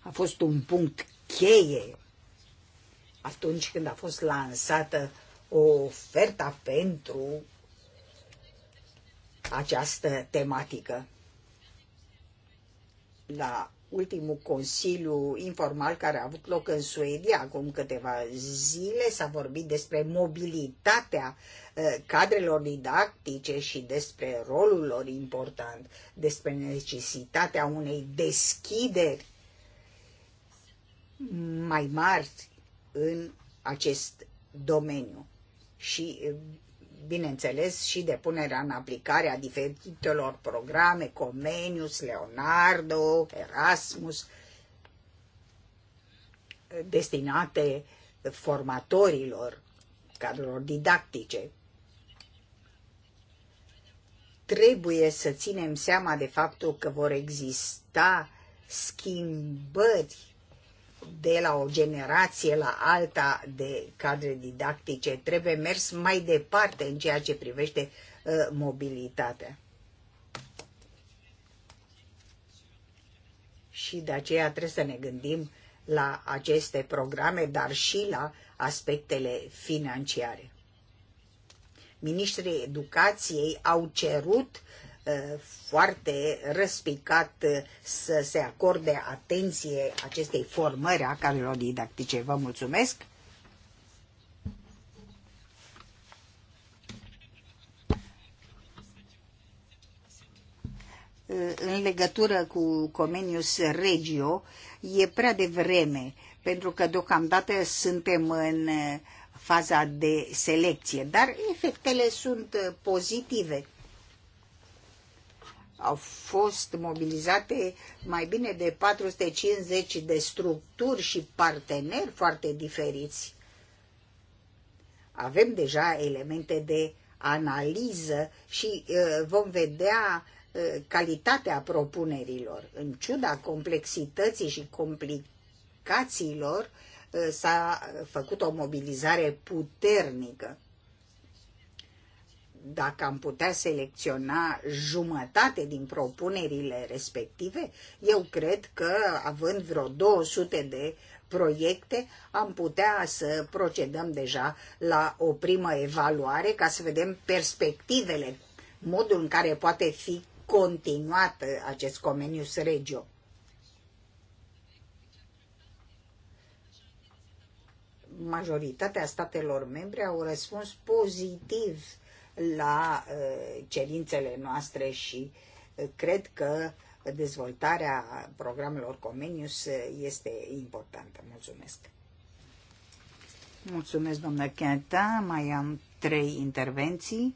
A fost un punct cheie atunci când a fost lansată o ofertă pentru această tematică. La ultimul consiliu informal care a avut loc în Suedia acum câteva zile, s-a vorbit despre mobilitatea eh, cadrelor didactice și despre rolul lor important, despre necesitatea unei deschideri mai mari în acest domeniu. Și eh, bineînțeles, și depunerea în aplicare a diferitelor programe, Comenius, Leonardo, Erasmus, destinate formatorilor, cadrelor didactice. Trebuie să ținem seama de faptul că vor exista schimbări de la o generație la alta de cadre didactice. Trebuie mers mai departe în ceea ce privește uh, mobilitatea. Și de aceea trebuie să ne gândim la aceste programe, dar și la aspectele financiare. Ministrii educației au cerut foarte răspicat să se acorde atenție acestei formări a cadrelor didactice. Vă mulțumesc! În legătură cu Comenius Regio, e prea devreme, pentru că deocamdată suntem în faza de selecție, dar efectele sunt pozitive au fost mobilizate mai bine de 450 de structuri și parteneri foarte diferiți. Avem deja elemente de analiză și uh, vom vedea uh, calitatea propunerilor. În ciuda complexității și complicațiilor, uh, s-a făcut o mobilizare puternică dacă am putea selecționa jumătate din propunerile respective, eu cred că, având vreo 200 de proiecte, am putea să procedăm deja la o primă evaluare ca să vedem perspectivele, modul în care poate fi continuat acest Comenius Regio. Majoritatea statelor membre au răspuns pozitiv la uh, cerințele noastre și uh, cred că dezvoltarea programelor Comenius uh, este importantă. Mulțumesc! Mulțumesc, domnule Cheta. Mai am trei intervenții.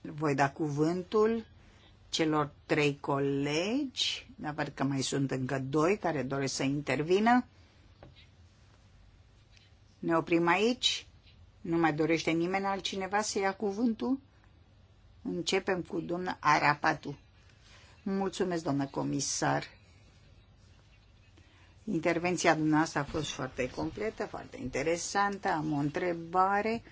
Voi da cuvântul celor trei colegi, dar văd că mai sunt încă doi care doresc să intervină. Ne oprim aici? Nu mai dorește nimeni altcineva să ia cuvântul? Începem cu domnul Arapatu. Mulțumesc, domnule comisar. Intervenția dumneavoastră a fost foarte completă, foarte interesantă. Am o întrebare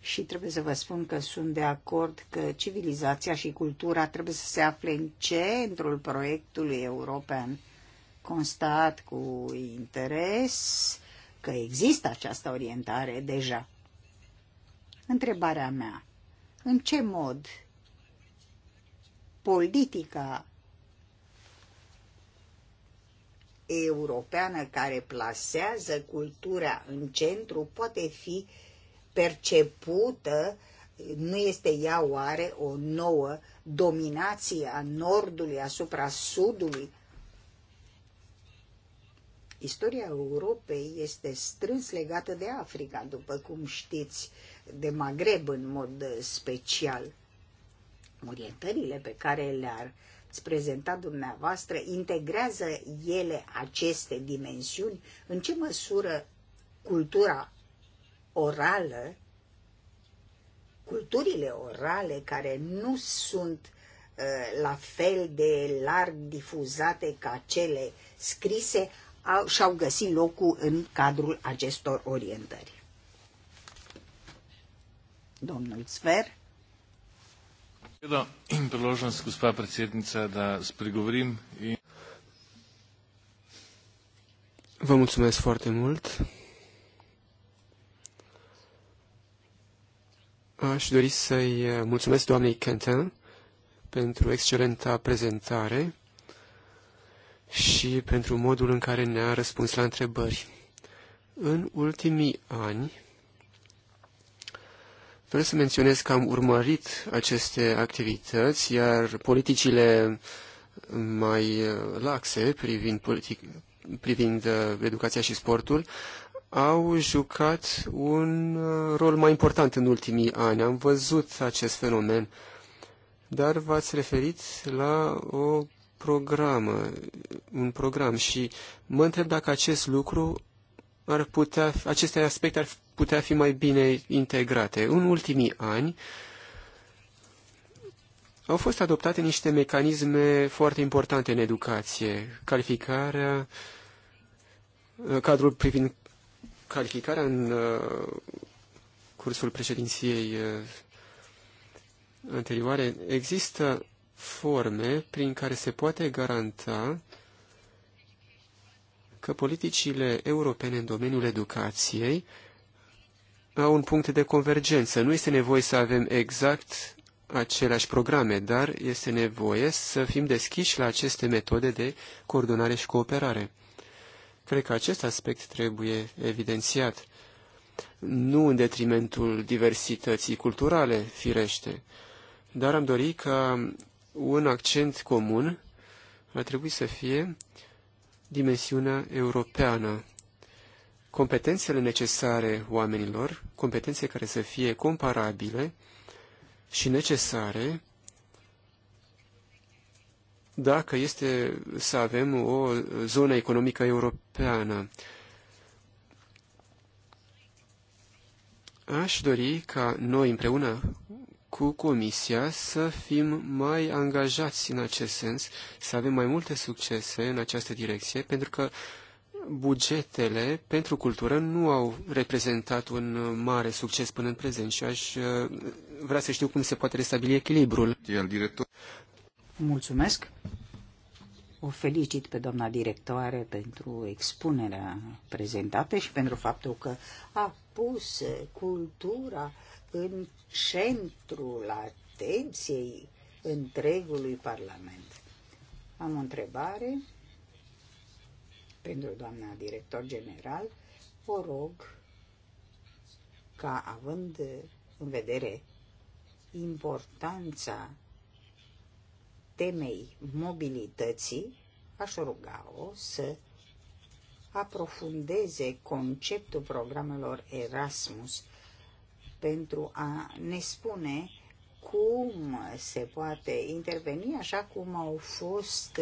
și trebuie să vă spun că sunt de acord că civilizația și cultura trebuie să se afle în centrul proiectului european. Constat cu interes că există această orientare deja. Întrebarea mea, în ce mod politica europeană care plasează cultura în centru poate fi percepută, nu este ea oare o nouă dominație a Nordului asupra Sudului, Istoria Europei este strâns legată de Africa, după cum știți, de Maghreb în mod uh, special. Orientările pe care le-ar prezenta dumneavoastră, integrează ele aceste dimensiuni? În ce măsură cultura orală, culturile orale care nu sunt uh, la fel de larg difuzate ca cele scrise, au, și-au găsit locul în cadrul acestor orientări. Domnul Sfer. Besedo in priložnost, gospa da spregovorim. Vă mulțumesc foarte mult. Aș dori să-i mulțumesc doamnei Quentin pentru excelenta prezentare și pentru modul în care ne-a răspuns la întrebări. În ultimii ani, vreau să menționez că am urmărit aceste activități, iar politicile mai uh, laxe privind, politic, privind uh, educația și sportul au jucat un uh, rol mai important în ultimii ani. Am văzut acest fenomen, dar v-ați referit la o programă, un program și mă întreb dacă acest lucru ar putea, aceste aspecte ar putea fi mai bine integrate. În ultimii ani au fost adoptate niște mecanisme foarte importante în educație, calificarea, cadrul privind calificarea în uh, cursul președinției uh, anterioare. Există forme prin care se poate garanta că politicile europene în domeniul educației au un punct de convergență. Nu este nevoie să avem exact aceleași programe, dar este nevoie să fim deschiși la aceste metode de coordonare și cooperare. Cred că acest aspect trebuie evidențiat, nu în detrimentul diversității culturale, firește, dar am dorit ca un accent comun ar trebui să fie dimensiunea europeană. Competențele necesare oamenilor, competențe care să fie comparabile și necesare dacă este să avem o zonă economică europeană. Aș dori ca noi împreună cu Comisia să fim mai angajați în acest sens, să avem mai multe succese în această direcție, pentru că bugetele pentru cultură nu au reprezentat un mare succes până în prezent și aș uh, vrea să știu cum se poate restabili echilibrul. Mulțumesc. O felicit pe doamna directoare pentru expunerea prezentată și pentru faptul că a pus cultura în centrul atenției întregului Parlament. Am o întrebare pentru doamna director general. O rog ca având în vedere importanța temei mobilității, aș ruga-o să aprofundeze conceptul programelor Erasmus pentru a ne spune cum se poate interveni, așa cum au fost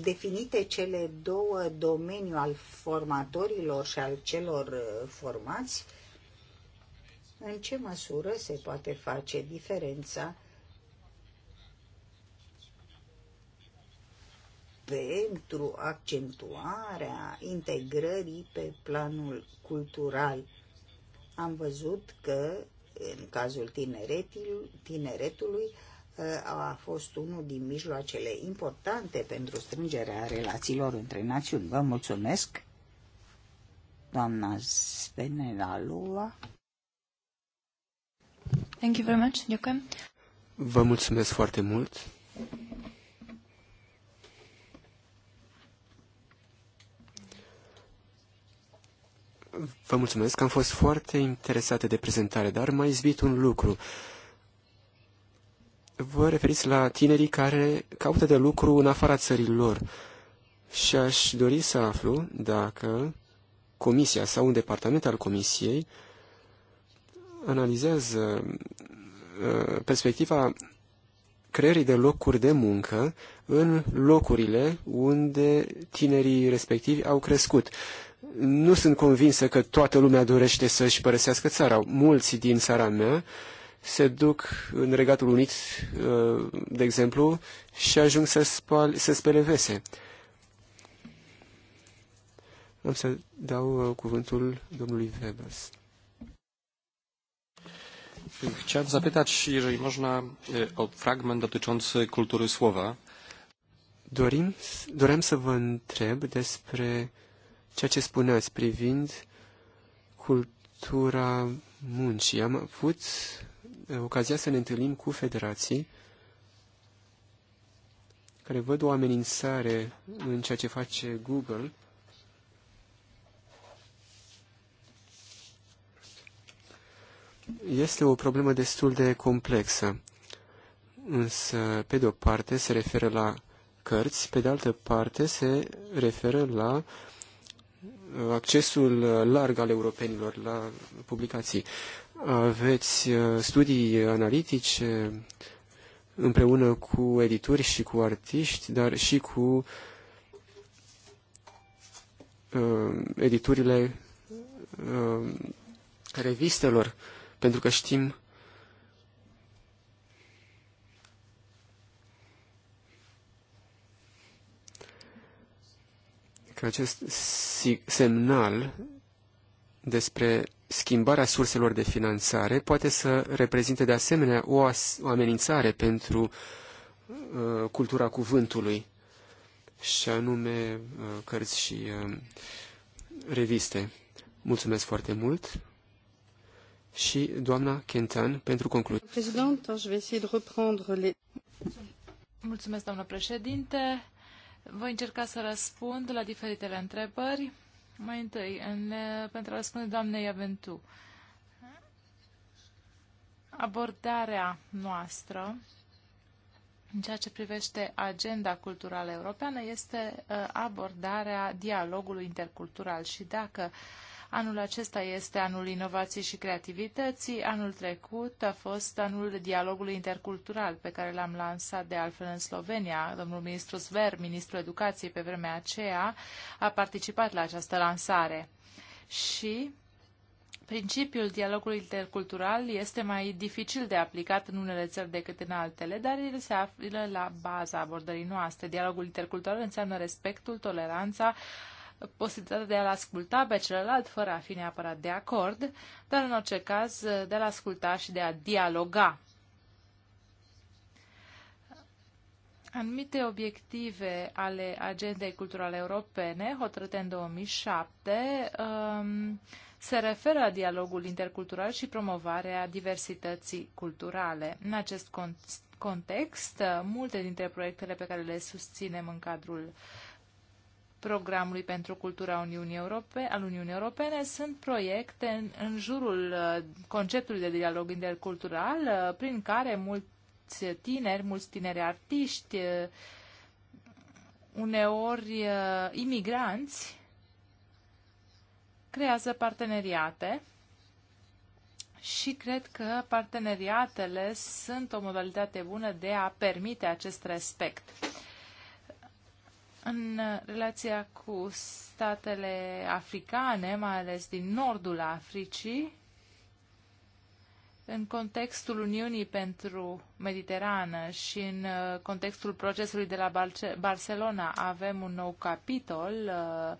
definite cele două domenii al formatorilor și al celor formați, în ce măsură se poate face diferența pentru accentuarea integrării pe planul cultural am văzut că în cazul tineretului ă, a fost unul din mijloacele importante pentru strângerea relațiilor între națiuni. Vă mulțumesc, doamna Spenelaloa. Thank you very much. Dziękuję. Vă mulțumesc foarte mult. Vă mulțumesc, am fost foarte interesate de prezentare, dar mai izbit un lucru. Vă referiți la tinerii care caută de lucru în afara țărilor și aș dori să aflu dacă comisia sau un departament al comisiei analizează uh, perspectiva creării de locuri de muncă în locurile unde tinerii respectivi au crescut nu sunt convinsă că toată lumea dorește să-și părăsească țara. Mulți din țara mea se duc în Regatul Unit, uh, de exemplu, și ajung să, spal, să spele vese. Am să dau uh, cuvântul domnului Webers. Chciałem zapytać, jeżeli można, o fragment dotyczący kultury słowa. Dorim, dorem să vă întreb despre ceea ce spuneați privind cultura muncii. Am avut eh, ocazia să ne întâlnim cu federații care văd o amenințare în ceea ce face Google este o problemă destul de complexă. Însă, pe de o parte, se referă la cărți, pe de altă parte, se referă la accesul uh, larg al europenilor la publicații. Aveți uh, studii analitice împreună cu edituri și cu artiști, dar și cu uh, editurile uh, revistelor, pentru că știm că acest semnal despre schimbarea surselor de finanțare poate să reprezinte de asemenea o, o amenințare pentru uh, cultura cuvântului, și anume uh, cărți și uh, reviste. Mulțumesc foarte mult! Și doamna Kentan pentru concluzie. Mulțumesc, doamna președinte. Voi încerca să răspund la diferitele întrebări. Mai întâi, în, pentru a răspunde doamnei Aventu, abordarea noastră în ceea ce privește agenda culturală europeană este uh, abordarea dialogului intercultural și dacă uh, Anul acesta este anul inovației și creativității. Anul trecut a fost anul dialogului intercultural pe care l-am lansat de altfel în Slovenia. Domnul ministru Sver, ministrul educației pe vremea aceea, a participat la această lansare. Și Principiul dialogului intercultural este mai dificil de aplicat în unele țări decât în altele, dar el se află la baza abordării noastre. Dialogul intercultural înseamnă respectul, toleranța, posibilitatea de a-l asculta pe celălalt fără a fi neapărat de acord, dar în orice caz de a-l asculta și de a dialoga. Anumite obiective ale agendei culturale europene, hotărâte în 2007, um, se referă la dialogul intercultural și promovarea diversității culturale. În acest context, multe dintre proiectele pe care le susținem în cadrul uh, programului pentru cultura Uniunii Europe, al Uniunii Europene sunt proiecte în, în jurul uh, conceptului de dialog intercultural uh, prin care mulți tineri, mulți tineri artiști, uh, uneori imigranți, creează parteneriate și cred că parteneriatele sunt o modalitate bună de a permite acest respect în relația cu statele africane, mai ales din nordul Africii, în contextul Uniunii pentru Mediterană și în uh, contextul procesului de la Barcelona avem un nou capitol uh,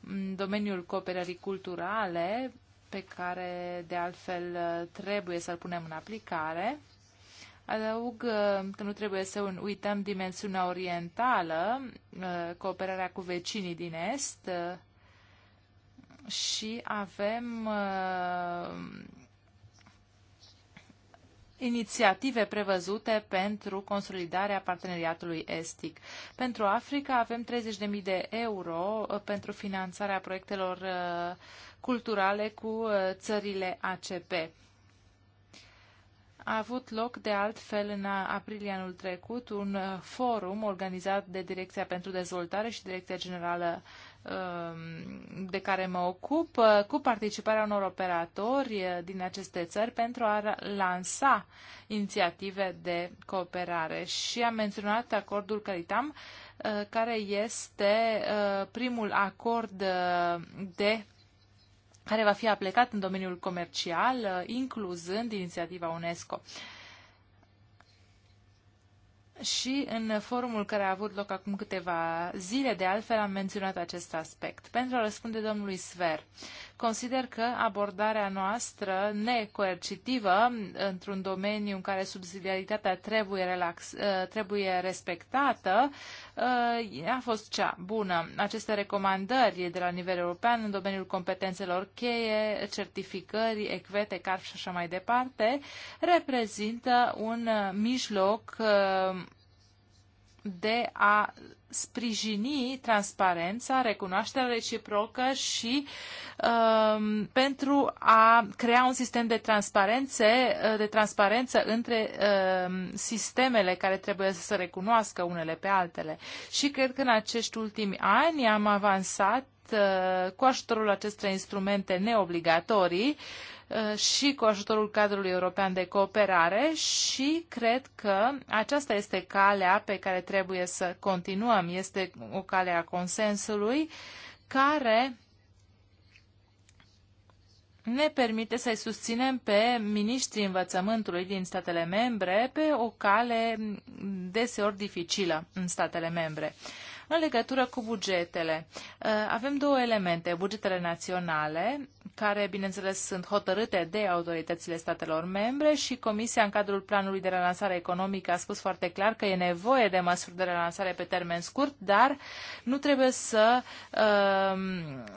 în domeniul cooperării culturale pe care de altfel uh, trebuie să-l punem în aplicare. Adaug uh, că nu trebuie să uităm dimensiunea orientală, uh, cooperarea cu vecinii din Est uh, și avem inițiative prevăzute pentru consolidarea parteneriatului estic. Pentru Africa avem 30.000 de euro pentru finanțarea proiectelor culturale cu țările ACP a avut loc de altfel în aprilie anul trecut un uh, forum organizat de Direcția pentru Dezvoltare și Direcția Generală um, de care mă ocup, uh, cu participarea unor operatori uh, din aceste țări pentru a lansa inițiative de cooperare. Și am menționat acordul Caritam, care este primul acord de care va fi aplicat în domeniul comercial, uh, incluzând inițiativa UNESCO. Și în forumul care a avut loc acum câteva zile, de altfel, am menționat acest aspect. Pentru a răspunde domnului Sver, Consider că abordarea noastră necoercitivă într-un domeniu în care subsidiaritatea trebuie, relax, uh, trebuie respectată uh, a fost cea bună. Aceste recomandări de la nivel european în domeniul competențelor cheie, certificări, ecvete, CARF și așa mai departe reprezintă un uh, mijloc de a sprijini transparența, recunoașterea reciprocă și um, pentru a crea un sistem de transparențe, uh, de transparență între um, sistemele care trebuie să se recunoască unele pe altele. Și cred că în acești ultimi ani am avansat Uh, cu ajutorul acestor instrumente neobligatorii uh, și cu ajutorul cadrului european de cooperare și cred că aceasta este calea pe care trebuie să continuăm. Este o cale a consensului care ne permite să-i susținem pe miniștrii învățământului din statele membre pe o cale deseori dificilă în statele membre. În legătură cu bugetele, uh, avem două elemente. Bugetele naționale care, bineînțeles, sunt hotărâte de autoritățile statelor membre și Comisia, în cadrul planului de relansare economică, a spus foarte clar că e nevoie de măsuri de relansare pe termen scurt, dar nu trebuie să uh,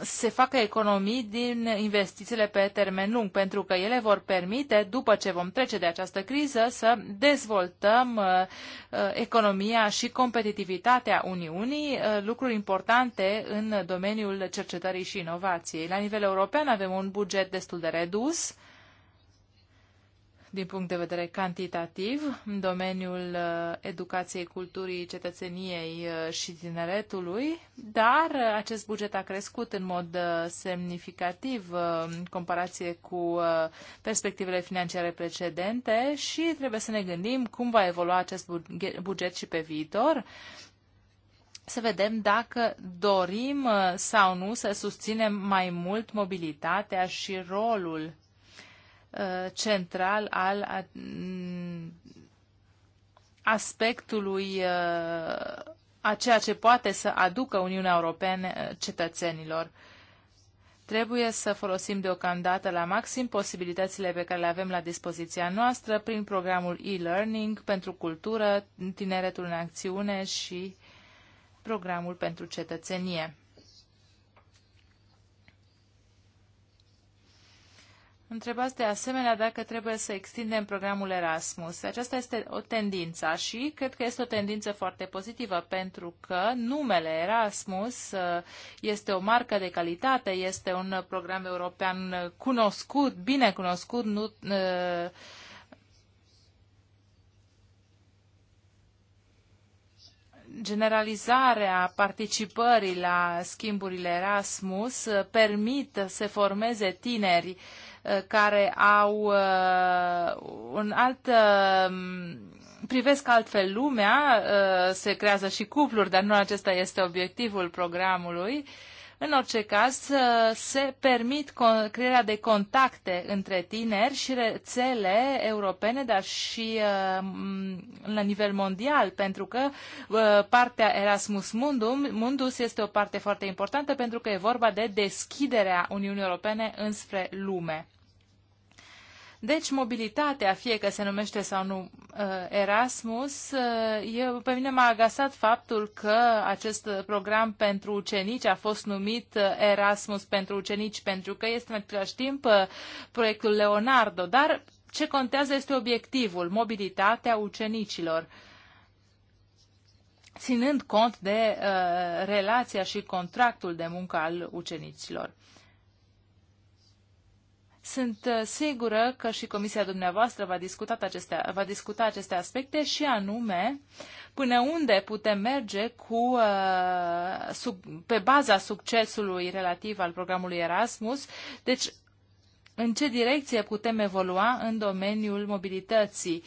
se facă economii din investițiile pe termen lung, pentru că ele vor permite, după ce vom trece de această criză, să dezvoltăm uh, uh economia și competitivitatea Uniunii, uh, lucruri importante în domeniul cercetării și inovației. La nivel european avem avem un buget destul de redus din punct de vedere cantitativ în domeniul uh, educației, culturii, cetățeniei uh, și tineretului, dar acest buget a crescut în mod uh, semnificativ în comparație cu perspectivele financiare precedente și trebuie să ne gândim cum va evolua acest buget și pe viitor să vedem dacă dorim uh, sau nu să susținem mai mult mobilitatea și rolul uh, central al uh, aspectului a ceea ce poate să aducă Uniunea Europeană cetățenilor. Trebuie să folosim deocamdată la maxim posibilitățile pe care le avem la dispoziția noastră prin programul e-learning pentru cultură, tineretul în acțiune și programul pentru cetățenie. Întrebați de asemenea dacă trebuie să extindem programul Erasmus. Aceasta este o tendință și cred că este o tendință foarte pozitivă pentru că numele Erasmus uh, este o marcă de calitate, este un program european cunoscut, bine cunoscut, nu, uh, generalizarea participării la schimburile Erasmus uh, permit să formeze tineri uh, care au uh, un alt um, privesc altfel lumea, se creează și cupluri, dar nu acesta este obiectivul programului. În orice caz, uh, se permit crearea de contacte între tineri și rețele europene, dar și uh, la nivel mondial, pentru că uh, partea Erasmus Mundum, Mundus este o parte foarte importantă pentru că e vorba de deschiderea Uniunii Europene înspre lume. Deci, mobilitatea, fie că se numește sau nu uh, Erasmus, uh, eu, pe mine m-a agasat faptul că acest program pentru ucenici a fost numit uh, Erasmus pentru ucenici, pentru că este în același timp proiectul Leonardo, dar ce contează este obiectivul, mobilitatea ucenicilor ținând cont de uh, relația și contractul de muncă al ucenicilor. Sunt uh, sigură că și comisia dumneavoastră va discuta aceste, va discuta aceste aspecte și anume până unde putem merge cu, uh, sub, pe baza succesului relativ al programului Erasmus. Deci în ce direcție putem evolua în domeniul mobilității.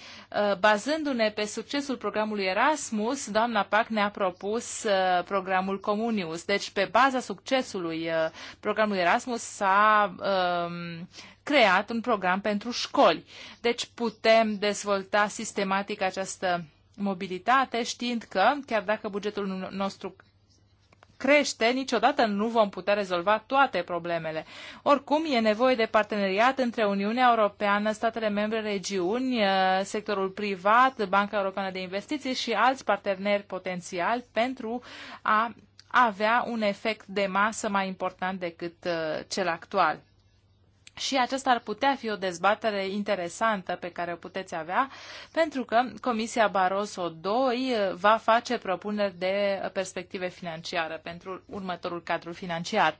Uh, bazându-ne pe succesul programului Erasmus, doamna Pac ne-a propus uh, programul Comunius. Deci, pe baza succesului uh, programului Erasmus s-a um, creat un program pentru școli. Deci, putem dezvolta sistematic această mobilitate, știind că, chiar dacă bugetul nostru crește, niciodată nu vom putea rezolva toate problemele. Oricum, e nevoie de parteneriat între Uniunea Europeană, statele membre, regiuni, eh, sectorul privat, Banca Europeană de Investiții și alți parteneri potențiali pentru a avea un efect de masă mai important decât eh, cel actual. Și aceasta ar putea fi o dezbatere interesantă pe care o puteți avea, pentru că Comisia Barroso II eh, va face propuneri de perspective financiară pentru următorul cadru financiar.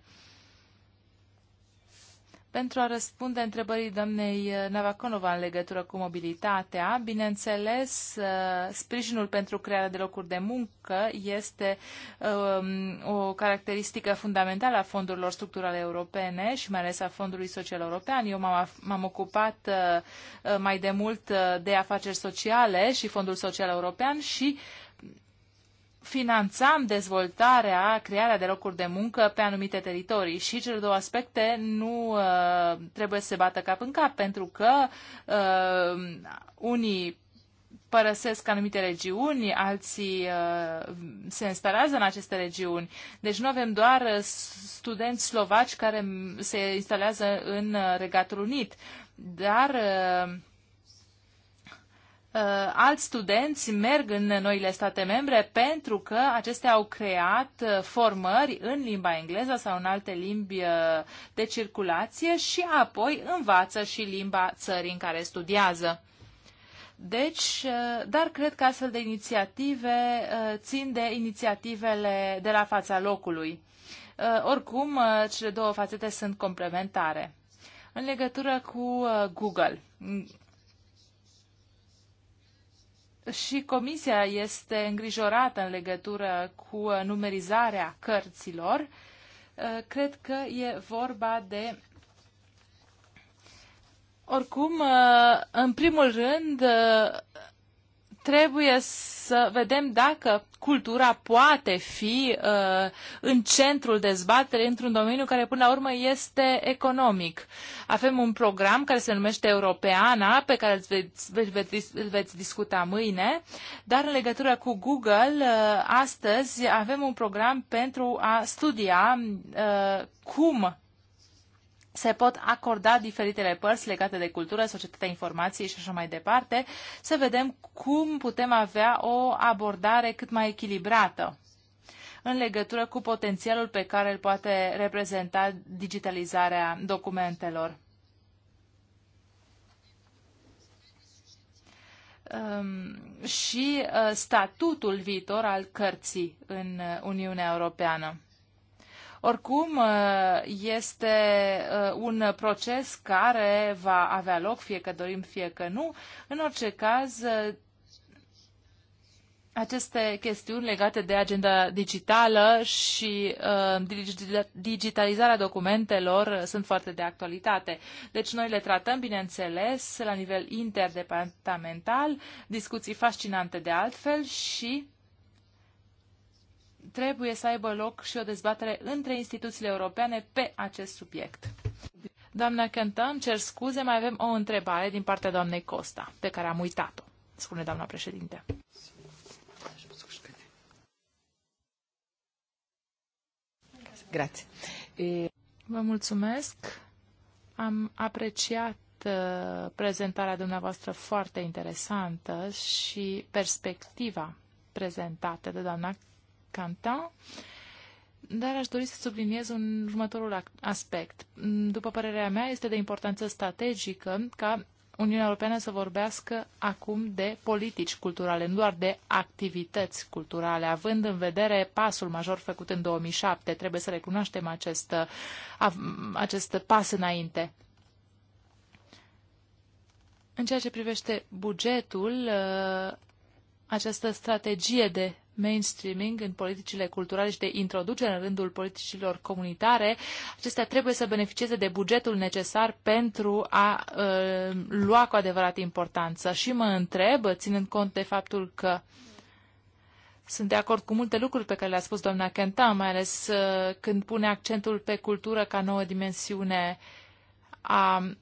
Pentru a răspunde întrebării doamnei uh, Navaconova în legătură cu mobilitatea, bineînțeles, uh, sprijinul pentru crearea de locuri de muncă este um, o caracteristică fundamentală a fondurilor structurale europene și mai ales a Fondului Social European. Eu m-am ocupat uh, mai de mult de afaceri sociale și Fondul Social European și uh, finanțam dezvoltarea, crearea de locuri de muncă pe anumite teritorii și cele două aspecte nu uh, trebuie să se bată cap în cap, pentru că uh, unii părăsesc anumite regiuni, alții uh, se instalează în aceste regiuni. Deci nu avem doar studenți slovaci care se instalează în uh, Regatul Unit, dar uh, Uh, alți studenți merg în noile state membre pentru că acestea au creat uh, formări în limba engleză sau în alte limbi uh, de circulație și apoi învață și limba țării în care studiază. Deci, dar cred că astfel de inițiative țin de inițiativele de la fața locului. Oricum, cele două fațete sunt complementare. În legătură cu Google, și comisia este îngrijorată în legătură cu numerizarea cărților. Uh, cred că e vorba de oricum, uh, în primul rând, uh, trebuie să vedem dacă cultura poate fi uh, în centrul dezbaterii într-un domeniu care până la urmă este economic. Avem un program care se numește Europeana, pe care îl veți, veți, veți discuta mâine, dar în legătură cu Google, uh, astăzi avem un program pentru a studia uh, cum se pot acorda diferitele părți legate de cultură, societatea informației și așa mai departe, să vedem cum putem avea o abordare cât mai echilibrată în legătură cu potențialul pe care îl poate reprezenta digitalizarea documentelor. Um, și uh, statutul viitor al cărții în Uniunea Europeană. Oricum, uh, este uh, un proces care va avea loc, fie că dorim, fie că nu. În orice caz, uh, aceste chestiuni legate de agenda digitală și digitalizarea documentelor sunt foarte de actualitate. Deci noi le tratăm, bineînțeles, la nivel interdepartamental, discuții fascinante de altfel și trebuie să aibă loc și o dezbatere între instituțiile europene pe acest subiect. Doamna Cântă, îmi cer scuze, mai avem o întrebare din partea doamnei Costa, pe care am uitat-o, spune doamna președinte. Grazie. Vă mulțumesc. Am apreciat uh, prezentarea dumneavoastră foarte interesantă și perspectiva prezentată de doamna Canta, dar aș dori să subliniez un următorul aspect. După părerea mea, este de importanță strategică ca Uniunea Europeană să vorbească acum de politici culturale, nu doar de activități culturale, având în vedere pasul major făcut în 2007. Trebuie să recunoaștem acest, uh, acest pas înainte. În ceea ce privește bugetul, uh, această strategie de mainstreaming în politicile culturale și de introducere în rândul politicilor comunitare, acestea trebuie să beneficieze de bugetul necesar pentru a uh, lua cu adevărat importanță. Și mă întreb, ținând cont de faptul că sunt de acord cu multe lucruri pe care le-a spus doamna Kenta, mai ales uh, când pune accentul pe cultură ca nouă dimensiune a